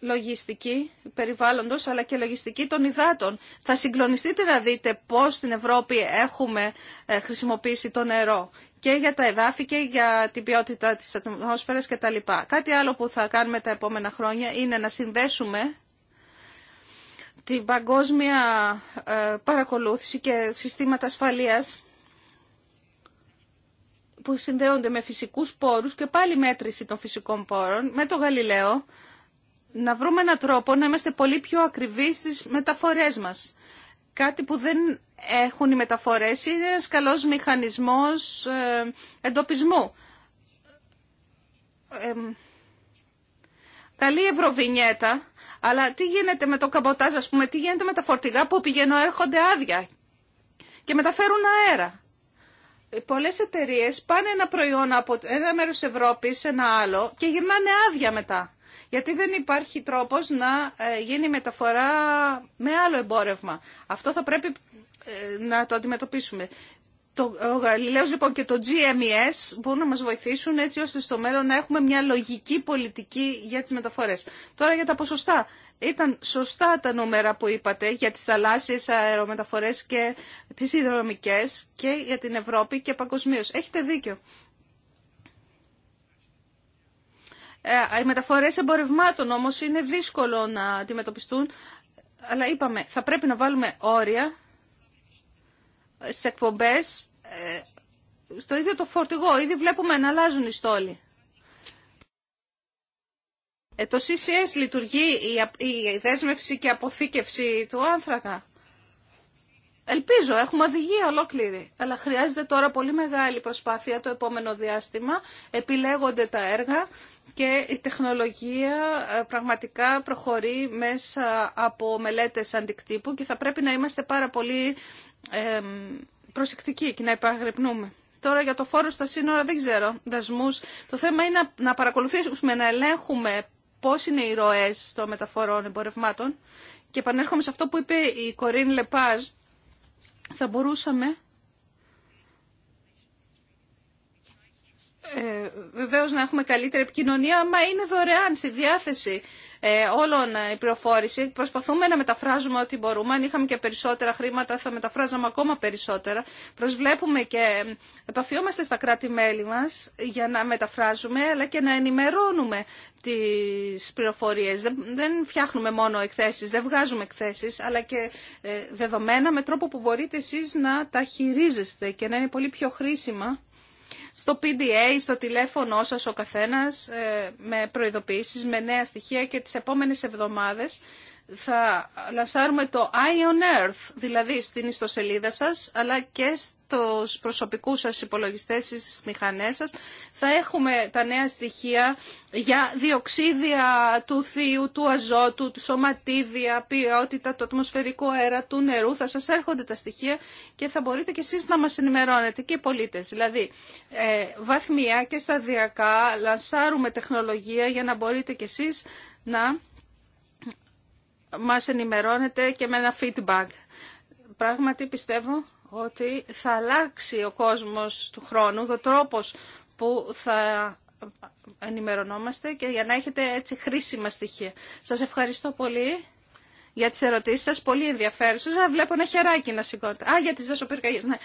λογιστική περιβάλλοντος αλλά και λογιστική των υδάτων. Θα συγκλονιστείτε να δείτε πώς στην Ευρώπη έχουμε ε, χρησιμοποιήσει το νερό και για τα εδάφη και για την ποιότητα της ατμόσφαιρας και τα λοιπά. Κάτι άλλο που θα κάνουμε τα επόμενα χρόνια είναι να συνδέσουμε την παγκόσμια παρακολούθηση και συστήματα ασφαλείας που συνδέονται με φυσικούς πόρους και πάλι μέτρηση των φυσικών πόρων με το Γαλιλαίο να βρούμε έναν τρόπο να είμαστε πολύ πιο ακριβείς στις μεταφορές μας. Κάτι που δεν έχουν οι μεταφορές είναι ένας καλός μηχανισμός ε, εντοπισμού. Ε, καλή ευρωβινιέτα, αλλά τι γίνεται με το καμποτάζ, ας πούμε, τι γίνεται με τα φορτηγά που πηγαίνουν έρχονται άδεια και μεταφέρουν αέρα πολλές εταιρείες πάνε ένα προϊόν από ένα μέρος της Ευρώπης σε ένα άλλο και γυρνάνε άδεια μετά. Γιατί δεν υπάρχει τρόπος να ε, γίνει μεταφορά με άλλο εμπόρευμα. Αυτό θα πρέπει ε, να το αντιμετωπίσουμε. Το, ο Γαλιλαίος λοιπόν και το GMES μπορούν να μας βοηθήσουν έτσι ώστε στο μέλλον να έχουμε μια λογική πολιτική για τις μεταφορές. Τώρα για τα ποσοστά. Ήταν σωστά τα νούμερα που είπατε για τις θαλάσσιες αερομεταφορές και τις υδρομικές και για την Ευρώπη και παγκοσμίω. Έχετε δίκιο. Ε, οι μεταφορές εμπορευμάτων όμως είναι δύσκολο να αντιμετωπιστούν, αλλά είπαμε θα πρέπει να βάλουμε όρια Στι εκπομπές ε, στο ίδιο το φορτηγό. Ήδη βλέπουμε να αλλάζουν οι στόλοι. Ε, το CCS λειτουργεί η δέσμευση και αποθήκευση του άνθρακα. Ελπίζω, έχουμε οδηγία ολόκληρη, αλλά χρειάζεται τώρα πολύ μεγάλη προσπάθεια το επόμενο διάστημα. Επιλέγονται τα έργα και η τεχνολογία ε, πραγματικά προχωρεί μέσα από μελέτες αντικτύπου και θα πρέπει να είμαστε πάρα πολύ προσεκτικοί και να υπαγρυπνούμε. Τώρα για το φόρο στα σύνορα δεν ξέρω, δασμούς. Το θέμα είναι να παρακολουθήσουμε, να ελέγχουμε πώ είναι οι ροέ των μεταφορών εμπορευμάτων. Και επανέρχομαι σε αυτό που είπε η Κορίν Λεπάζ. Θα μπορούσαμε ε, να έχουμε καλύτερη επικοινωνία, μα είναι δωρεάν στη διάθεση ε, όλων ε, η πληροφόρηση. Προσπαθούμε να μεταφράζουμε ό,τι μπορούμε. Αν είχαμε και περισσότερα χρήματα θα μεταφράζαμε ακόμα περισσότερα. Προσβλέπουμε και ε, επαφιόμαστε στα κράτη-μέλη μας για να μεταφράζουμε αλλά και να ενημερώνουμε τις πληροφορίε. Δεν φτιάχνουμε μόνο εκθέσεις, δεν βγάζουμε εκθέσεις, αλλά και δεδομένα με τρόπο που μπορείτε εσεί να τα χειρίζεστε και να είναι πολύ πιο χρήσιμα στο PDA, στο τηλέφωνο σας ο καθένας ε, με προειδοποιήσεις, με νέα στοιχεία και τις επόμενες εβδομάδες θα λασάρουμε το Ion Earth, δηλαδή στην ιστοσελίδα σας, αλλά και στους προσωπικούς σας υπολογιστές ή στις μηχανές σας, θα έχουμε τα νέα στοιχεία για διοξίδια του θείου, του αζότου, του σωματίδια, ποιότητα του ατμοσφαιρικού αέρα, του νερού. Θα σας έρχονται τα στοιχεία και θα μπορείτε και εσείς να μας ενημερώνετε και οι πολίτες. Δηλαδή, ε, βαθμία και σταδιακά λανσάρουμε τεχνολογία για να μπορείτε και εσείς να μας ενημερώνετε και με ένα feedback. Πράγματι πιστεύω ότι θα αλλάξει ο κόσμος του χρόνου, ο τρόπος που θα ενημερωνόμαστε και για να έχετε έτσι χρήσιμα στοιχεία. Σας ευχαριστώ πολύ για τις ερωτήσεις σας, πολύ ενδιαφέρουσες. Βλέπω ένα χεράκι να σηκώνετε. Α, για τις δασοπυρκαγιές, ναι.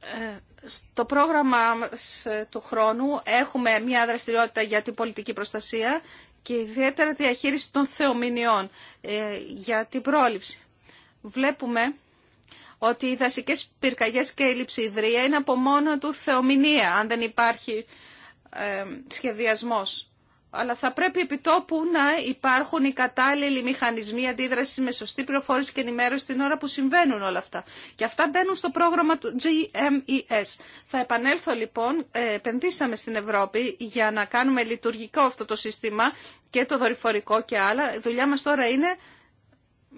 Ε, στο πρόγραμμα ε, του χρόνου έχουμε μια δραστηριότητα για την πολιτική προστασία και ιδιαίτερα διαχείριση των θεομηνιών ε, για την πρόληψη. Βλέπουμε ότι οι δασικές πυρκαγιές και η λειψιδρία είναι από μόνο του θεομηνία αν δεν υπάρχει ε, σχεδιασμός αλλά θα πρέπει επί τόπου να υπάρχουν οι κατάλληλοι μηχανισμοί αντίδραση με σωστή πληροφόρηση και ενημέρωση την ώρα που συμβαίνουν όλα αυτά. Και αυτά μπαίνουν στο πρόγραμμα του GMES. Θα επανέλθω λοιπόν, ε, επενδύσαμε στην Ευρώπη για να κάνουμε λειτουργικό αυτό το σύστημα και το δορυφορικό και άλλα. Η δουλειά μας τώρα είναι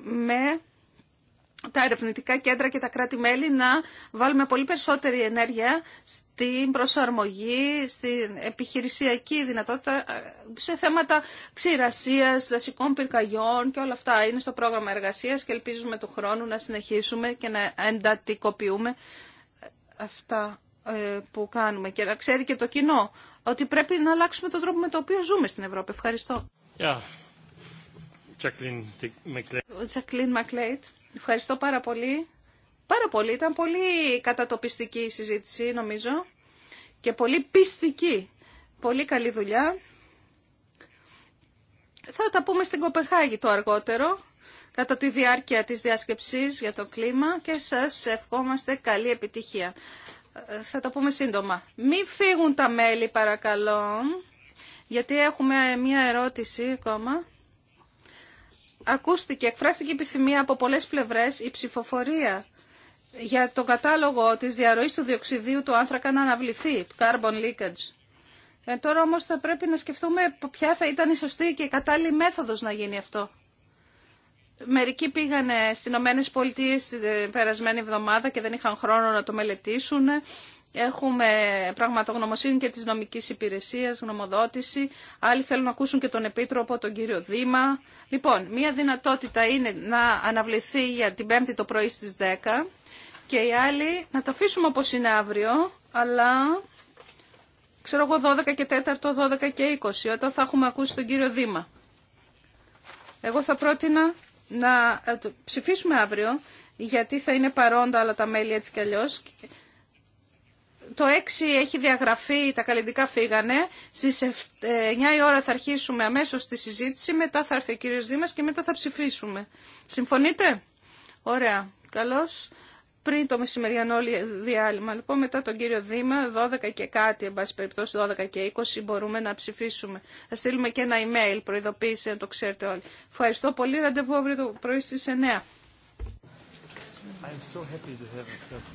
με τα ερευνητικά κέντρα και τα κράτη-μέλη να βάλουμε πολύ περισσότερη ενέργεια στην προσαρμογή, στην επιχειρησιακή δυνατότητα ε, σε θέματα ξηρασίας, δασικών πυρκαγιών και όλα αυτά. Είναι στο πρόγραμμα εργασίας και ελπίζουμε του χρόνου να συνεχίσουμε και να εντατικοποιούμε αυτά ε, που κάνουμε. Και να ξέρει και το κοινό ότι πρέπει να αλλάξουμε τον τρόπο με τον οποίο ζούμε στην Ευρώπη. Ευχαριστώ. Ευχαριστώ πάρα πολύ. Πάρα πολύ. Ήταν πολύ κατατοπιστική η συζήτηση, νομίζω, και πολύ πιστική. Πολύ καλή δουλειά. Θα τα πούμε στην Κοπεχάγη το αργότερο, κατά τη διάρκεια της διάσκεψης για το κλίμα και σας ευχόμαστε καλή επιτυχία. Ε, θα τα πούμε σύντομα. Μην φύγουν τα μέλη, παρακαλώ, γιατί έχουμε μία ερώτηση ακόμα ακούστηκε, εκφράστηκε επιθυμία από πολλές πλευρές η ψηφοφορία για τον κατάλογο της διαρροής του διοξιδίου του άνθρακα να αναβληθεί, carbon leakage. Ε, τώρα όμως θα πρέπει να σκεφτούμε ποια θα ήταν η σωστή και η κατάλληλη μέθοδος να γίνει αυτό. Μερικοί πήγανε στι Ηνωμένε Πολιτείε την ε, περασμένη εβδομάδα και δεν είχαν χρόνο να το μελετήσουν. Έχουμε πραγματογνωμοσύνη και της νομικής υπηρεσίας, γνωμοδότηση. Άλλοι θέλουν να ακούσουν και τον Επίτροπο, τον κύριο Δήμα. Λοιπόν, μία δυνατότητα είναι να αναβληθεί για την Πέμπτη το πρωί στις 10 και οι άλλοι να το αφήσουμε όπως είναι αύριο, αλλά ξέρω εγώ 12 και 4, 12 και 20, όταν θα έχουμε ακούσει τον κύριο Δήμα. Εγώ θα πρότεινα να ε, ψηφίσουμε αύριο, γιατί θα είναι παρόντα όλα τα μέλη έτσι κι αλλιώς το 6 έχει διαγραφεί, τα καλλιντικά φύγανε. Στι 9 ε, η ώρα θα αρχίσουμε αμέσω τη συζήτηση, μετά θα έρθει ο κύριο Δήμα και μετά θα ψηφίσουμε. Συμφωνείτε? Ωραία. Καλώ. Πριν το μεσημεριανό διάλειμμα, λοιπόν, μετά τον κύριο Δήμα, 12 και κάτι, εν πάση περιπτώσει 12 και 20, μπορούμε να ψηφίσουμε. Θα στείλουμε και ένα email προειδοποίηση, να το ξέρετε όλοι. Ευχαριστώ πολύ. Ραντεβού αύριο το πρωί στι 9.